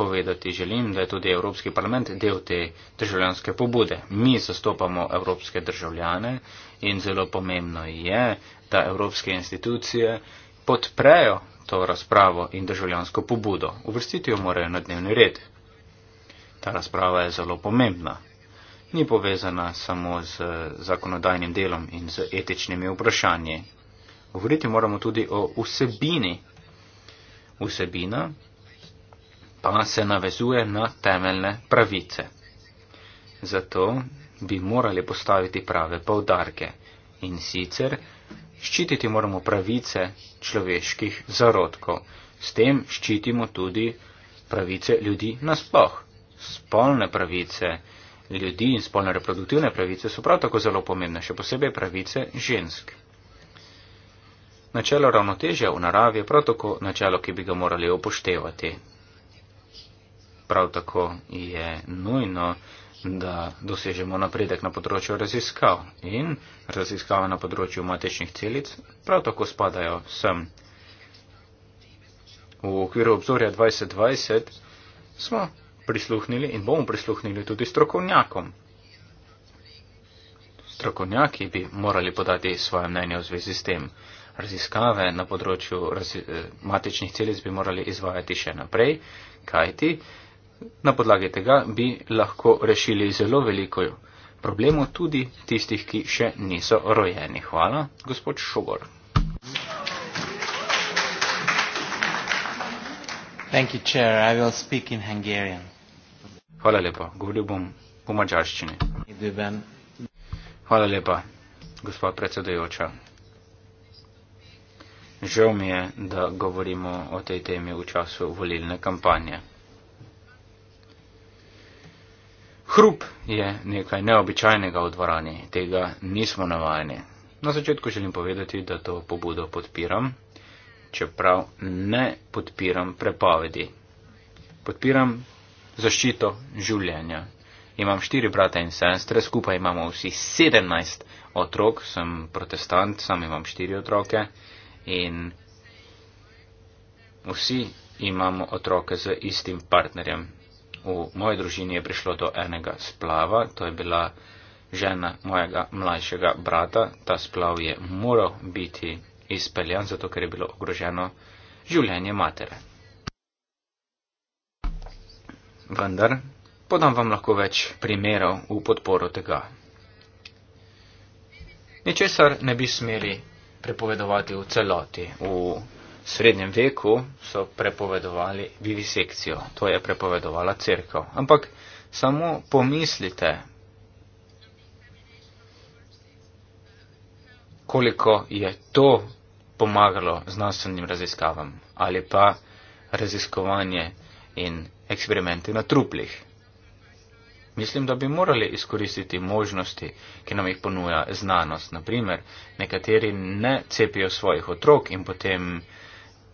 povedati želim, da je tudi Evropski parlament del te državljanske pobude. Mi zastopamo evropske državljane in zelo pomembno je, da evropske institucije podprejo to razpravo in državljansko pobudo. Uvrstiti jo morajo na dnevni red. Ta razprava je zelo pomembna. Ni povezana samo z zakonodajnim delom in z etičnimi vprašanji. Govoriti moramo tudi o vsebini. Vsebina pa se navezuje na temeljne pravice. Zato bi morali postaviti prave povdarke in sicer ščititi moramo pravice človeških zarodkov. S tem ščitimo tudi pravice ljudi nasploh. Spolne pravice ljudi in spolne reproduktivne pravice so prav tako zelo pomembne, še posebej pravice žensk. Načelo ravnotežja v naravi je prav tako načelo, ki bi ga morali upoštevati. Prav tako je nujno, da dosežemo napredek na področju raziskav in raziskave na področju matičnih celic prav tako spadajo sem. V okviru obzorja 2020 smo prisluhnili in bomo prisluhnili tudi strokovnjakom. Strokovnjaki bi morali podati svoje mnenje v zvezi s tem. Raziskave na področju razi, eh, matičnih celic bi morali izvajati še naprej, kajti na podlagi tega bi lahko rešili zelo veliko problemov, tudi tistih, ki še niso rojeni. Hvala, gospod Šogor. Hvala lepa, govoril bom po mačarščini. Hvala lepa, gospa predsedojoča. Žal mi je, da govorimo o tej temi v času volilne kampanje. Hrup je nekaj neobičajnega v dvorani, tega nismo navajeni. Na začetku želim povedati, da to pobudo podpiram, čeprav ne podpiram prepovedi. Podpiram zaščito življenja. Imam štiri brata in sestre, skupaj imamo vsi sedemnajst otrok, sem protestant, sam imam štiri otroke in vsi imamo otroke z istim partnerjem v moji družini je prišlo do enega splava, to je bila žena mojega mlajšega brata. Ta splav je moral biti izpeljan, zato ker je bilo ogroženo življenje matere. Vendar podam vam lahko več primerov v podporo tega. Ničesar ne bi smeli prepovedovati v celoti, v srednjem veku so prepovedovali vivisekcijo, to je prepovedovala crkva. Ampak samo pomislite, koliko je to pomagalo znanstvenim raziskavam ali pa raziskovanje in eksperimenti na truplih. Mislim, da bi morali izkoristiti možnosti, ki nam jih ponuja znanost. Naprimer, nekateri ne cepijo svojih otrok in potem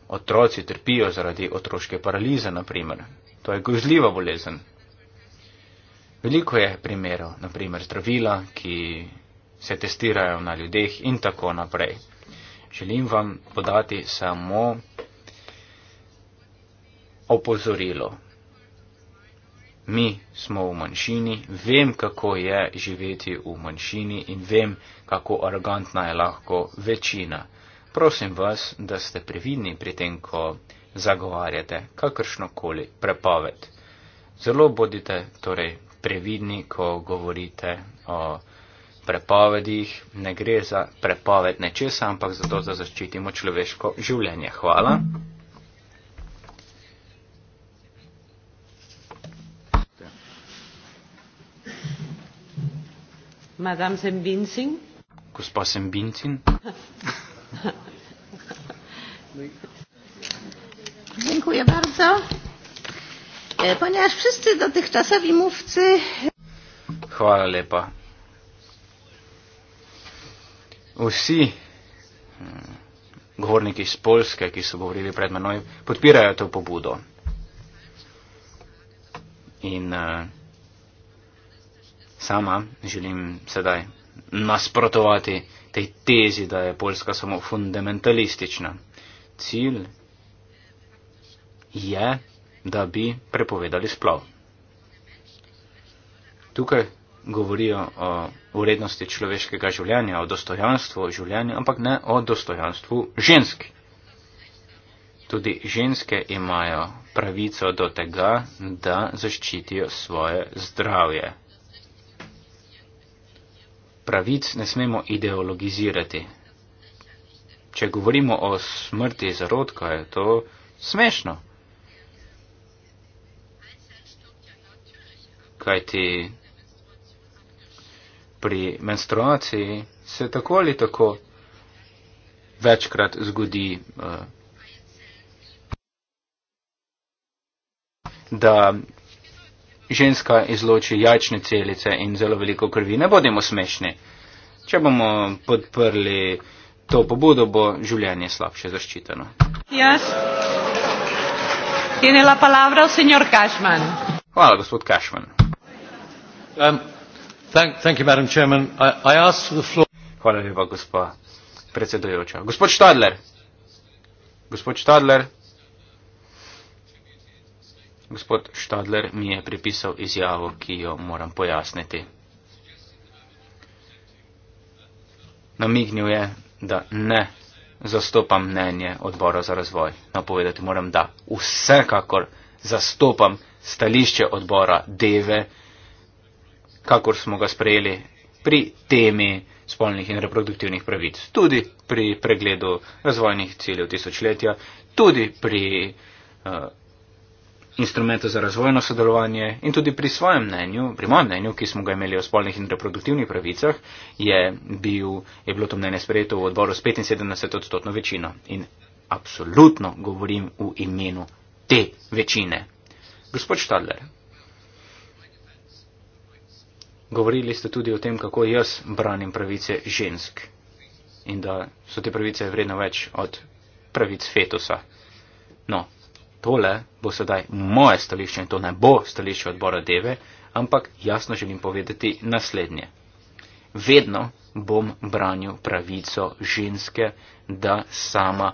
Otroci trpijo zaradi otroške paralize, naprimer. To je grozljiva bolezen. Veliko je primerov, naprimer zdravila, ki se testirajo na ljudeh in tako naprej. Želim vam podati samo opozorilo. Mi smo v manjšini, vem, kako je živeti v manjšini in vem, kako arrogantna je lahko večina prosim vas, da ste previdni pri tem, ko zagovarjate kakršnokoli prepoved. Zelo bodite torej previdni, ko govorite o prepovedih. Ne gre za prepoved nečesa, ampak zato, da zaščitimo človeško življenje. Hvala. Madame Sembincin. Gospod Sembincin. (laughs) Dziękuję bardzo. E, ponieważ wszyscy dotychczasowi mówcy... Hvala lepa. Vsi mm, govorniki iz Polske, ki so govorili pred menoj, podpirajo to pobudo. In uh, sama želim sedaj nasprotovati vsega tej tezi, da je Poljska samo fundamentalistična. Cilj je, da bi prepovedali splav. Tukaj govorijo o urednosti človeškega življenja, o dostojanstvu življenja, ampak ne o dostojanstvu žensk. Tudi ženske imajo pravico do tega, da zaščitijo svoje zdravje pravic ne smemo ideologizirati. Če govorimo o smrti zarodka, je to smešno. Kajti pri menstruaciji se tako ali tako večkrat zgodi, eh, da ženska izloči jajčne celice in zelo veliko krvi. Ne bodimo smešni. Če bomo podprli to pobudo, bo življenje slabše zaščiteno. Jaz. Tiene la palabra el señor Cashman. Hvala, gospod Cashman. Um, thank, thank you, madam chairman. I, I ask for the floor. Hvala lepa, gospod predsedujoča. Gospod Stadler. Gospod Stadler. Gospod Štadler mi je pripisal izjavo, ki jo moram pojasniti. Namignil je, da ne zastopam mnenje odbora za razvoj. Napovedati moram, da vsekakor zastopam stališče odbora Deve, kakor smo ga sprejeli pri temi spolnih in reproduktivnih pravic, tudi pri pregledu razvojnih ciljev tisočletja, tudi pri. Uh, instrumente za razvojno sodelovanje in tudi pri svojem mnenju, pri mojem mnenju, ki smo ga imeli o spolnih in reproduktivnih pravicah, je, bil, je bilo to mnenje sprejeto v odboru s 75 odstotno večino. In absolutno govorim v imenu te večine. Gospod Štadler, govorili ste tudi o tem, kako jaz branim pravice žensk in da so te pravice vredno več od pravic fetusa. No, tole bo sedaj moje stališče in to ne bo stališče odbora Deve, ampak jasno želim povedati naslednje. Vedno bom branil pravico ženske, da sama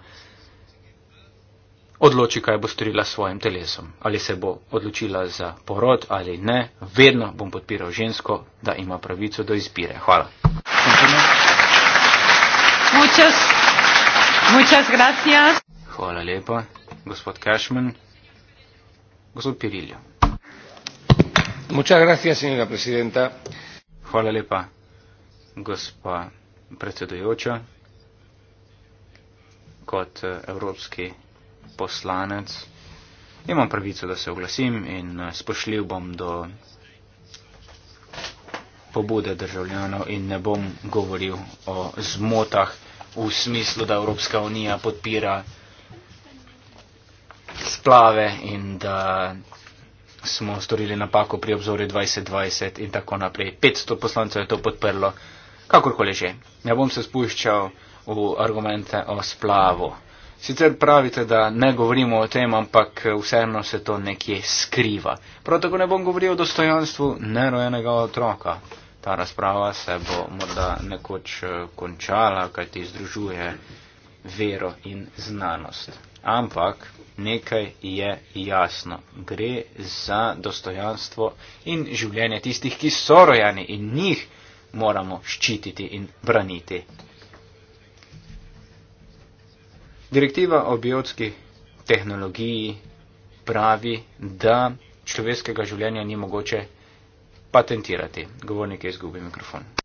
odloči, kaj bo storila s svojim telesom. Ali se bo odločila za porod ali ne, vedno bom podpiral žensko, da ima pravico do izbire. Hvala. Muchas, muchas gracias. Hvala lepa, gospod Cashman. Gospod Pirillo. Hvala lepa, gospa predsedujoča. Kot eh, evropski poslanec imam pravico, da se oglasim in eh, spošljiv bom do pobude državljanov in ne bom govoril o zmotah v smislu, da Evropska unija podpira poplave in da smo storili napako pri obzorju 2020 in tako naprej. 500 poslancev je to podprlo, kakorkoli že. Ne bom se spuščal v argumente o splavu. Sicer pravite, da ne govorimo o tem, ampak vseeno se to nekje skriva. Prav tako ne bom govoril o dostojanstvu nerojenega otroka. Ta razprava se bo morda nekoč eh, končala, kajti združuje vero in znanost. Ampak nekaj je jasno. Gre za dostojanstvo in življenje tistih, ki so rojeni in njih moramo ščititi in braniti. Direktiva o biotski tehnologiji pravi, da človeškega življenja ni mogoče patentirati. Govornik je izgubil mikrofon.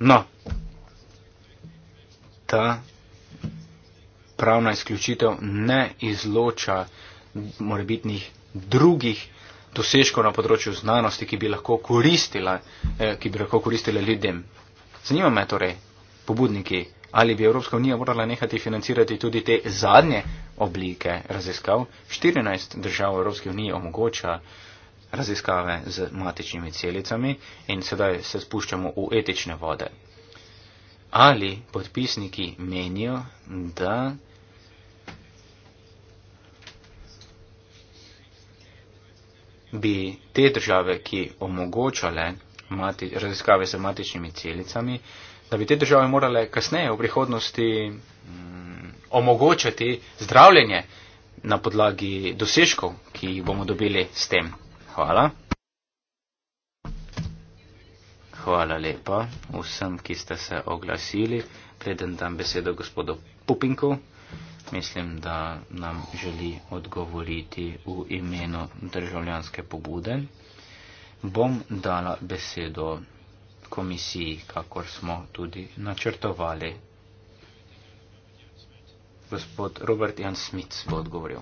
No, ta pravna izključitev ne izloča morebitnih drugih dosežkov na področju znanosti, ki bi lahko koristila, eh, ki bi lahko koristila ljudem. Zanima me torej, pobudniki, ali bi Evropska unija morala nehati financirati tudi te zadnje oblike raziskav. 14 držav Evropske unije omogoča eh, raziskave z matičnimi celicami in sedaj se spuščamo v etične vode. Ali podpisniki menijo, da bi te države, ki omogočale mati, raziskave z matičnimi celicami, da bi te države morale kasneje v prihodnosti mm, omogočati zdravljenje na podlagi dosežkov, ki jih bomo dobili s tem. Hvala. Hvala lepa vsem, ki ste se oglasili. Preden dam besedo gospodu Pupinku, mislim, da nam želi odgovoriti v imenu državljanske pobude. Bom dala besedo komisiji, kakor smo tudi načrtovali. Gospod Robert Jan Smith bo odgovoril.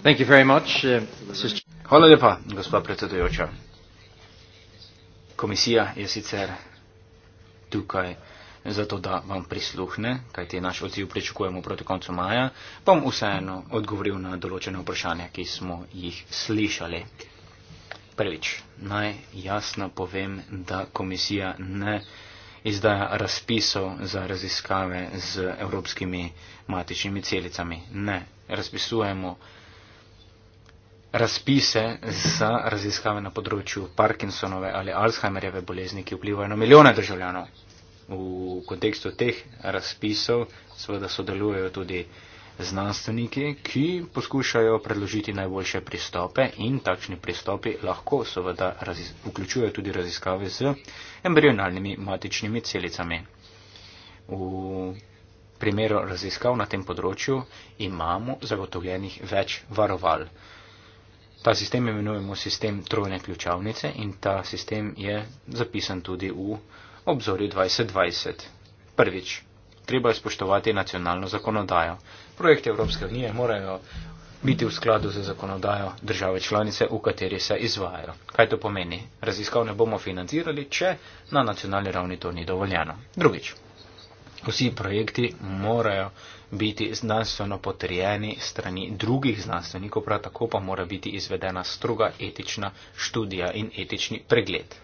Uh, Hvala lepa, gospa predsedujoča. Komisija je sicer tukaj zato, da vam prisluhne, kaj te naš odziv pričakujemo proti koncu maja, bom vseeno odgovoril na določene vprašanja, ki smo jih slišali. Prvič, naj jasno povem, da komisija ne izdaja razpisov za raziskave z evropskimi matičnimi celicami. Ne, razpisujemo razpise za raziskave na področju Parkinsonove ali Alzheimerjeve bolezni, ki vplivajo na milijone državljanov. V kontekstu teh razpisov seveda sodelujejo tudi znanstveniki, ki poskušajo predložiti najboljše pristope in takšni pristopi lahko seveda vključujejo tudi raziskave z embrionalnimi matičnimi celicami. V primeru raziskav na tem področju imamo zagotovljenih več varoval. Ta sistem imenujemo sistem trojne ključavnice in ta sistem je zapisan tudi v obzorju 2020. Prvič, treba je spoštovati nacionalno zakonodajo. Projekte Evropske unije morajo biti v skladu z zakonodajo države članice, v kateri se izvajajo. Kaj to pomeni? Raziskav ne bomo financirali, če na nacionalni ravni to ni dovoljeno. Drugič, vsi projekti morajo biti znanstveno potrjeni strani drugih znanstvenikov, prav tako pa mora biti izvedena struga etična študija in etični pregled.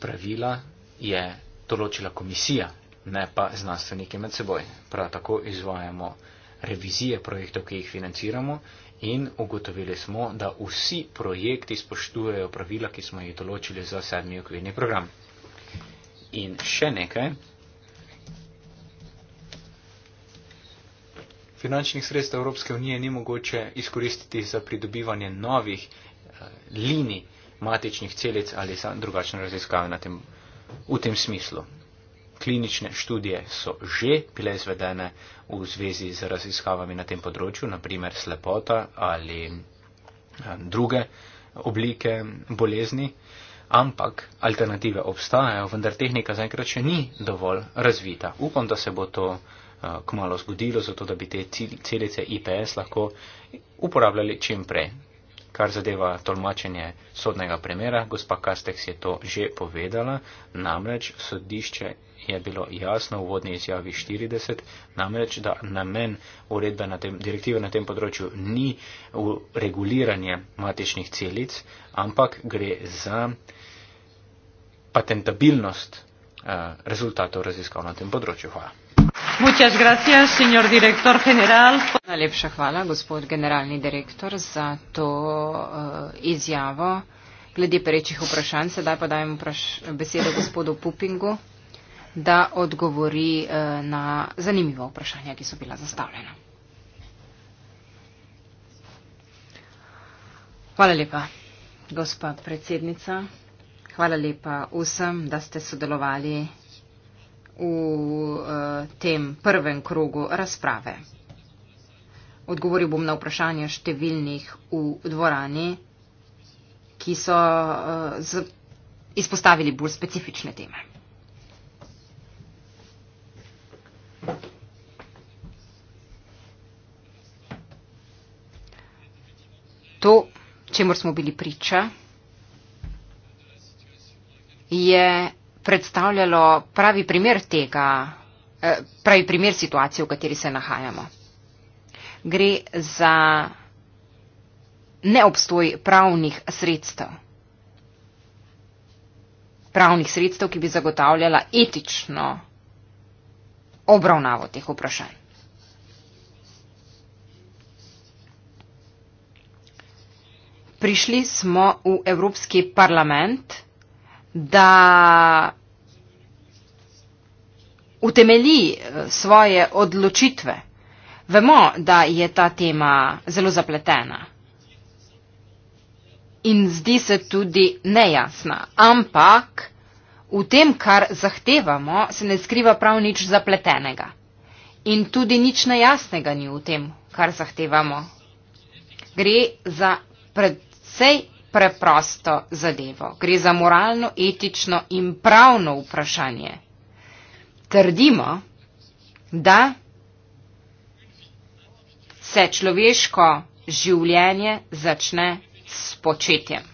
Pravila je določila komisija, ne pa znanstveniki med seboj. Prav tako izvajamo revizije projektov, ki jih financiramo in ugotovili smo, da vsi projekti spoštujejo pravila, ki smo jih določili za sedmi okvirni program. In še nekaj, finančnih sredstev Evropske unije ni mogoče izkoristiti za pridobivanje novih eh, linij matičnih celic ali za drugačne raziskave na tem, v tem smislu. Klinične študije so že bile izvedene v zvezi z raziskavami na tem področju, naprimer slepota ali eh, druge oblike bolezni, ampak alternative obstajajo, vendar tehnika zaenkrat še ni dovolj razvita. Upam, da se bo to uh, Eh, komalo zgodilo, zato da bi te celice IPS lahko uporabljali čim prej. Kar zadeva tolmačenje sodnega premjera, gospa Kasteks je to že povedala, namreč sodišče je bilo jasno v vodni izjavi 40, namreč da namen uredbe na tem, direktive na tem področju ni reguliranje matičnih celic, ampak gre za patentabilnost eh, rezultatov raziskav na tem področju. Hvala. Najlepša hvala, gospod generalni direktor, za to uh, izjavo. Glede perečih vprašanj, sedaj pa dajem vpraš, besedo gospodu Pupingu, da odgovori uh, na zanimivo vprašanje, ki so bila zastavljena. Hvala lepa, gospod predsednica. Hvala lepa vsem, da ste sodelovali v eh, tem prvem krogu razprave. Odgovoril bom na vprašanje številnih v dvorani, ki so eh, izpostavili bolj specifične teme. To, čemu smo bili priča, je predstavljalo pravi primer tega, eh, pravi primer situacije, v kateri se nahajamo. Gre za neobstoj pravnih sredstev. Pravnih sredstev, ki bi zagotavljala etično obravnavo teh vprašanj. Prišli smo v Evropski parlament, da utemeli eh, svoje odločitve. Vemo, da je ta tema zelo zapletena in zdi se tudi nejasna, ampak v tem, kar zahtevamo, se ne skriva prav nič zapletenega in tudi nič nejasnega ni v tem, kar zahtevamo. Gre za predvsej preprosto zadevo. Gre za moralno, etično in pravno vprašanje. Trdimo, da se človeško življenje začne s početjem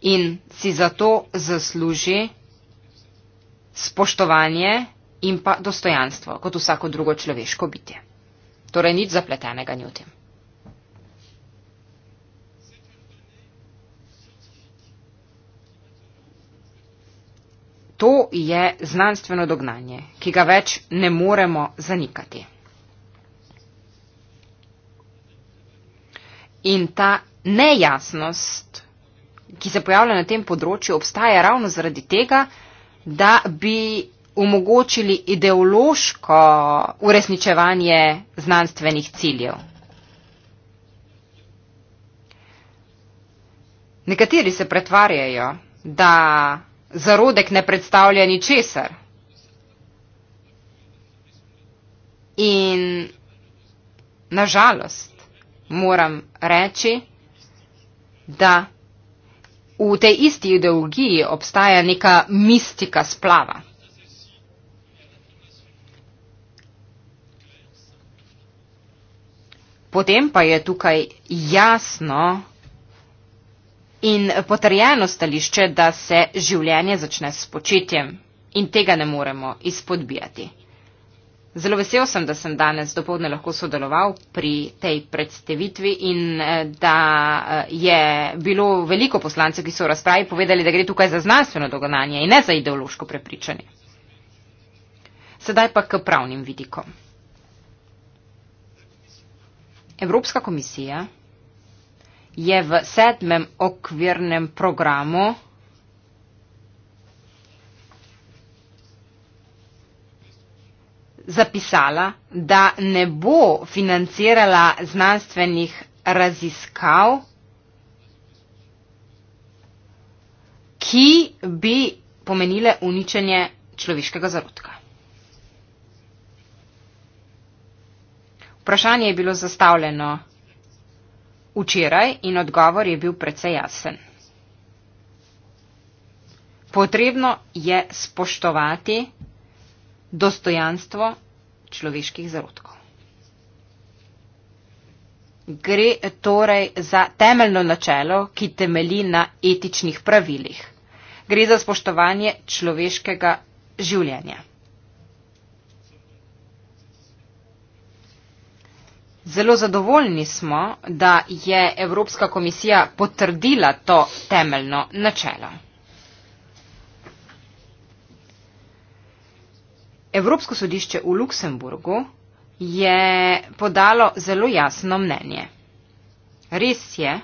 in si zato zasluži spoštovanje in pa dostojanstvo kot vsako drugo človeško bitje. Torej nič zapletenega ni v tem. to je znanstveno dognanje, ki ga več ne moremo zanikati. In ta nejasnost, ki se pojavlja na tem področju, obstaja ravno zaradi tega, da bi omogočili ideološko uresničevanje znanstvenih ciljev. Nekateri se pretvarjajo, da zarodek ne predstavlja ni česar. In nažalost moram reči, da v tej isti ideologiji obstaja neka mistika splava. Potem pa je tukaj jasno In potrjeno stališče, da se življenje začne s početjem in tega ne moremo izpodbijati. Zelo vesel sem, da sem danes dopoledne lahko sodeloval pri tej predstavitvi in eh, da eh, je bilo veliko poslancev, ki so v razpravi povedali, da gre tukaj za znanstveno dogonanje in ne za ideološko prepričanje. Sedaj pa k pravnim vidikom. Evropska komisija je v sedmem okvirnem programu zapisala, da ne bo financirala znanstvenih raziskav, ki bi pomenile uničenje človeškega zarodka. Vprašanje je bilo zastavljeno včeraj in odgovor je bil precej jasen. Potrebno je spoštovati dostojanstvo človeških zarodkov. Gre torej za temeljno načelo, ki temeli na etičnih pravilih. Gre za spoštovanje človeškega življenja. Zelo zadovoljni smo, da je Evropska komisija potrdila to temeljno načelo. Evropsko sodišče v Luksemburgu je podalo zelo jasno mnenje. Res je,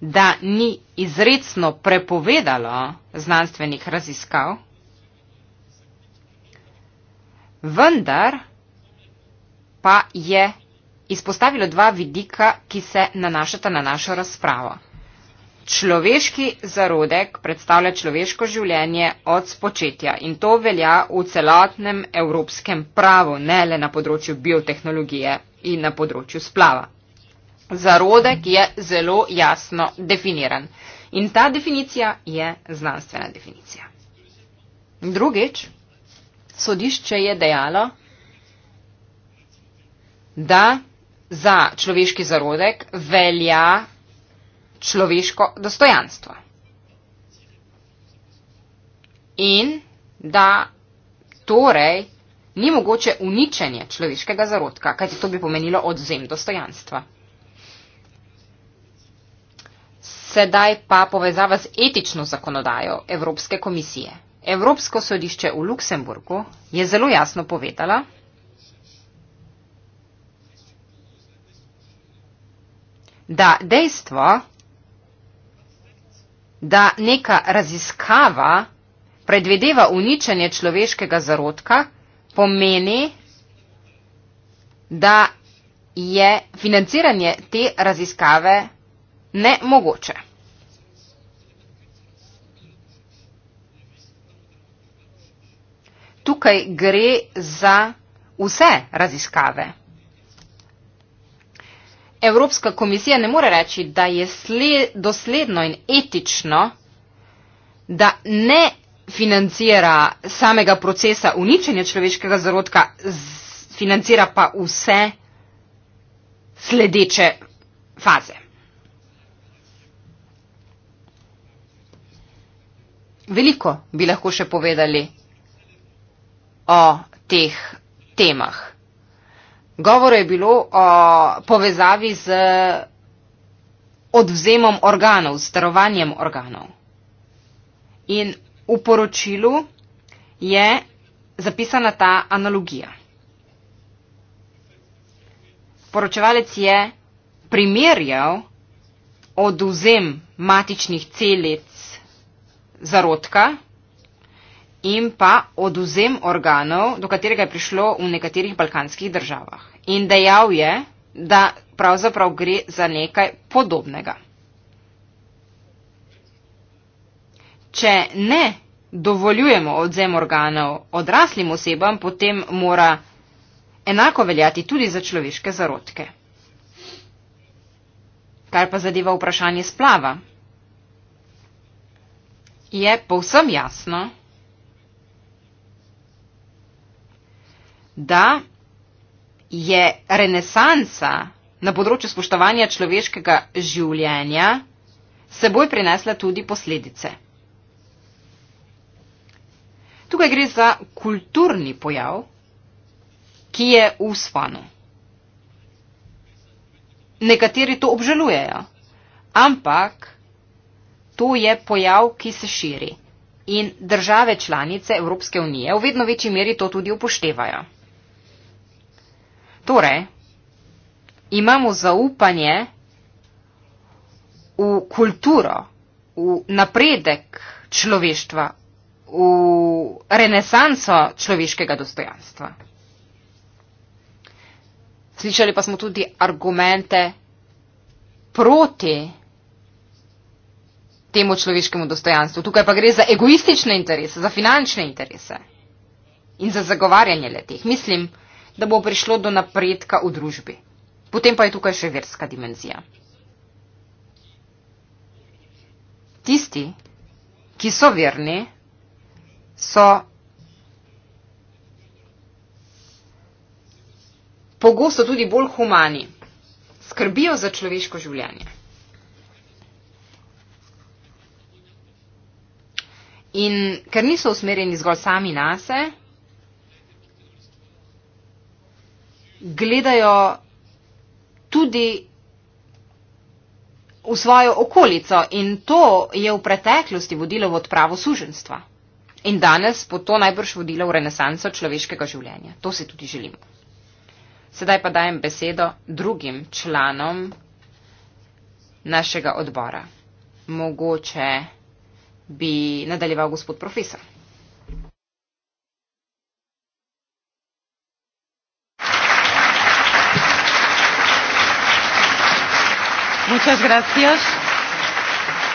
da ni izredno prepovedalo znanstvenih raziskav, vendar pa je izpostavilo dva vidika, ki se nanašata na našo razpravo. Človeški zarodek predstavlja človeško življenje od spočetja in to velja v celotnem evropskem pravu, ne le na področju biotehnologije in na področju splava. Zarodek je zelo jasno definiran in ta definicija je znanstvena definicija. Drugič, sodišče je dejalo, da za človeški zarodek velja človeško dostojanstvo. In da torej ni mogoče uničenje človeškega zarodka, kajti to bi pomenilo odzem dostojanstva. Sedaj pa povezava z etično zakonodajo Evropske komisije. Evropsko sodišče v Luksemburgu je zelo jasno povedala, da dejstvo, da neka raziskava predvedeva uničenje človeškega zarodka, pomeni, da je financiranje te raziskave ne mogoče. Tukaj gre za vse raziskave. Evropska komisija ne more reči, da je dosledno in etično, da ne financira samega procesa uničenja človeškega zarodka, financira pa vse sledeče faze. Veliko bi lahko še povedali o teh temah. Govore je bilo o povezavi z odvzemom organov, z darovanjem organov. In v poročilu je zapisana ta analogija. Poročevalec je primerjal odvzem matičnih celic zarodka in pa oduzem organov, do katerega je prišlo v nekaterih balkanskih državah. In dejal je, da pravzaprav gre za nekaj podobnega. Če ne dovoljujemo odzem organov odraslim osebam, potem mora enako veljati tudi za človeške zarodke. Kar pa zadeva vprašanje splava, je povsem jasno, da je renesansa na področju spoštovanja človeškega življenja seboj prinesla tudi posledice. Tukaj gre za kulturni pojav, ki je v svanu. Nekateri to obžalujejo, ampak to je pojav, ki se širi in države članice Evropske unije v vedno večji meri to tudi upoštevajo. Torej, imamo zaupanje v kulturo, v napredek človeštva, v renesanso človeškega dostojanstva. Slišali pa smo tudi argumente proti temu človeškemu dostojanstvu. Tukaj pa gre za egoistične interese, za finančne interese in za zagovarjanje le teh. Mislim, da da bo prišlo do napredka v družbi. Potem pa je tukaj še verska dimenzija. Tisti, ki so verni, so pogosto tudi bolj humani, skrbijo za človeško življenje. In ker niso usmerjeni zgolj sami na sebe, gledajo tudi v svojo okolico in to je v preteklosti vodilo v odpravo suženstva. In danes bo to najbrž vodilo v renesanso človeškega življenja. To si tudi želimo. Sedaj pa dajem besedo drugim članom našega odbora. Mogoče bi nadaljeval gospod profesor.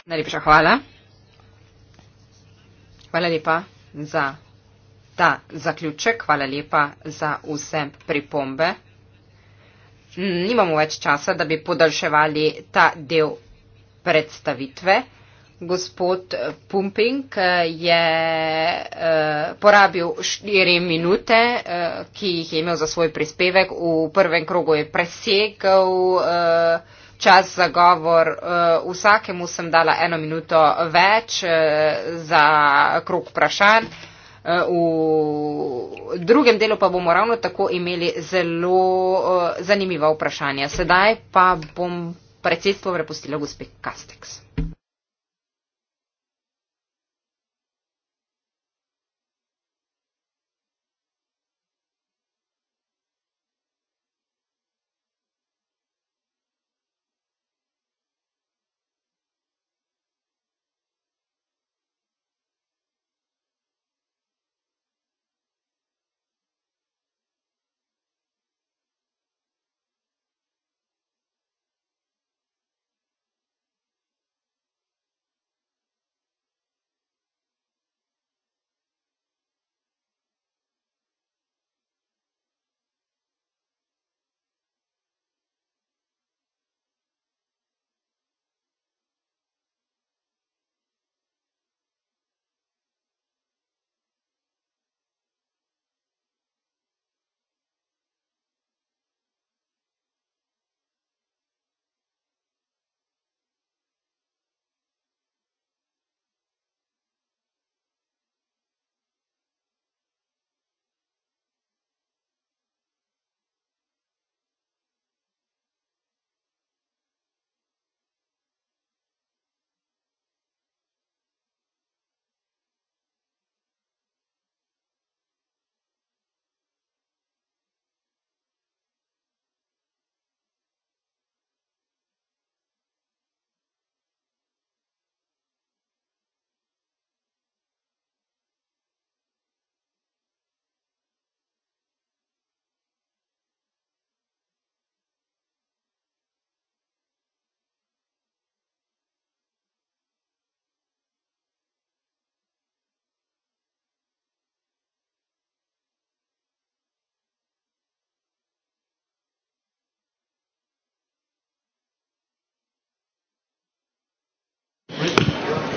Najlepša hvala. Hvala lepa za ta zaključek. Hvala lepa za vse pripombe. Nimamo več časa, da bi podaljševali ta del predstavitve. Gospod Pumping je eh, porabil štiri minute, eh, ki jih je imel za svoj prispevek. V prvem krogu je presegal. Eh, čas za govor. Eh, vsakemu sem dala eno minuto več eh, za krok vprašanj. Eh, v drugem delu pa bomo ravno tako imeli zelo zanimiva vprašanja. Sedaj pa bom predsedstvo prepustila gospe Kasteks.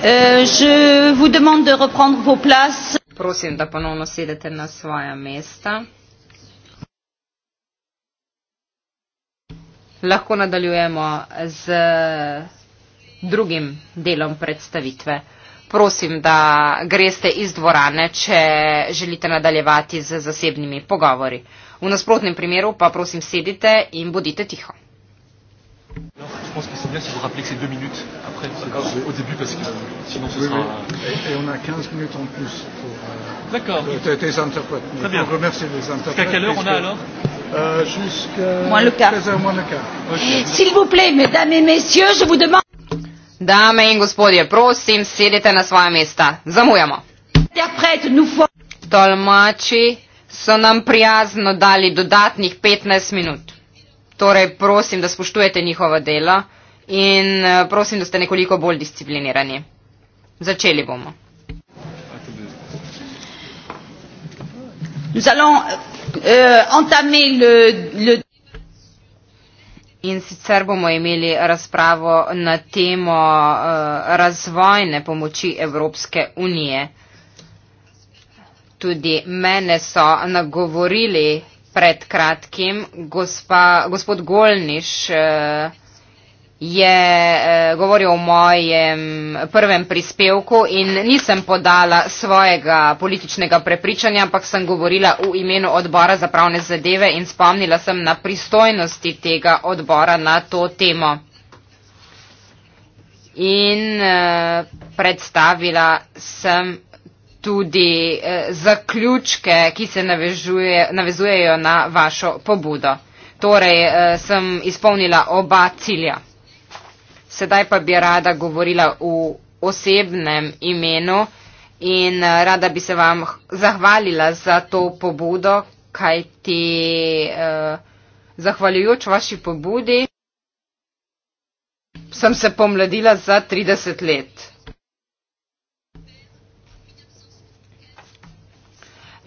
Eh, je vous demande de reprendre vos places. Prosim, da ponovno sedete na svoja mesta. Lahko nadaljujemo z drugim delom predstavitve. Prosim, da greste iz dvorane, če želite nadaljevati z zasebnimi pogovori. V nasprotnem primeru pa prosim sedite in bodite tiho. No pense que c'est bien si vous rappelez que c'est deux minutes après, oui. au début, parce que sinon ce oui, sera. Oui. Et, et on a 15 minutes en plus pour euh, euh, tes, tes interprètes. Très bien. remercier les interprètes. Jusqu'à quelle heure on a alors euh, Jusqu'à. Moins le quart. Moins le quart. Okay. S'il vous plaît, mesdames et messieurs, je vous demande. Dame in gospodje, prosim, sedite na svoja mesta. Zamujamo. Tolmači so nam prijazno dali dodatnih 15 minut. Torej, prosim, da spoštujete njihovo delo in eh, prosim, da ste nekoliko bolj disciplinirani. Začeli bomo. Euh, in sicer bomo imeli razpravo na temo eh, razvojne pomoči Evropske unije. Tudi mene so nagovorili pred kratkim, gospa, gospod Golniš eh, je eh, govoril o mojem prvem prispevku in nisem podala svojega političnega prepričanja, ampak sem govorila v imenu odbora za pravne zadeve in spomnila sem na pristojnosti tega odbora na to temo. In eh, predstavila sem tudi eh, zaključke, ki se navezuje, navezujejo na vašo pobudo. Torej, eh, sem izpolnila oba cilja. Sedaj pa bi rada govorila v osebnem imenu in eh, rada bi se vam zahvalila za to pobudo, kajti zahvaljujoč vaši pobudi sem se pomladila za 30 let.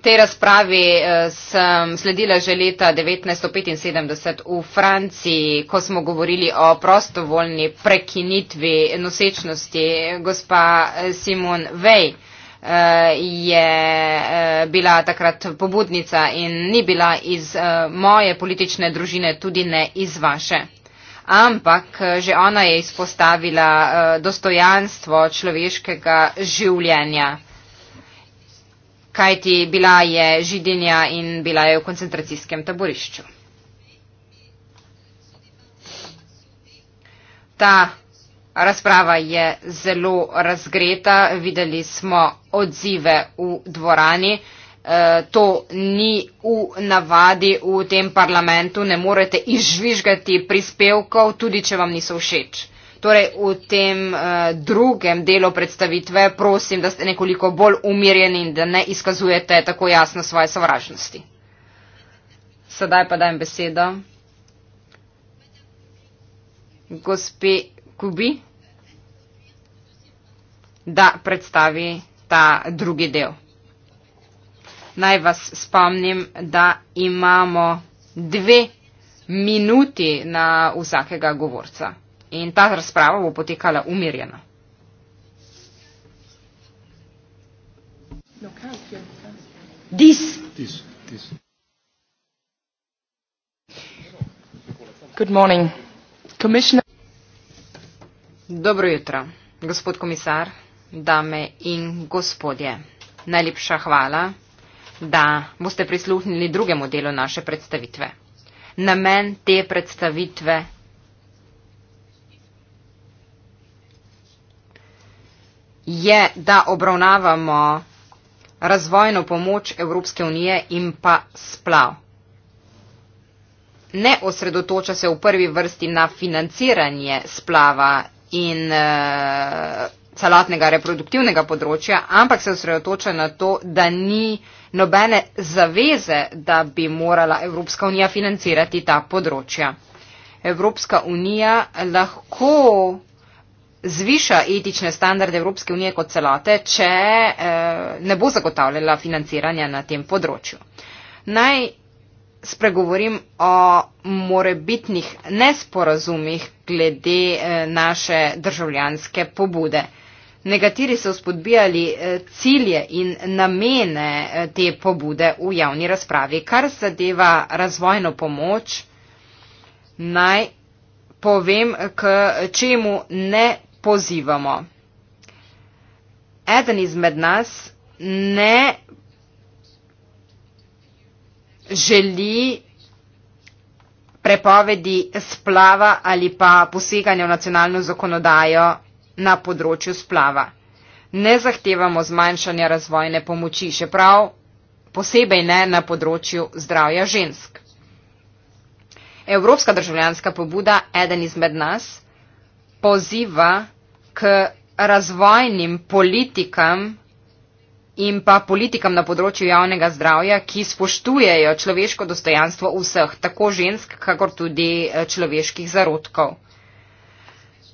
te razpravi eh, sem sledila že leta 1975 v Franciji, ko smo govorili o prostovoljni prekinitvi nosečnosti. Gospa eh, Simon Vej eh, je bila takrat pobudnica in ni bila iz moje politične družine, tudi ne iz vaše. Ampak že ona je izpostavila dostojanstvo človeškega življenja kajti bila je židinja in bila je v koncentracijskem taborišču. Ta razprava je zelo razgreta, videli smo odzive v dvorani. E, to ni v navadi v tem parlamentu, ne morete izžvižgati prispevkov, tudi če vam niso všeč. Torej, v tem uh, drugem delu predstavitve prosim, da ste nekoliko bolj umirjeni in da ne izkazujete tako jasno svoje sovražnosti. Sedaj pa dajem besedo. Gospe Kubi, da predstavi ta drugi del. Naj vas spomnim, da imamo dve minuti na vsakega govorca. In ta razprava bo potekala umirjeno. Dis. Dobro jutro, gospod komisar, dame in gospodje. Najlepša hvala, da boste prisluhnili drugemu delu naše predstavitve. Namen te predstavitve je, da obravnavamo razvojno pomoč Evropske unije in pa splav. Ne osredotoča se v prvi vrsti na financiranje splava in e, celotnega reproduktivnega področja, ampak se osredotoča na to, da ni nobene zaveze, da bi morala Evropska unija financirati ta področja. Evropska unija lahko zviša etične standarde Evropske unije kot celote, če eh, ne bo zagotavljala financiranja na tem področju. Naj spregovorim o morebitnih nesporazumih glede eh, naše državljanske pobude. Negatiri so spodbijali eh, cilje in namene te pobude v javni razpravi. Kar zadeva razvojno pomoč, naj povem, k čemu ne pozivamo. Eden izmed nas ne želi prepovedi splava ali pa poseganja v nacionalno zakonodajo na področju splava. Ne zahtevamo zmanjšanja razvojne pomoči, še prav posebej ne na področju zdravja žensk. Evropska državljanska pobuda, eden izmed nas, poziva k razvojnim politikam in pa politikam na področju javnega zdravja, ki spoštujejo človeško dostojanstvo vseh, tako žensk, kakor tudi eh, človeških zarodkov.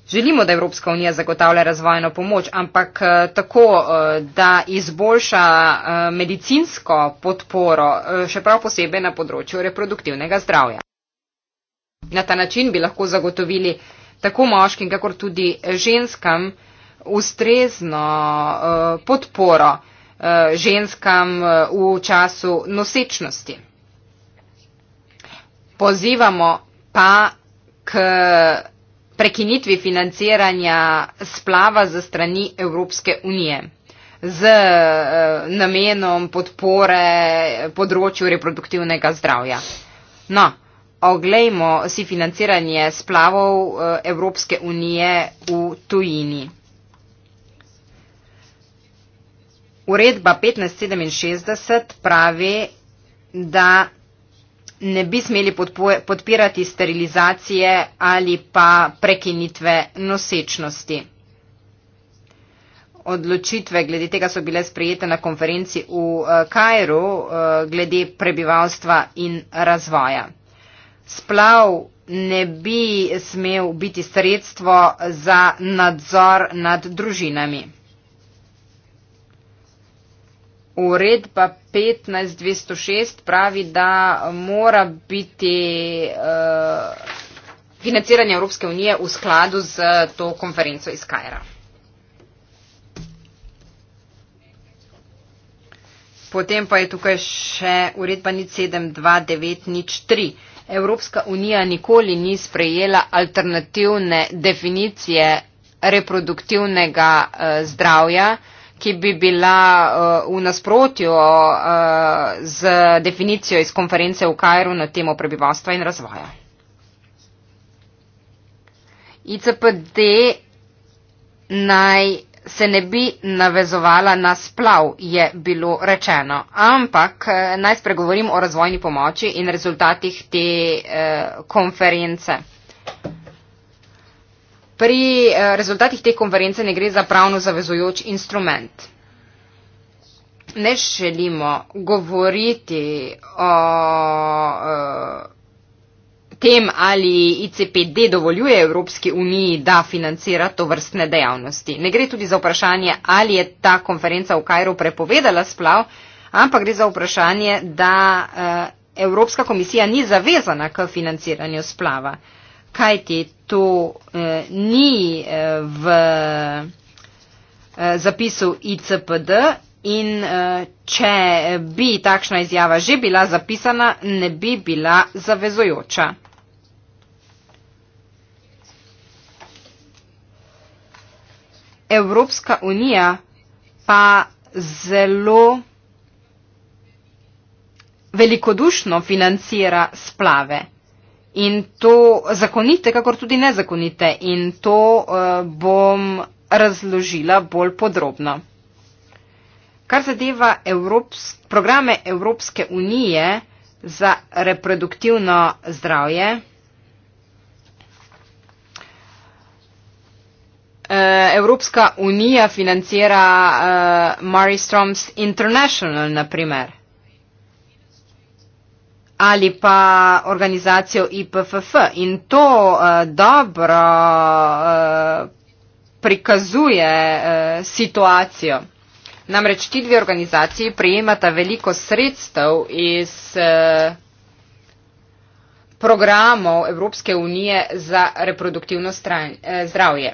Želimo, da Evropska unija zagotavlja razvojno pomoč, ampak eh, tako, eh, da izboljša medicinsko podporo, še prav posebej na področju reproduktivnega zdravja. Na ta način bi lahko zagotovili tako moškim, kakor tudi ženskam ustrezno uh, podporo uh, ženskam eh, v času nosečnosti. Pozivamo pa k prekinitvi financiranja splava za strani Evropske unije z uh, namenom podpore področju reproduktivnega zdravja. No, oglejmo si financiranje splavov eh, Evropske unije v tujini. Uredba 1567 pravi, da ne bi smeli podpirati sterilizacije ali pa prekinitve nosečnosti. Odločitve glede tega so bile sprejete na konferenci v eh, Kajru eh, glede prebivalstva in razvoja splav ne bi smel biti sredstvo za nadzor nad družinami. Uredba 15206 pravi, da mora biti uh, financiranje Evropske unije v skladu z to konferenco iz Kajra. Potem pa je tukaj še uredba NIC 72903. Evropska unija nikoli ni sprejela alternativne definicije reproduktivnega eh, zdravja, ki bi bila eh, v nasprotju eh, z definicijo iz konference v Kajru na temo prebivalstva in razvoja. ICPD naj se ne bi navezovala na splav, je bilo rečeno. Ampak eh, naj spregovorim o razvojni pomoči in rezultatih te eh, konference. Pri eh, rezultatih te konference ne gre za pravno zavezujoč instrument. Ne želimo govoriti o. Eh, tem, ali ICPD dovoljuje Evropski uniji, da financira to vrstne dejavnosti. Ne gre tudi za vprašanje, ali je ta konferenca v Kajru prepovedala splav, ampak gre za vprašanje, da eh, Evropska komisija ni zavezana k financiranju splava. Kaj ti to eh, ni eh, v eh, zapisu ICPD in eh, če bi takšna izjava že bila zapisana, ne bi bila zavezojoča. Evropska unija pa zelo velikodušno financira splave. In to zakonite, kakor tudi nezakonite. In to uh, bom razložila bolj podrobno. Kar zadeva Evrops programe Evropske unije za reproduktivno zdravje, Eh, Evropska unija financira uh, eh, Maristroms International, naprimer. Ali pa organizacijo IPFF. In to uh, dobro uh, prikazuje uh, situacijo. Namreč ti dve organizaciji prejemata veliko sredstev iz uh, programov Evropske unije za reproduktivno stran, uh, zdravje.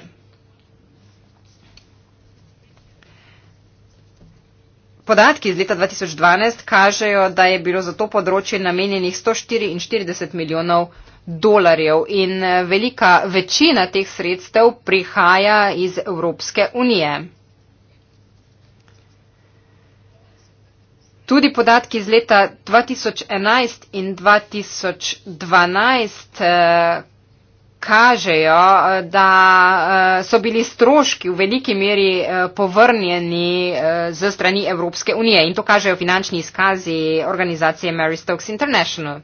Podatki iz leta 2012 kažejo, da je bilo za to področje namenjenih 144 milijonov dolarjev in eh, velika večina teh sredstev prihaja iz Evropske unije. Tudi podatki iz leta 2011 in 2012 kažejo, da eh, so bili stroški v veliki meri eh, povrnjeni eh, z strani Evropske unije in to kažejo finančni izkazi organizacije Mary Stokes International.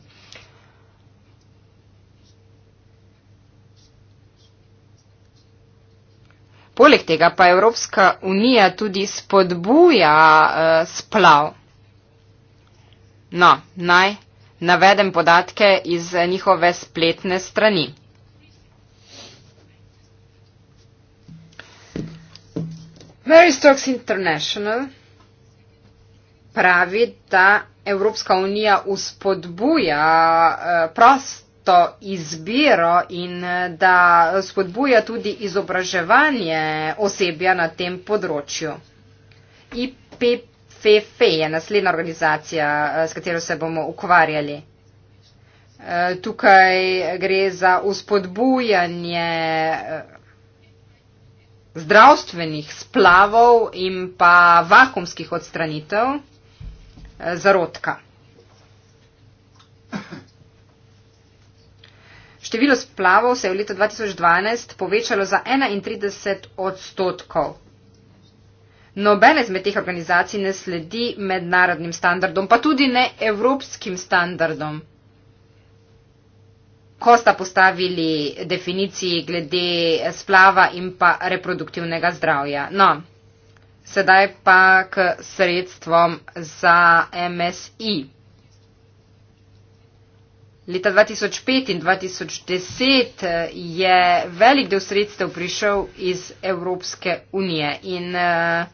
Poleg tega pa Evropska unija tudi spodbuja splav. No, naj navedem podatke iz njihove spletne strani. Mary Stokes International pravi, da Evropska unija uspodbuja eh, prosto izbiro in eh, da spodbuja tudi izobraževanje osebja na tem področju. IPFF e je naslednja organizacija, eh, s katero se bomo ukvarjali. Tukaj gre za uspodbujanje zdravstvenih splavov in pa vakumskih odstranitev eh, zarodka. Število splavov se je v letu 2012 povečalo za 31 odstotkov. Nobene zmed teh organizacij ne sledi mednarodnim standardom, pa tudi ne evropskim standardom ko sta postavili definiciji glede splava in pa reproduktivnega zdravja. No, sedaj pa k sredstvom za MSI. Leta 2005 in 2010 je velik del sredstev prišel iz Evropske unije in eh,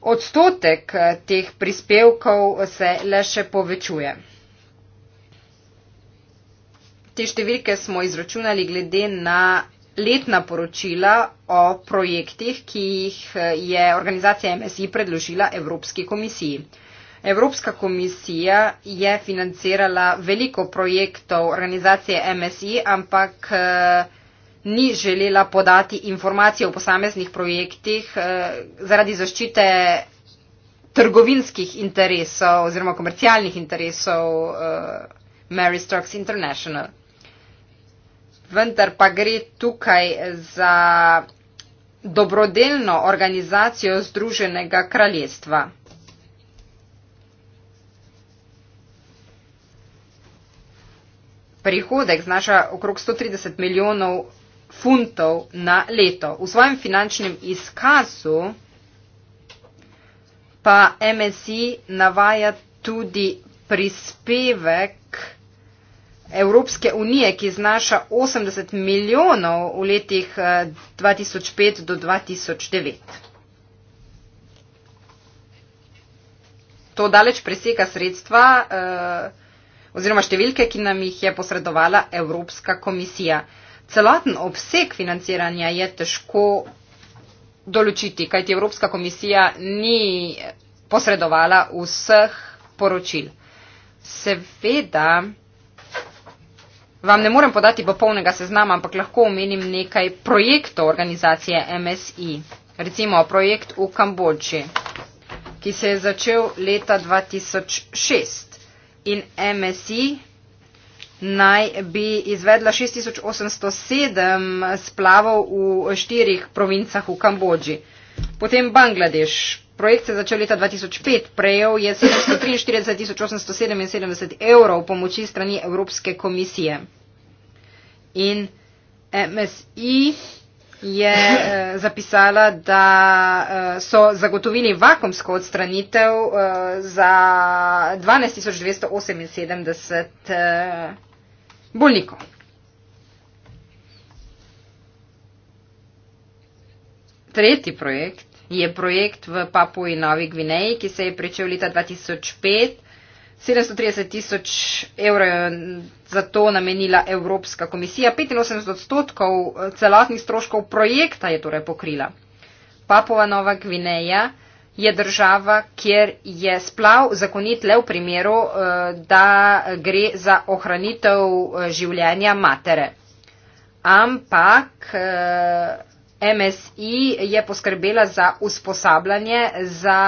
odstotek eh, teh prispevkov se le še povečuje. Te številke smo izračunali glede na letna poročila o projektih, ki jih eh, je organizacija MSI predložila Evropski komisiji. Evropska komisija je financirala veliko projektov organizacije MSI, ampak eh, ni želela podati informacije o posameznih projektih eh, zaradi zaščite trgovinskih interesov oziroma komercialnih interesov Mary Stokes International vendar pa gre tukaj za dobrodelno organizacijo Združenega kraljestva. Prihodek znaša okrog 130 milijonov funtov na leto. V svojem finančnem izkazu pa MSI navaja tudi prispevek Evropske unije, ki znaša 80 milijonov v letih 2005 eh, do 2009. To daleč preseka sredstva eh, oziroma številke, ki nam jih je posredovala Evropska komisija. Celoten obseg financiranja je težko določiti, kajti Evropska komisija ni posredovala vseh poročil. Seveda, Vam ne morem podati popolnega seznama, ampak lahko omenim nekaj projektov organizacije MSI. Recimo projekt v Kambodži, ki se je začel leta 2006. In MSI naj bi izvedla 6807 splavov v štirih provincah v Kambodži. Potem Bangladeš, Projekt se je začel leta 2005, prejel je 743.877 evrov pomoči strani Evropske komisije. In MSI je eh, zapisala, da eh, so zagotovili vakumsko odstranitev eh, za 12.278 eh, bolnikov. Tretji projekt je projekt v Papuji Novi Gvineji, ki se je pričel leta 2005. 730 tisoč evrov je za to namenila Evropska komisija, 85 odstotkov celotnih stroškov projekta je torej pokrila. Papova Nova Gvineja je država, kjer je splav zakonit le v primeru, eh, da gre za ohranitev eh, življenja matere. Ampak. Eh, MSI je poskrbela za usposabljanje za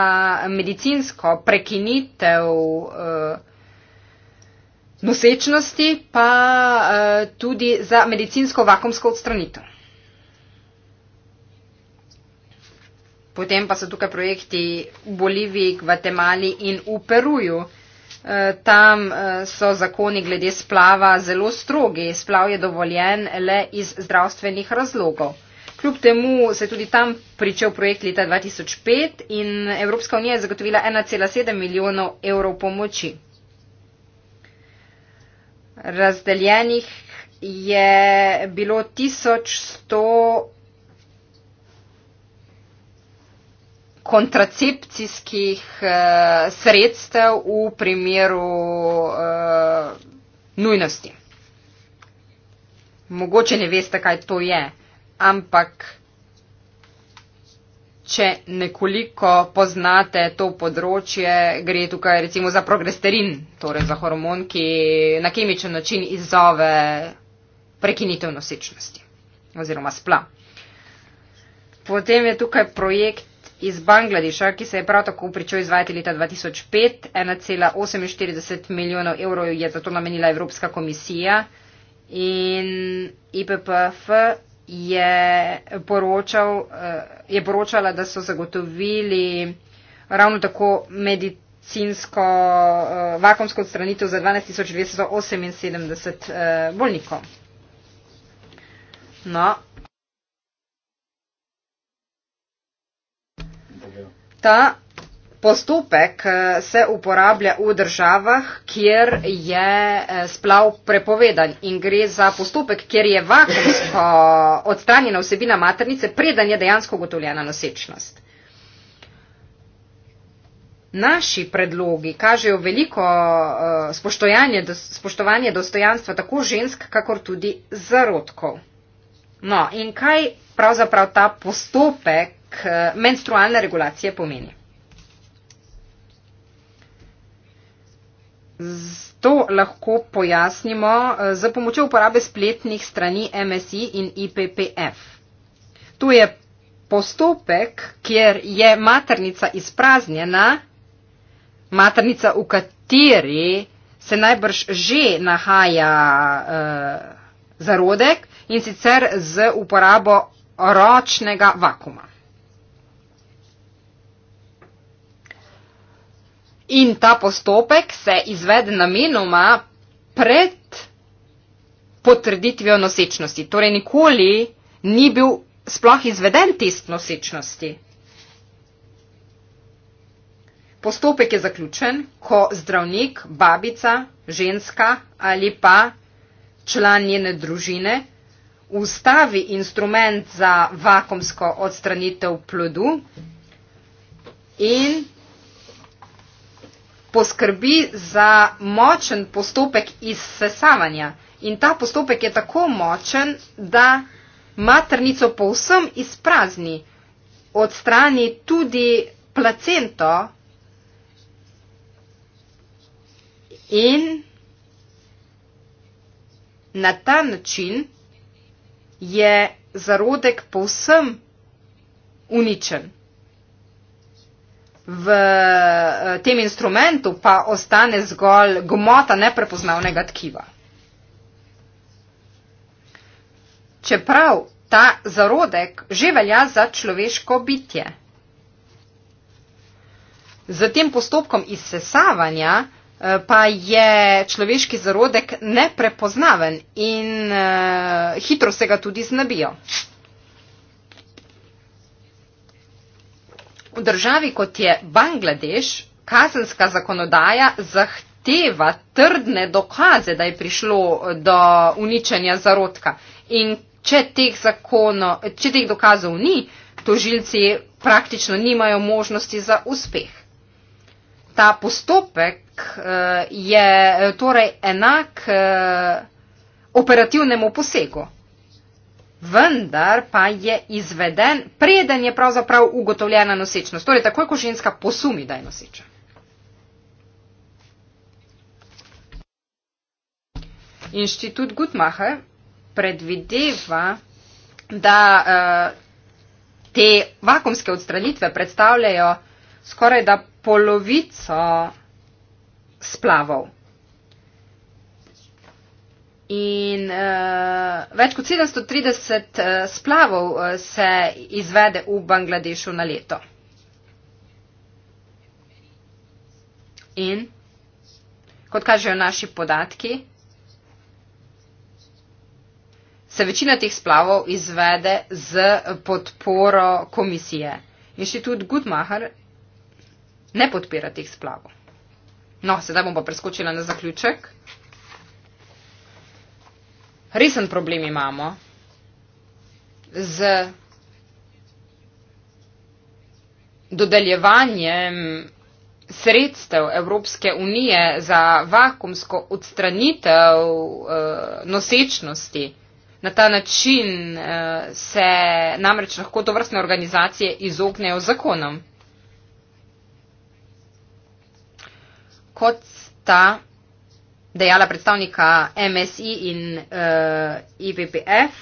medicinsko prekinitev uh, nosečnosti, pa uh, tudi za medicinsko vakumsko odstranitev. Potem pa so tukaj projekti v Boliviji, Gvatemali in v Peruju. Eh, tam so zakoni glede splava zelo strogi. Splav je dovoljen le iz zdravstvenih razlogov. Kljub temu se je tudi tam pričel projekt leta 2005 in Evropska unija je zagotovila 1,7 milijonov evrov pomoči. Razdeljenih je bilo 1100 kontracepcijskih uh, sredstev v primeru uh, nujnosti. Mogoče ne veste, kaj to je ampak če nekoliko poznate to področje, gre tukaj recimo za progesterin, torej za hormon, ki na kemičen način izzove prekinitev nosečnosti oziroma spla. Potem je tukaj projekt iz Bangladeša, ki se je prav tako pričel izvajati leta 2005. 1,48 milijonov evrov je za to namenila Evropska komisija in IPPF je, poročal, eh, je poročala, da so zagotovili ravno tako medicinsko eh, vakumsko odstranitev za 12.278 eh, bolnikov. No. Ta Postopek eh, se uporablja v državah, kjer je eh, splav prepovedan in gre za postopek, kjer je vakumsko (laughs) odstranjena vsebina maternice, preden je dejansko ugotovljena nosečnost. Naši predlogi kažejo veliko eh, spoštovanje, spoštovanje dostojanstva tako žensk, kakor tudi zarodkov. No, in kaj pravzaprav ta postopek menstrualne regulacije pomeni? To lahko pojasnimo eh, z pomočjo uporabe spletnih strani MSI in IPPF. To je postopek, kjer je maternica izpraznjena, maternica, v kateri se najbrž že nahaja eh, zarodek in sicer z uporabo ročnega vakuma. In ta postopek se izvede namenoma pred potrditvijo nosečnosti. Torej nikoli ni bil sploh izveden test nosečnosti. Postopek je zaključen, ko zdravnik, babica, ženska ali pa član njene družine ustavi instrument za vakumsko odstranitev plodu in poskrbi za močen postopek izsesavanja. In ta postopek je tako močen, da maternico povsem izprazni, odstrani tudi placento in na ta način je zarodek povsem uničen v eh, tem instrumentu pa ostane zgolj gmota neprepoznavnega tkiva. Čeprav ta zarodek že velja za človeško bitje. Z tem postopkom izsesavanja eh, pa je človeški zarodek neprepoznaven in eh, hitro se ga tudi znebijo. V državi kot je Bangladeš, kazenska zakonodaja zahteva trdne dokaze, da je prišlo eh, do uničenja zarodka. In če teh, zakono, če teh dokazov ni, tožilci praktično nimajo možnosti za uspeh. Ta postopek eh, je eh, torej enak operativnemu posegu vendar pa je izveden, preden je pravzaprav ugotovljena nosečnost. Torej, takoj ko ženska posumi, da je noseča. Inštitut Gutmache predvideva, da eh, te vakumske odstranitve predstavljajo skoraj da polovico splavov In uh, več kot 730 uh, eh, splavov uh, se izvede v Bangladešu na leto. In kot kažejo naši podatki, se večina teh splavov izvede z podporo komisije. Inštitut Gudmahar ne podpira teh splavov. No, sedaj bom pa preskočila na zaključek resen problem imamo z dodeljevanjem sredstev Evropske unije za vakumsko odstranitev uh, nosečnosti. Na ta način uh, se namreč lahko to vrstne organizacije izognejo zakonom. Kot sta dejala predstavnika MSI in uh, eh, IPPF,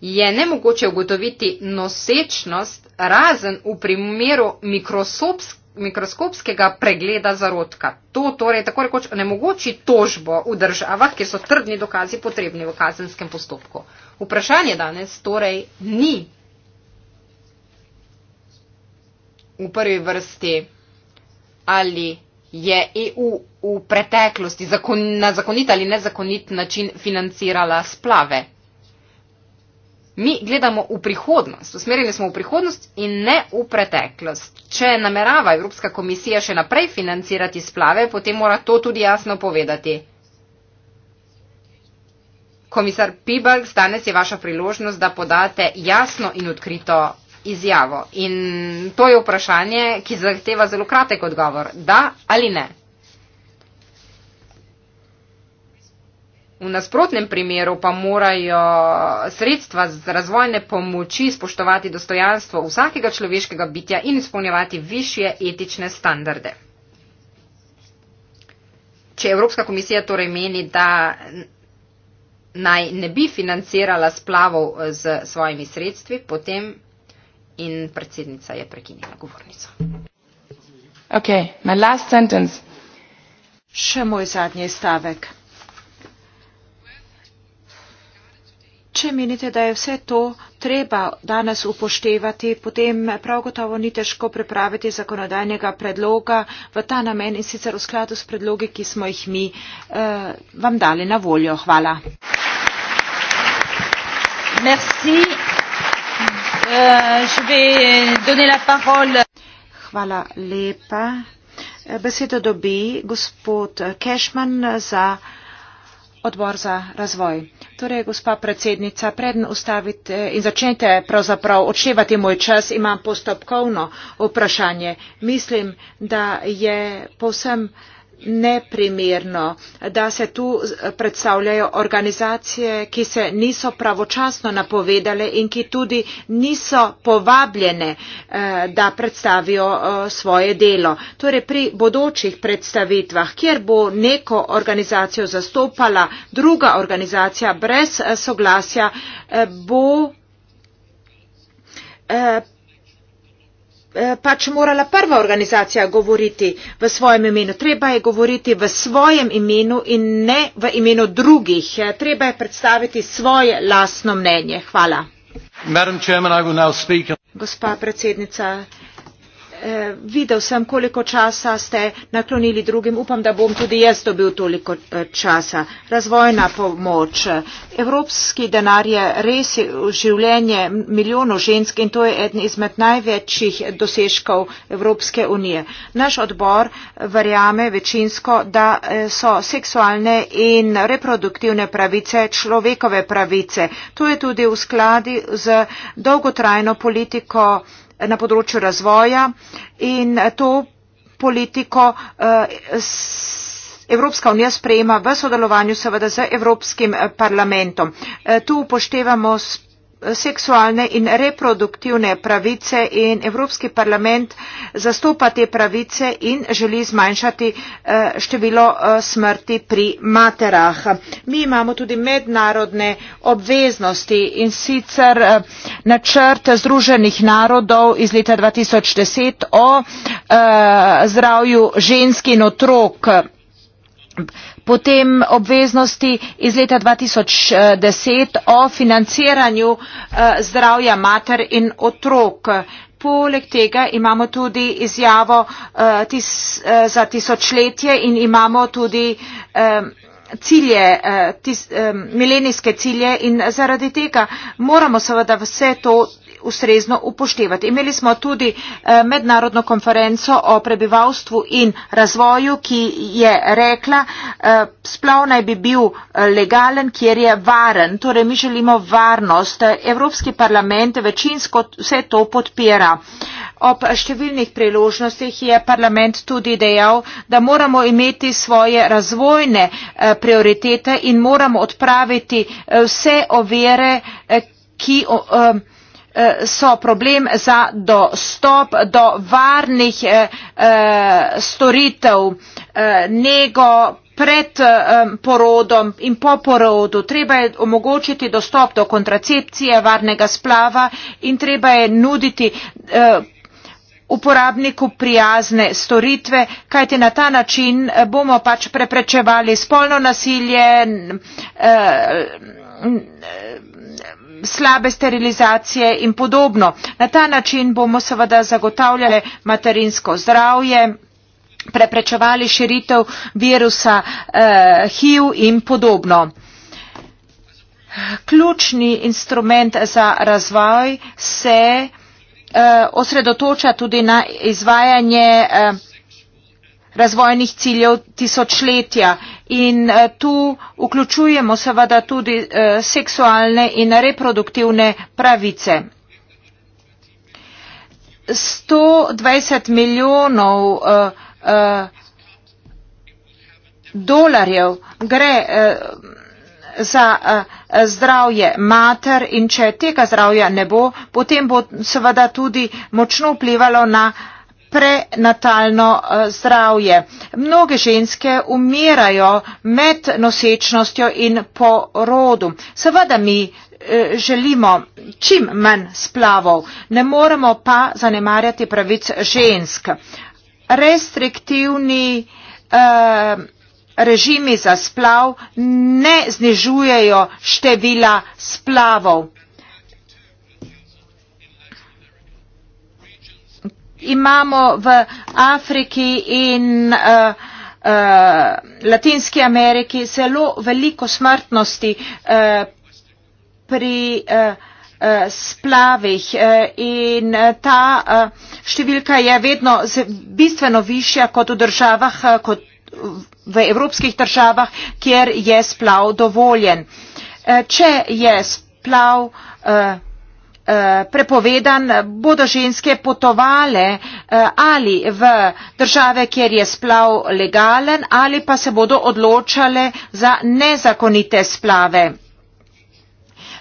je nemogoče ugotoviti nosečnost razen v primeru mikrosopskega mikroskopskega pregleda zarodka. To torej tako rekoč onemogoči tožbo v državah, kjer so trdni dokazi potrebni v kazenskem postopku. Vprašanje danes torej ni v prvi vrsti, ali je EU v preteklosti zakon, na zakonit ali nezakonit način financirala splave. Mi gledamo v prihodnost, usmerili smo v prihodnost in ne v preteklost. Če namerava Evropska komisija še naprej financirati splave, potem mora to tudi jasno povedati. Komisar Pibalg, danes je vaša priložnost, da podate jasno in odkrito izjavo. In to je vprašanje, ki zahteva zelo kratek odgovor. Da ali ne? V nasprotnem primeru pa morajo sredstva z razvojne pomoči spoštovati dostojanstvo vsakega človeškega bitja in izpolnjevati višje etične standarde. Če Evropska komisija torej meni, da naj ne bi financirala splavov z svojimi sredstvi, potem in predsednica je prekinila govornico. Okay, my last sentence. Še moj zadnji stavek. Če menite, da je vse to treba danes upoštevati, potem prav gotovo ni težko pripraviti zakonodajnega predloga v ta namen in sicer v skladu s predlogi, ki smo jih mi eh, vam dali na voljo. Hvala. Merci. Euh, je vais donner la parole. Hvala lepa. Besedo dobi gospod Kešman za odbor za razvoj. Torej, gospa predsednica, preden ustavite in začnete pravzaprav odštevati moj čas, imam postopkovno vprašanje. Mislim, da je povsem neprimerno da se tu predstavljajo organizacije ki se niso pravočasno napovedale in ki tudi niso povabljene eh, da predstavijo eh, svoje delo torej pri bodočih predstavitvah kjer bo neko organizacijo zastopala druga organizacija brez eh, soglasja bo Eh, pač morala prva organizacija govoriti v svojem imenu. Treba je govoriti v svojem imenu in ne v imenu drugih. Eh, treba je predstaviti svoje lastno mnenje. Hvala. Gospa predsednica, Eh, videl sem, koliko časa ste naklonili drugim. Upam, da bom tudi jaz dobil toliko eh, časa. Razvojna pomoč. Evropski denar je res življenje milijonov žensk in to je eden izmed največjih dosežkov Evropske unije. Naš odbor verjame večinsko, da eh, so seksualne in reproduktivne pravice človekove pravice. To je tudi v skladi z dolgotrajno politiko na področju razvoja in to politiko eh, Evropska unija sprejema v sodelovanju seveda z Evropskim parlamentom. Eh, tu upoštevamo seksualne in reproduktivne pravice in Evropski parlament zastopa te pravice in želi zmanjšati eh, število eh, smrti pri materah. Mi imamo tudi mednarodne obveznosti in sicer eh, načrt Združenih narodov iz leta 2010 o zdravju ženski in otrok potem obveznosti iz leta 2010 eh, o financiranju eh, zdravja mater in otrok. Poleg tega imamo tudi izjavo eh, za tisočletje in imamo tudi cilje, tis, milenijske cilje in zaradi tega moramo seveda vse to ustrezno upoštevati. Imeli smo tudi eh, mednarodno konferenco o prebivalstvu in razvoju, ki je rekla, eh, splav naj bi bil eh, legalen, kjer je varen. Torej, mi želimo varnost. Evropski parlament večinsko vse to podpira. Ob številnih priložnostih je parlament tudi dejal, da moramo imeti svoje razvojne prioritete in moramo odpraviti vse ovire, ki. O, o, Eh, so problem za dostop do varnih eh, eh, storitev nego pred porodom in po porodu treba je omogočiti dostop do kontracepcije varnega splava in treba je nuditi uporabniku prijazne storitve kajti na ta način bomo pač preprečevali spolno nasilje slabe sterilizacije in podobno. Na ta način bomo seveda zagotavljali materinsko zdravje, preprečevali širitev virusa eh, HIV in podobno. Ključni instrument za razvoj se eh, osredotoča tudi na izvajanje eh, razvojnih ciljev tisočletja. In eh, tu vključujemo seveda tudi eh, seksualne in reproduktivne pravice. 120 milijonov uh, uh, dolarjev gre uh, za uh, zdravje mater in če tega zdravja ne bo, potem bo seveda tudi močno vplivalo na uh, prenatalno eh, zdravje. Mnoge ženske umirajo med nosečnostjo in porodu. Seveda mi eh, želimo čim manj splavov, ne moremo pa zanemarjati pravic žensk. Restriktivni eh, režimi za splav ne znižujejo števila splavov. imamo v Afriki in uh, uh, Latinski Ameriki zelo veliko smrtnosti uh, pri uh, uh, splavih uh, in ta uh, številka je vedno bistveno višja kot v državah, uh, kot v evropskih državah, kjer je splav dovoljen. Če je splav Eh, prepovedan, bodo ženske potovale eh, ali v države, kjer je splav legalen, ali pa se bodo odločale za nezakonite splave.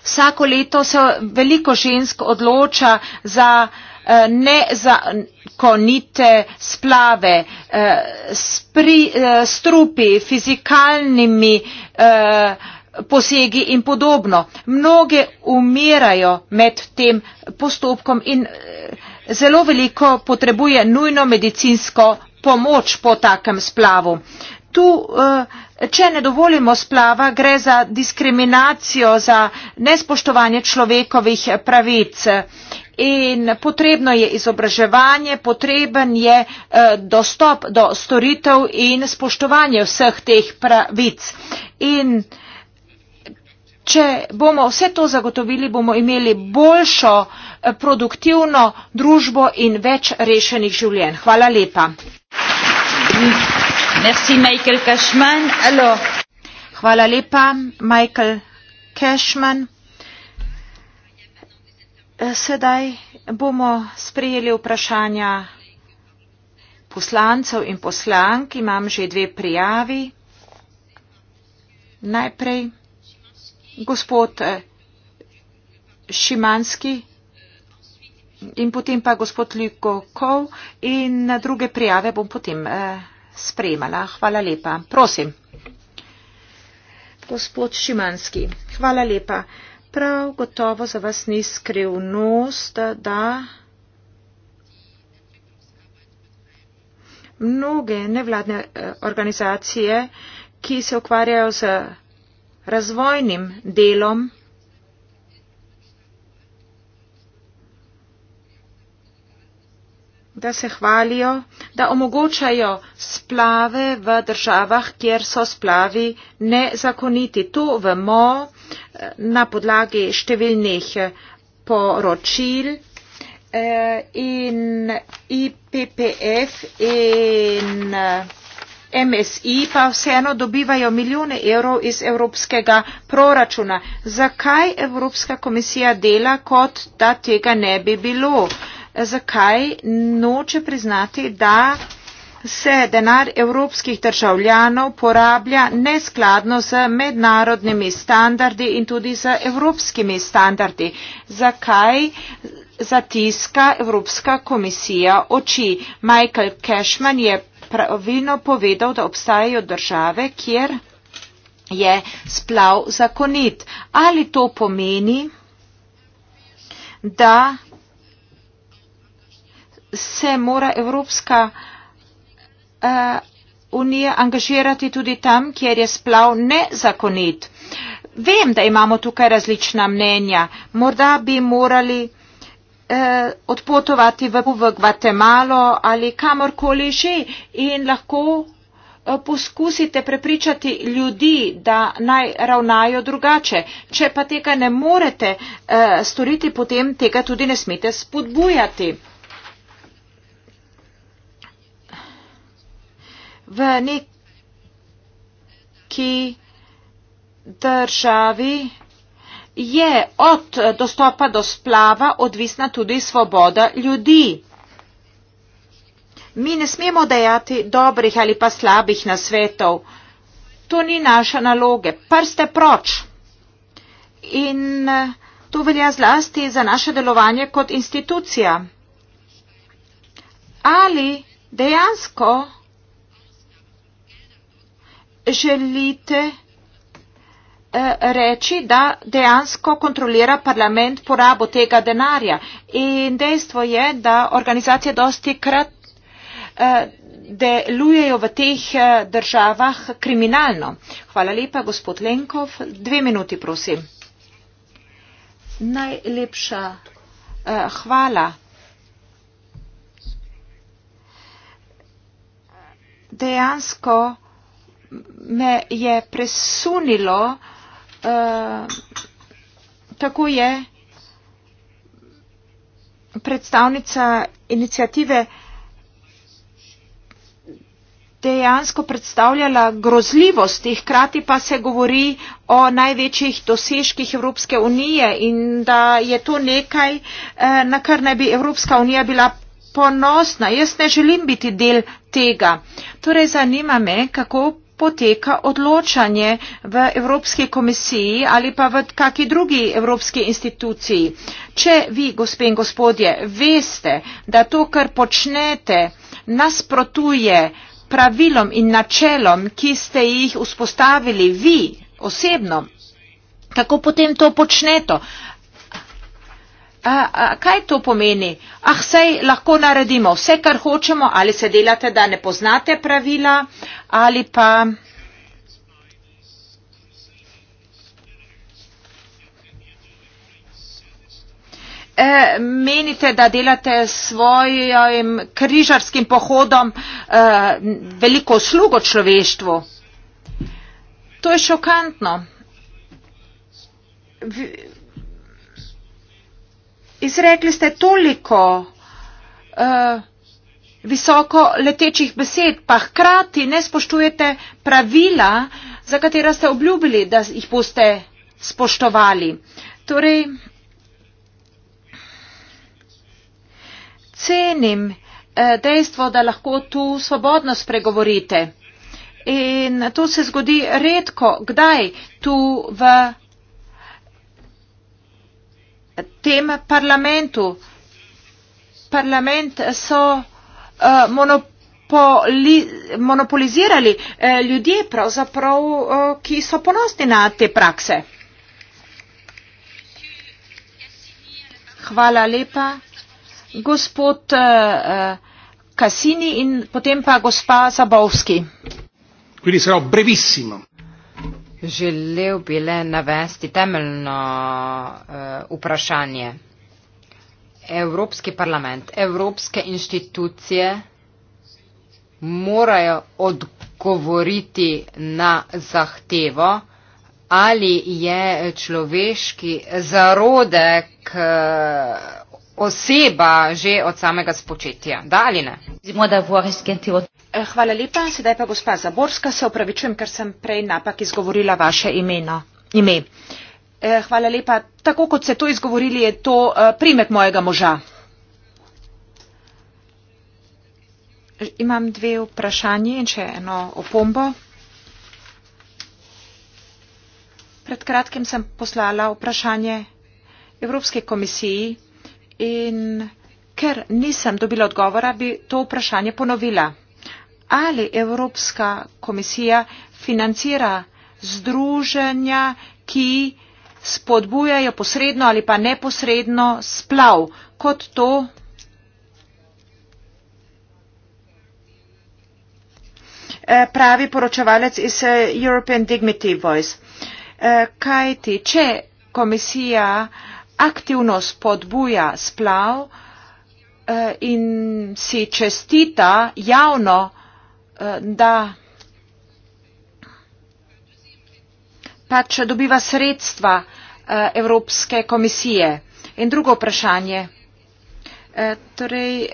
Vsako leto se veliko žensk odloča za eh, nezakonite splave, spri, strupi, fizikalnimi eh, posegi in podobno. Mnoge umirajo med tem postopkom in eh, zelo veliko potrebuje nujno medicinsko pomoč po takem splavu. Tu, eh, če ne dovolimo splava, gre za diskriminacijo, za nespoštovanje človekovih pravic. In potrebno je izobraževanje, potreben je eh, dostop do storitev in spoštovanje vseh teh pravic. In Če bomo vse to zagotovili, bomo imeli boljšo, eh, produktivno družbo in več rešenih življenj. Hvala lepa. Merci, Michael Cashman. Alo. Hvala lepa, Michael Cashman. Eh, sedaj bomo sprejeli vprašanja poslancev in poslank. Imam že dve prijavi. Najprej gospod eh, Šimanski in potem pa gospod Liko Kov in druge prijave bom potem eh, sprejemala. Hvala lepa. Prosim. Gospod Šimanski, hvala lepa. Prav gotovo za vas ni skrivnost, da mnoge nevladne eh, organizacije, ki se ukvarjajo z razvojnim delom da se hvalijo, da omogočajo splave v državah, kjer so splavi nezakoniti. To vemo eh, na podlagi številnih eh, poročil eh, in IPPF in MSI pa vseeno dobivajo milijone evrov iz evropskega proračuna. Zakaj Evropska komisija dela, kot da tega ne bi bilo? Zakaj noče priznati, da se denar evropskih državljanov porablja neskladno z mednarodnimi standardi in tudi z evropskimi standardi? Zakaj zatiska Evropska komisija oči? Michael Cashman je pravilno povedal, da obstajajo države, kjer je splav zakonit. Ali to pomeni, da se mora Evropska uh, unija angažirati tudi tam, kjer je splav nezakonit? Vem, da imamo tukaj različna mnenja. Morda bi morali eh, odpotovati v, v Gvatemalo ali kamorkoli že in lahko eh, poskusite prepričati ljudi, da naj ravnajo drugače. Če pa tega ne morete eh, storiti, potem tega tudi ne smete spodbujati. V neki državi je od dostopa do splava odvisna tudi svoboda ljudi. Mi ne smemo dajati dobrih ali pa slabih nasvetov. To ni naša naloga. Prste proč. In eh, to velja zlasti za naše delovanje kot institucija. Ali dejansko želite, Eh, reči, da dejansko kontrolira parlament porabo tega denarja. In dejstvo je, da organizacije dosti krat eh, delujejo v teh eh, državah kriminalno. Hvala lepa, gospod Lenkov. Dve minuti, prosim. Najlepša uh, hvala. Dejansko me je presunilo, uh, Eh, tako je predstavnica inicijative dejansko predstavljala grozljivost, hkrati pa se govori o največjih dosežkih Evropske unije in da je to nekaj, eh, na kar naj bi Evropska unija bila ponosna. Jaz ne želim biti del tega. Torej zanima me, kako poteka odločanje v Evropski komisiji ali pa v kakšni drugi evropski instituciji. Če vi, gospe in gospodje, veste, da to, kar počnete, nasprotuje pravilom in načelom, ki ste jih vzpostavili vi osebno, kako potem to počnete? a, a, kaj to pomeni? Ah, sej lahko naredimo vse, kar hočemo, ali se delate, da ne poznate pravila, ali pa. E, menite, da delate svojim križarskim pohodom e, veliko slugo človeštvu. To je šokantno. V, izrekli ste toliko uh, visoko letečih besed, pa hkrati ne spoštujete pravila, za katera ste obljubili, da jih boste spoštovali. Torej, cenim uh, dejstvo, da lahko tu svobodno spregovorite. In to se zgodi redko, kdaj tu v tem parlamentu. Parlament so uh, monopoli, monopolizirali uh, ljudje, pravzaprav, uh, ki so ponosni na te prakse. Hvala lepa, gospod Kasini uh, in potem pa gospa Zabovski. Kdo je sedaj brevissimo? želel bi le navesti temeljno uh, vprašanje. Evropski parlament, evropske inštitucije morajo odgovoriti na zahtevo, ali je človeški zarodek uh, oseba že od samega spočetja. Da ali ne? Eh, hvala lepa. Sedaj pa gospa Zaborska, se opravičujem, ker sem prej napak izgovorila vaše imena. ime. Eh, hvala lepa. Tako kot ste to izgovorili, je to eh, primek mojega moža. Imam dve vprašanje in še eno opombo. Pred kratkim sem poslala vprašanje Evropske komisiji In ker nisem dobila odgovora, bi to vprašanje ponovila. Ali Evropska komisija financira združenja, ki spodbujajo posredno ali pa neposredno splav, kot to eh, pravi poročevalec iz eh, European Dignity Voice. Eh, kajti, če komisija eh, aktivno spodbuja splav eh, in si čestita javno, eh, da pač dobiva sredstva eh, Evropske komisije. In drugo vprašanje. Torej,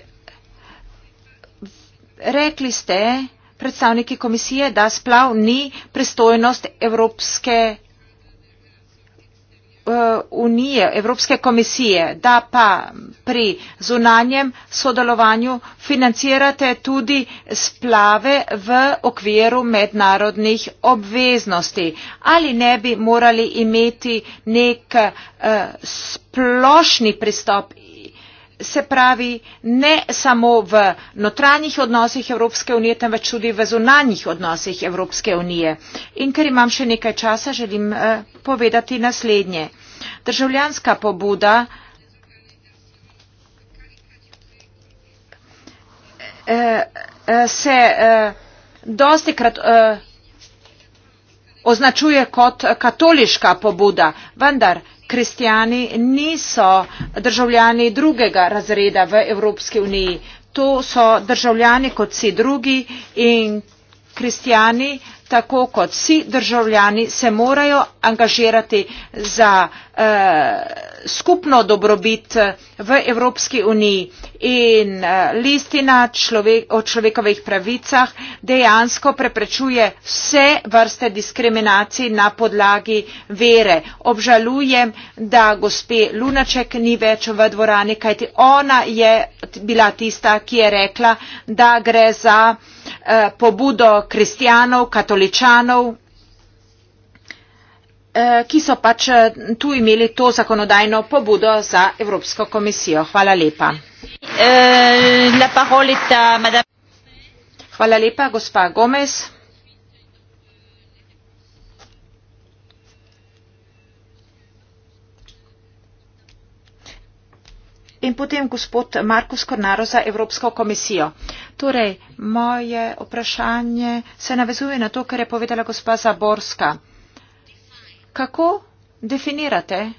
rekli ste predstavniki komisije, da splav ni pristojnost Evropske komisije Eh, unije, Evropske komisije, da pa pri zunanjem sodelovanju financirate tudi splave v okviru mednarodnih obveznosti. Ali ne bi morali imeti nek uh, splošni pristop se pravi ne samo v notranjih odnosih Evropske unije, temveč tudi v zunanjih odnosih Evropske unije. In ker imam še nekaj časa, želim eh, povedati naslednje. Državljanska pobuda eh, eh, se dosti krat označuje kot katoliška pobuda, vendar kristjani niso državljani drugega razreda v evropski uniji to so državljani kot vsi drugi in kristijani, tako kot vsi državljani, se morajo angažirati za eh, skupno dobrobit eh, v Evropski uniji in eh, listina človek, o človekovih pravicah dejansko preprečuje vse vrste diskriminacij na podlagi vere. Obžalujem, da gospe Lunaček ni več v dvorani, kajti ona je bila tista, ki je rekla, da gre za eh, Eh, pobudo kristijanov, katoličanov, eh, ki so pač eh, tu imeli to zakonodajno pobudo za Evropsko komisijo. Hvala lepa. Hvala lepa, gospa Gomez. in potem gospod Marko Skornaro za Evropsko komisijo. Torej, moje vprašanje se navezuje na to, kar je povedala gospa Zaborska. Kako definirate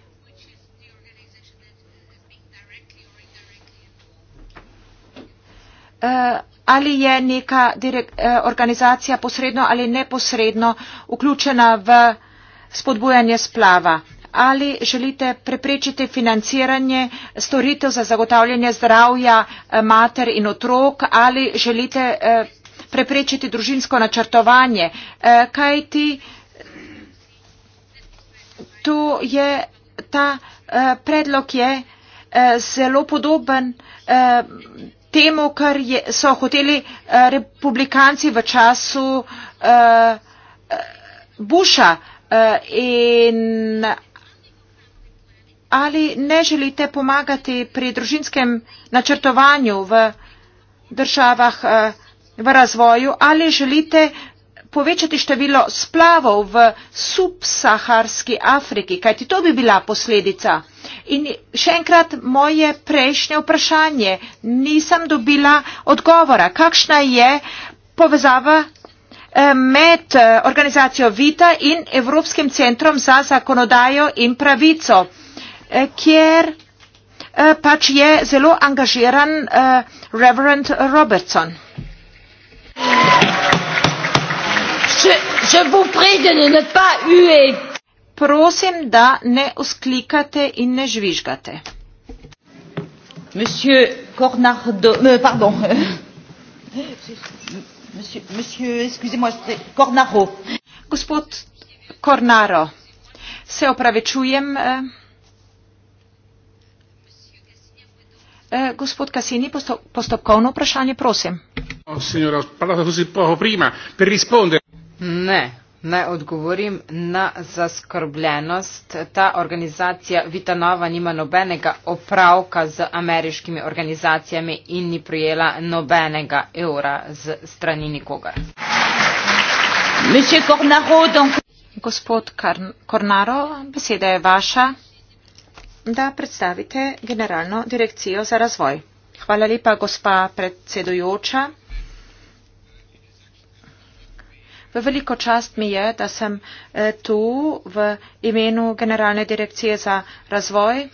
eh, ali je neka eh, organizacija posredno ali neposredno vključena v spodbujanje splava ali želite preprečiti financiranje storitev za zagotavljanje zdravja eh, mater in otrok ali želite eh, preprečiti družinsko načrtovanje, eh, kajti to je ta predlog je zelo podoben temu, kar je, so hoteli republikanci v času Busha in ali ne želite pomagati pri družinskem načrtovanju v državah eh, v razvoju, ali želite povečati število splavov v subsaharski Afriki, kajti to bi bila posledica. In še enkrat moje prejšnje vprašanje, nisem dobila odgovora, kakšna je povezava eh, med eh, organizacijo Vita in Evropskim centrom za zakonodajo in pravico. Eh, kjer eh, pač je zelo angažiran eh, Reverend Robertson. Je, je Prosim, da ne usklikate in ne žvižgate. Monsieur Cornardo, euh, pardon. Monsieur, excusez-moi, Cornaro. Gospod Cornaro, se opravičujem. Euh, Eh, postopkovno vprašanje prosim oh, ne naj odgovorim na zaskrbljenost ta organizacija vitanova nima nobenega opravka z ameriškimi organizacijami in ni prijela nobenega evra z strani nikogar gospod kornaro beseda je vaša da predstavite generalno direkcijo za razvoj. Hvala lepa, gospa predsedujoča. V veliko čast mi je, da sem eh, tu v imenu generalne direkcije za razvoj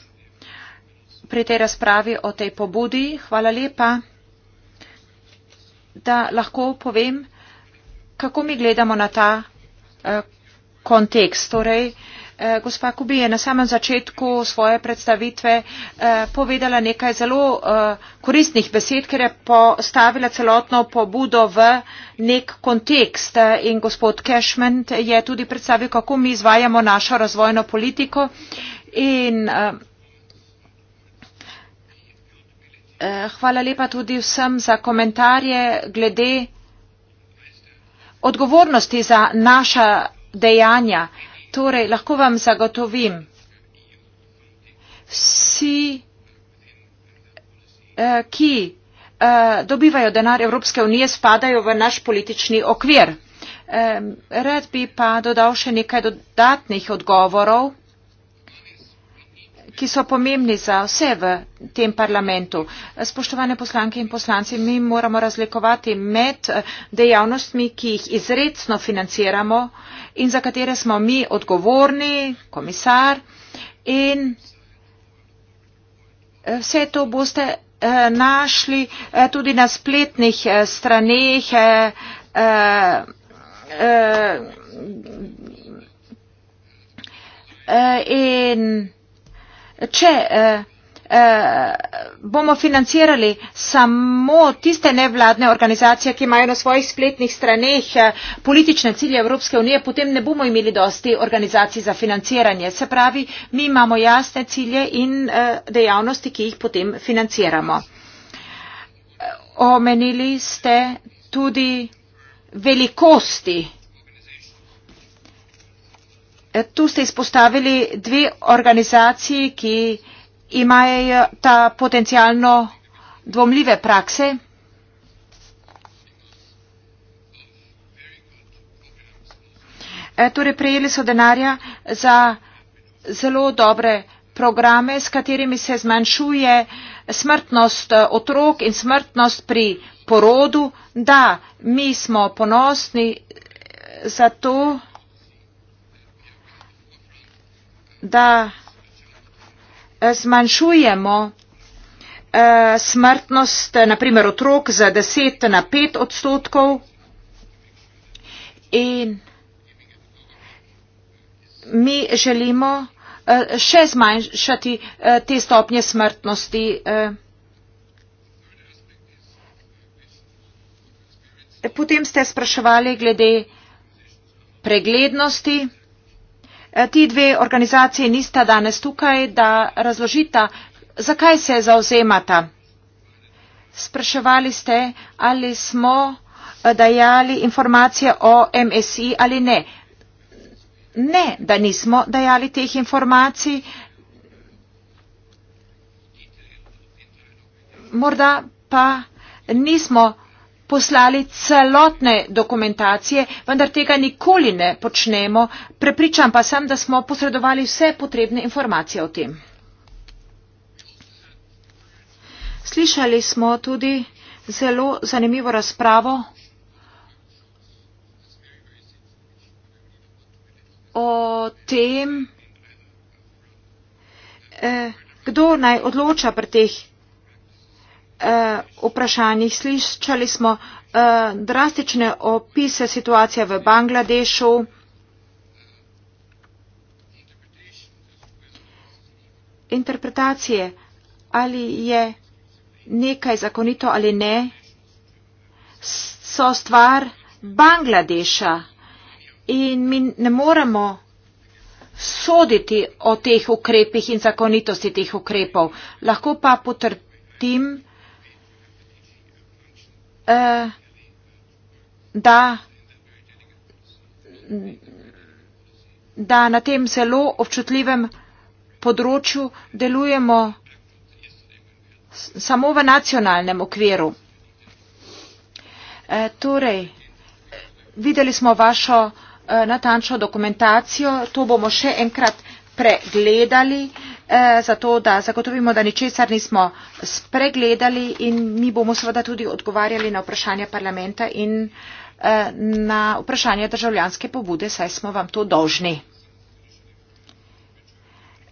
pri tej razpravi o tej pobudi. Hvala lepa, da lahko povem, kako mi gledamo na ta eh, kontekst. Torej, eh, Eh, gospa kubi je na samem začetku svoje predstavitve eh, povedala nekaj zelo eh, koristnih besed, ker je postavila celotno pobudo v nek kontekst in gospod Cashman je tudi predstavil, kako mi izvajamo našo razvojno politiko in Hvala lepa tudi vsem za komentarje glede odgovornosti za naša dejanja. Torej, lahko vam zagotovim, vsi, eh, ki eh, dobivajo denar Evropske unije, spadajo v naš politični okvir. Eh, red bi pa dodal še nekaj dodatnih odgovorov ki so pomembni za vse v tem parlamentu. Spoštovane poslanke in poslanci, mi moramo razlikovati med eh, dejavnostmi, ki jih izredno financiramo in za katere smo mi odgovorni, komisar, in eh, vse to boste eh, našli tudi na spletnih straneh in uh, uh, uh, če eh, eh, bomo financirali samo tiste nevladne organizacije, ki imajo na svojih spletnih straneh eh, politične cilje Evropske unije, potem ne bomo imeli dosti organizacij za financiranje. Se pravi, mi imamo jasne cilje in eh, dejavnosti, ki jih potem financiramo. Eh, omenili ste tudi velikosti tu ste izpostavili dve organizaciji, ki imajo ta potencijalno dvomljive prakse. E, torej, prejeli so denarja za zelo dobre programe, s katerimi se zmanjšuje smrtnost e, otrok in smrtnost pri porodu. Da, mi smo ponosni e, za to. da eh, zmanjšujemo eh, smrtnost, eh, naprimer otrok, za 10 na 5 odstotkov in mi želimo še zmanjšati te stopnje smrtnosti. Potem ste spraševali glede preglednosti. Eh, ti dve organizaciji nista danes tukaj, da razložita, zakaj se zauzemata. Spraševali ste, ali smo eh, dajali informacije o MSI ali ne. Ne, da nismo dajali teh informacij. Morda pa nismo poslali celotne dokumentacije, vendar tega nikoli ne počnemo. Prepričan pa sem, da smo posredovali vse potrebne informacije o tem. Slišali smo tudi zelo zanimivo razpravo o tem, eh, kdo naj odloča pri teh eh, vprašanjih. Slišali smo eh, drastične opise situacije v Bangladešu. Interpretacije, ali je nekaj zakonito ali ne, so stvar Bangladeša in mi ne moremo soditi o teh ukrepih in zakonitosti teh ukrepov. Lahko pa potrdim, Eh, da, da na tem zelo občutljivem področju delujemo samo v nacionalnem okviru. Eh, torej, videli smo vašo eh, natančno dokumentacijo, to bomo še enkrat pregledali. Eh, zato da zagotovimo, da ničesar nismo spregledali in mi bomo seveda tudi odgovarjali na vprašanja parlamenta in eh, na vprašanje državljanske pobude, saj smo vam to dolžni.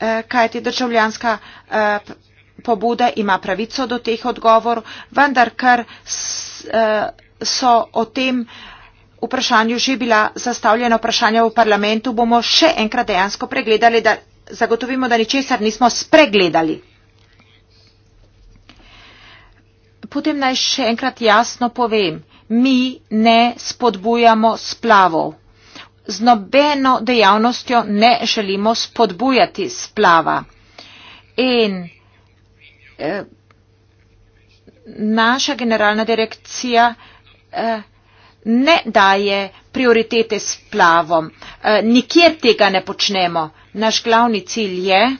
Eh, kajti državljanska pobuda ima pravico do teh odgovorov, vendar kar so o tem vprašanju že bila zastavljena vprašanja v parlamentu, bomo še enkrat dejansko pregledali, da zagotovimo, da ničesar nismo spregledali. Potem naj še enkrat jasno povem, mi ne spodbujamo splavov. Z nobeno dejavnostjo ne želimo spodbujati splava. In eh, naša generalna direkcija eh, ne daje prioritete splavom. Eh, nikjer tega ne počnemo. Eh, naš glavni cilj je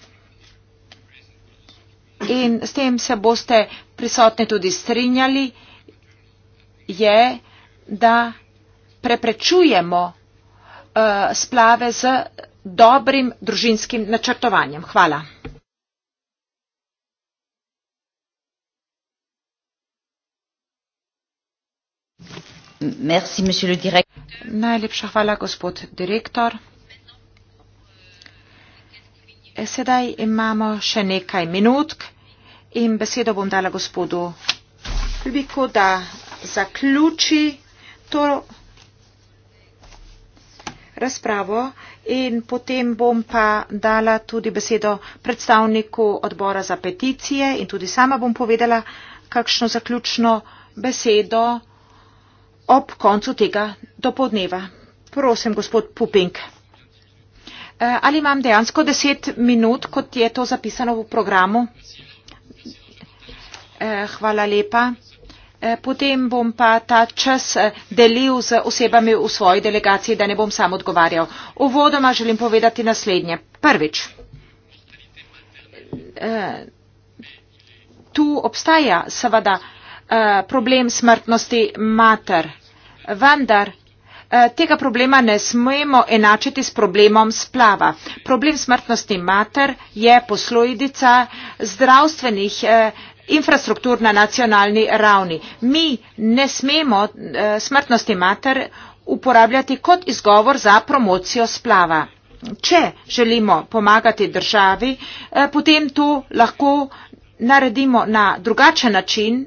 in s tem se boste prisotni tudi strinjali, je, da preprečujemo uh, splave z dobrim družinskim načrtovanjem. Hvala. Merci, monsieur le direktor. Najlepša hvala, gospod direktor. Sedaj imamo še nekaj minutk in besedo bom dala gospodu Ljubiku, da zaključi to razpravo in potem bom pa dala tudi besedo predstavniku odbora za peticije in tudi sama bom povedala kakšno zaključno besedo ob koncu tega dopodneva. Prosim, gospod Pupink. Eh, ali imam dejansko deset minut, kot je to zapisano v programu? Eh, hvala lepa. Eh, potem bom pa ta čas delil z osebami v svoji delegaciji, da ne bom sam odgovarjal. Uvodoma želim povedati naslednje. Prvič, tu obstaja seveda problem smrtnosti mater, vendar Eh, tega problema ne smemo enačiti s problemom splava. Problem smrtnosti mater je posledica zdravstvenih eh, infrastruktur na nacionalni ravni. Mi ne smemo eh, smrtnosti mater uporabljati kot izgovor za promocijo splava. Če želimo pomagati državi, potem to lahko naredimo na drugačen način,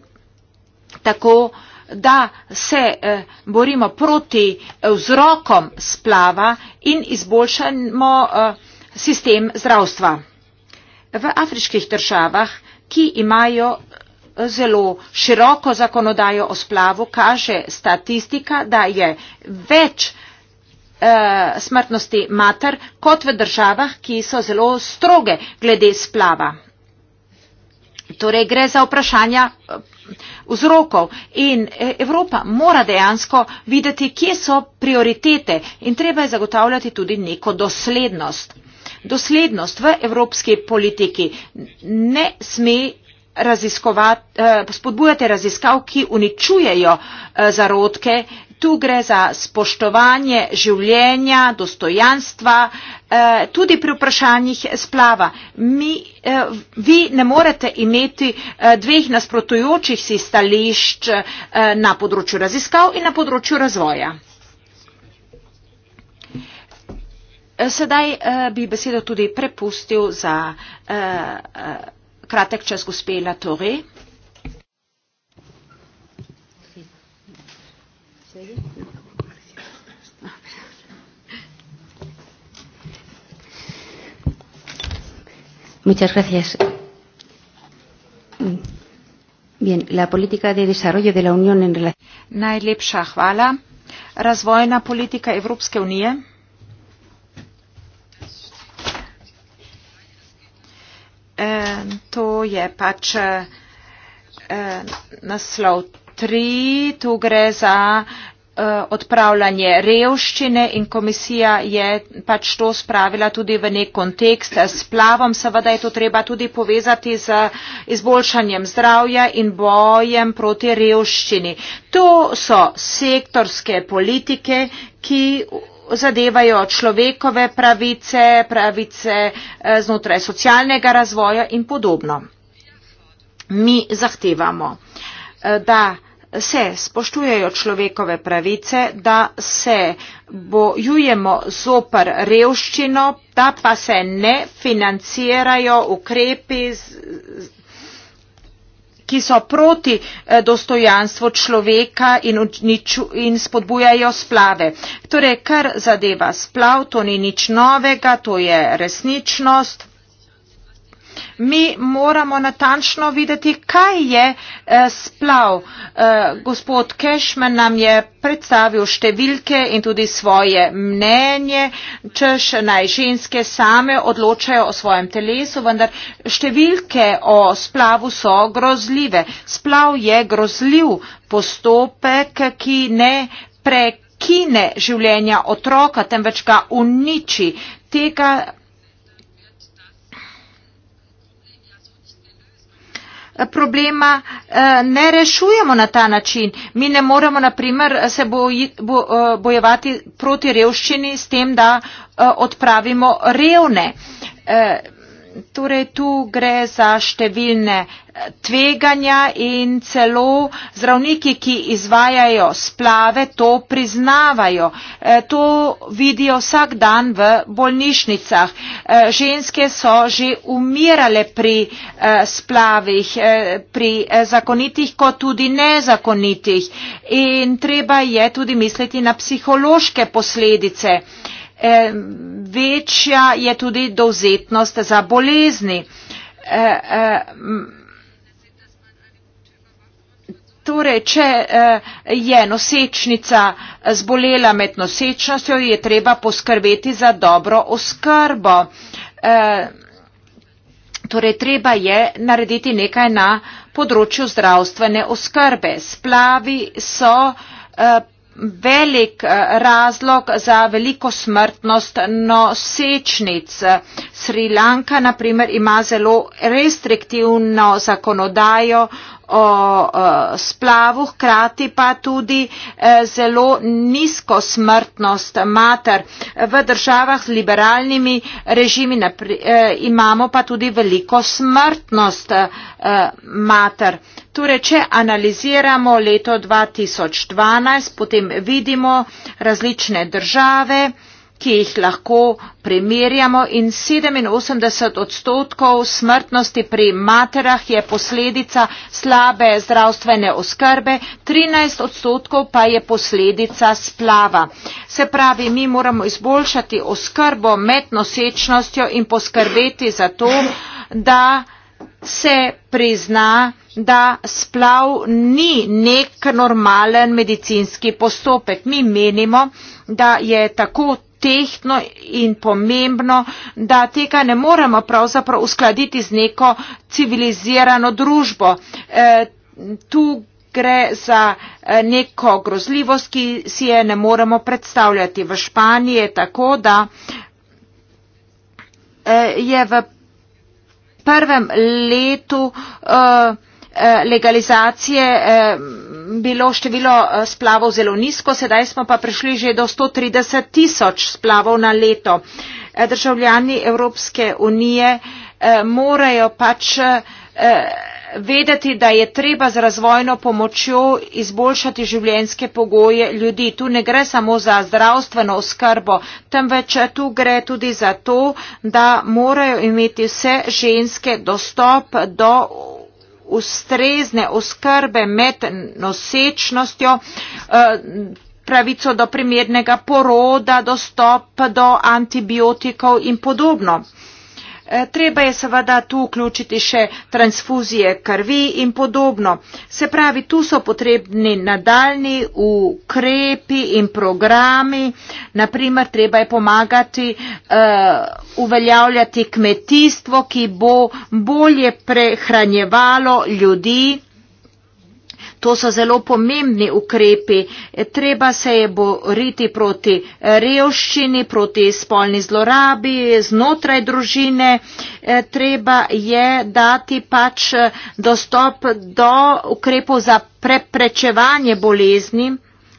tako da da se eh, borimo proti eh, vzrokom splava in izboljšamo eh, sistem zdravstva. V afriških državah, ki imajo zelo široko zakonodajo o splavu, kaže statistika, da je več smrtnosti mater kot v državah, ki so zelo stroge glede splava. Torej gre za vprašanja vzrokov in e, Evropa mora dejansko videti, kje so prioritete in treba je zagotavljati tudi neko doslednost. Doslednost v evropski politiki ne sme raziskovati, e, spodbujati raziskav, ki uničujejo e, zarodke, tu gre za spoštovanje življenja, dostojanstva, eh, tudi pri vprašanjih splava. Mi, eh, vi ne morete imeti eh, dveh nasprotujočih si stališč na področju raziskav in na področju razvoja. Sedaj bi besedo tudi prepustil za kratek čas gospe Latore. besedo. Muchas gracias. Bien, la política de desarrollo de la Unión en relación. Najlepša hvala. Razvojna politika Evropske unije. E, to je pač e, naslov tri. Tu gre za e, Eh, odpravljanje revščine in komisija je pač to spravila tudi v nek kontekst s plavom. Seveda je to treba tudi povezati z izboljšanjem zdravja in bojem proti revščini. To so sektorske politike, ki zadevajo človekove pravice, pravice eh, znotraj socialnega razvoja in podobno. Mi zahtevamo, eh, da se spoštujejo človekove pravice, da se bojujemo zopr revščino, da pa se ne financirajo ukrepi, ki so proti eh, dostojanstvu človeka in, niču, in spodbujajo splave. Torej, kar zadeva splav, to ni nič novega, to je resničnost. Mi moramo natančno videti, kaj je eh, splav. Eh, gospod Kešman nam je predstavil številke in tudi svoje mnenje, češ naj ženske same odločajo o svojem telesu, vendar številke o splavu so grozljive. Splav je grozljiv postopek, ki ne prekine življenja otroka, temveč ga uniči. Tega problema eh, ne rešujemo na ta način. Mi ne moremo, na primer, se boji, bo, eh, bojevati proti revščini s tem, da eh, odpravimo revne torej tu gre za številne eh, tveganja in celo zdravniki, ki izvajajo splave, to priznavajo. Eh, to vidijo vsak dan v bolnišnicah. Eh, ženske so že umirale pri splavih, pri zakonitih, kot tudi nezakonitih. In treba je tudi misliti na psihološke posledice večja je tudi dovzetnost za bolezni. E, e, torej, če e, je nosečnica zbolela med nosečnostjo, je treba poskrbeti za dobro oskrbo. Torej, treba je narediti nekaj na področju zdravstvene oskrbe. Splavi so velik eh, razlog za veliko smrtnost nosečnic. Sri Lanka, na primer, ima zelo restriktivno zakonodajo o eh, splavu, hkrati pa tudi eh, zelo nizko smrtnost mater. V državah z liberalnimi režimi imamo pa tudi veliko smrtnost mater. Torej, če analiziramo leto 2012, potem vidimo različne države, ki jih lahko primerjamo in 87 odstotkov smrtnosti pri materah je posledica slabe zdravstvene oskrbe, 13 odstotkov pa je posledica splava. Se pravi, mi moramo izboljšati oskrbo med nosečnostjo in poskrbeti za to, da se prizna da splav ni nek normalen medicinski postopek. Mi menimo, da je tako tehtno in pomembno, da tega ne moremo pravzaprav uskladiti z neko civilizirano družbo. E, tu gre za e, neko grozljivost, ki si je ne moremo predstavljati. V Španiji je tako, da e, je v prvem letu uh, Eh, legalizacije eh, bilo število eh, splavov zelo nizko, sedaj smo pa prišli že do 130 tisoč splavov na leto. Državljani Evropske unije morajo pač vedeti, da je treba z razvojno pomočjo izboljšati življenjske pogoje ljudi. Tu ne gre samo za zdravstveno oskrbo, temveč tu gre tudi za to, da morajo imeti vse ženske dostop do ustrezne oskrbe med nosečnostjo, eh, pravico do primernega poroda, dostop do antibiotikov in podobno. Eh, treba je seveda tu vključiti še transfuzije krvi in podobno. Se pravi, tu so potrebni nadaljni ukrepi in programi, naprimer treba je pomagati uh, uveljavljati kmetijstvo, ki bo bolje prehranjevalo ljudi. To so zelo pomembni ukrepi. Treba se je boriti proti revščini, proti spolni zlorabi, znotraj družine. E, treba je dati pač dostop do ukrepov za preprečevanje bolezni,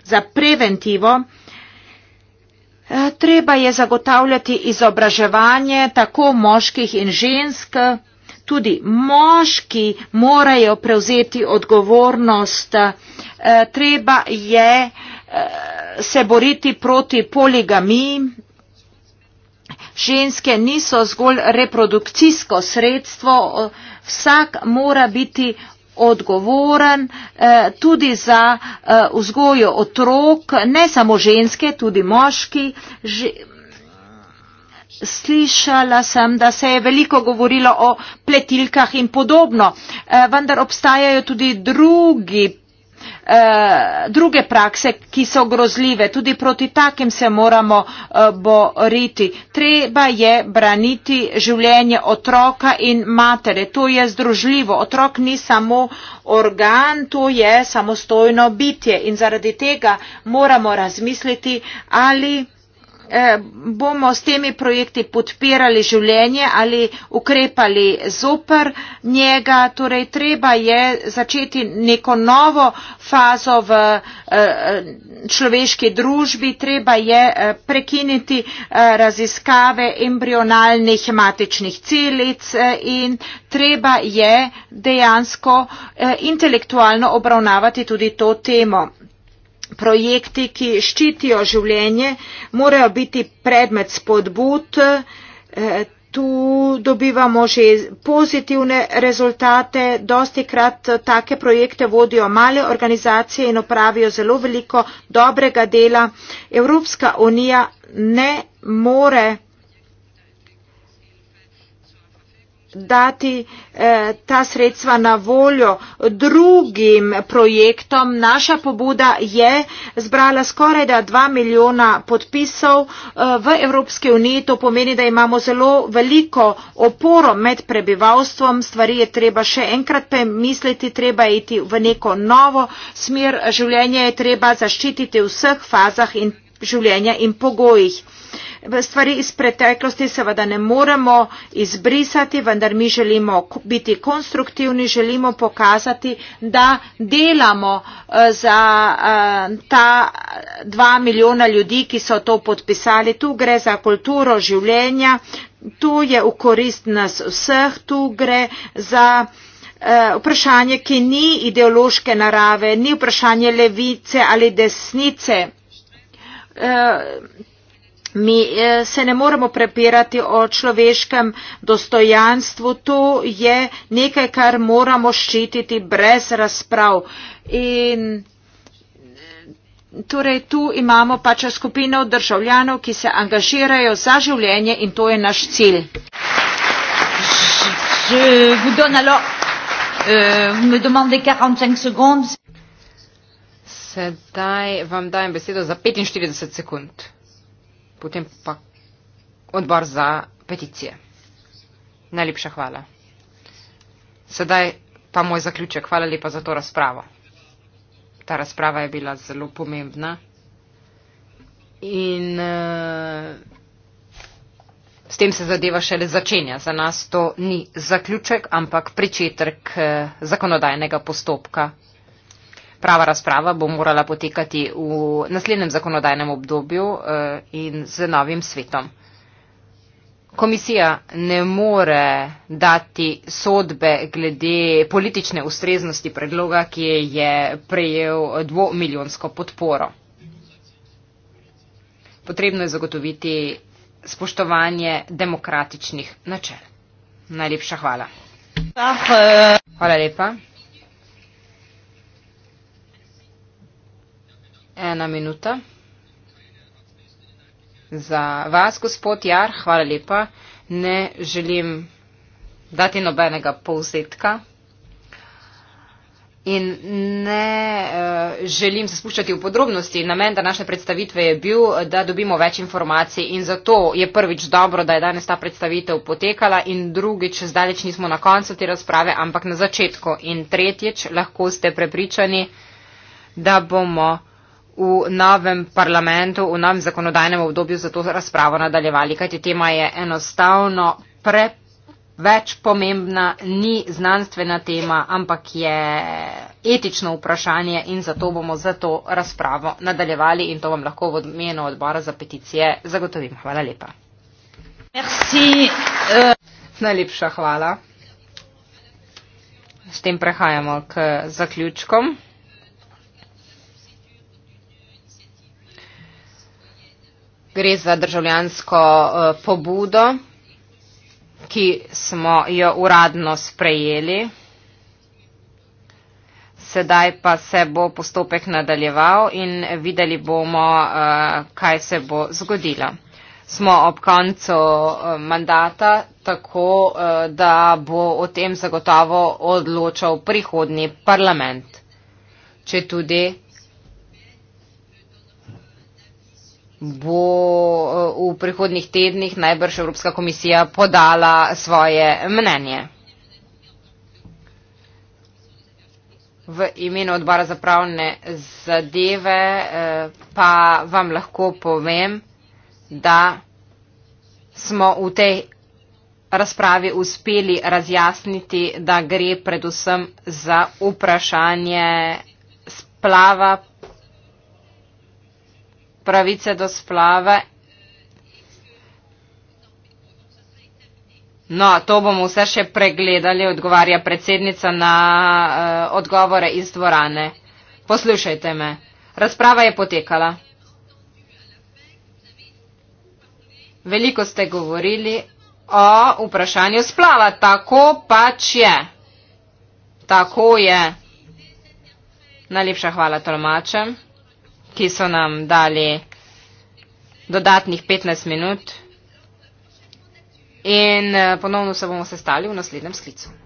za preventivo. E, treba je zagotavljati izobraževanje tako moških in žensk, tudi moški morajo prevzeti odgovornost. Eh, treba je eh, se boriti proti poligamiji. Ženske niso zgolj reprodukcijsko sredstvo, vsak mora biti odgovoren eh, tudi za vzgojo otrok, ne samo ženske, tudi moški slišala sem, da se je veliko govorilo o pletilkah in podobno, eh, vendar obstajajo tudi drugi, eh, druge prakse, ki so grozljive. Tudi proti takim se moramo eh, boriti. Treba je braniti življenje otroka in matere. To je združljivo. Otrok ni samo organ, to je samostojno bitje in zaradi tega moramo razmisliti, ali Eh, bomo s temi projekti podpirali življenje ali ukrepali zoper njega. Torej, treba je začeti neko novo fazo v eh, človeški družbi, treba je eh, prekiniti raziskave embrionalnih hematičnih celic in treba je dejansko intelektualno obravnavati tudi to temo projekti ki ščitijo življenje morajo biti predmet spodbud. Eh, tu dobivamo že pozitivne rezultate. Dosti krat take projekte vodijo male organizacije in opravijo zelo veliko dobrega dela. Evropska unija ne more dati eh, ta sredstva na voljo drugim projektom. Naša pobuda je zbrala skoraj da 2 milijona podpisov eh, v Evropski uniji. To pomeni, da imamo zelo veliko oporo med prebivalstvom. Stvari je treba še enkrat premisliti, treba je iti v neko novo smer življenja, je treba zaščititi v vseh fazah in življenja in pogojih. Stvari iz preteklosti seveda ne moremo izbrisati, vendar mi želimo biti konstruktivni, želimo pokazati, da delamo eh, za eh, ta dva milijona ljudi, ki so to podpisali. Tu gre za kulturo življenja, tu je v korist nas vseh, tu gre za. Eh, vprašanje, ki ni ideološke narave, ni vprašanje levice ali desnice. Mi eh, se ne moremo prepirati o človeškem dostojanstvu, to je nekaj, kar moramo ščititi brez razprav. In eh, torej tu imamo pač skupino državljanov, ki se angažirajo za življenje in to je naš cilj. Euh, Sedaj vam dajem besedo za 45 sekund potem pa odbor za peticije. Najlepša hvala. Sedaj pa moj zaključek. Hvala lepa za to razpravo. Ta razprava je bila zelo pomembna in uh, s tem se zadeva šele začenja. Za nas to ni zaključek, ampak pričetek uh, zakonodajnega postopka prava razprava bo morala potekati v naslednjem zakonodajnem obdobju eh, in z novim svetom. Komisija ne more dati sodbe glede politične ustreznosti predloga, ki je prejel dvomiljonsko podporo. Potrebno je zagotoviti spoštovanje demokratičnih načel. Najlepša hvala. Hvala eh. lepa. Ena minuta. Za vas, gospod Jar, hvala lepa. Ne želim dati nobenega povzetka. In ne uh, želim se spuščati v podrobnosti. Namen današnje predstavitve je bil, da dobimo več informacij in zato je prvič dobro, da je danes ta predstavitev potekala in drugič, zdaleč nismo na koncu te razprave, ampak na začetku. In tretjič, lahko ste prepričani, da bomo v novem parlamentu, v novem zakonodajnem obdobju za to razpravo nadaljevali, kajti tema je enostavno preveč pomembna, ni znanstvena tema, ampak je etično vprašanje in zato bomo za to razpravo nadaljevali in to vam lahko v odmenu odbora za peticije zagotovim. Hvala lepa. Merci. Eh. Najlepša hvala. S tem prehajamo k zaključkom. Gre za državljansko eh, pobudo, ki smo jo uradno sprejeli. Sedaj pa se bo postopek nadaljeval in videli bomo, eh, kaj se bo zgodilo. Smo ob koncu eh, mandata, tako da bo o tem zagotovo odločal prihodni parlament, če tudi bo eh, v prihodnih tednih najbrž Evropska komisija podala svoje mnenje. V imenu odbora za pravne zadeve eh, pa vam lahko povem, da smo v tej razpravi uspeli razjasniti, da gre predvsem za vprašanje splava pravice do splave. No, to bomo vse še pregledali, odgovarja predsednica na uh, odgovore iz dvorane. Poslušajte me. Razprava je potekala. Veliko ste govorili o vprašanju splava. Tako pač je. Tako je. Najlepša hvala tolmačem ki so nam dali dodatnih 15 minut in eh, ponovno se bomo sestali v naslednjem sklicu.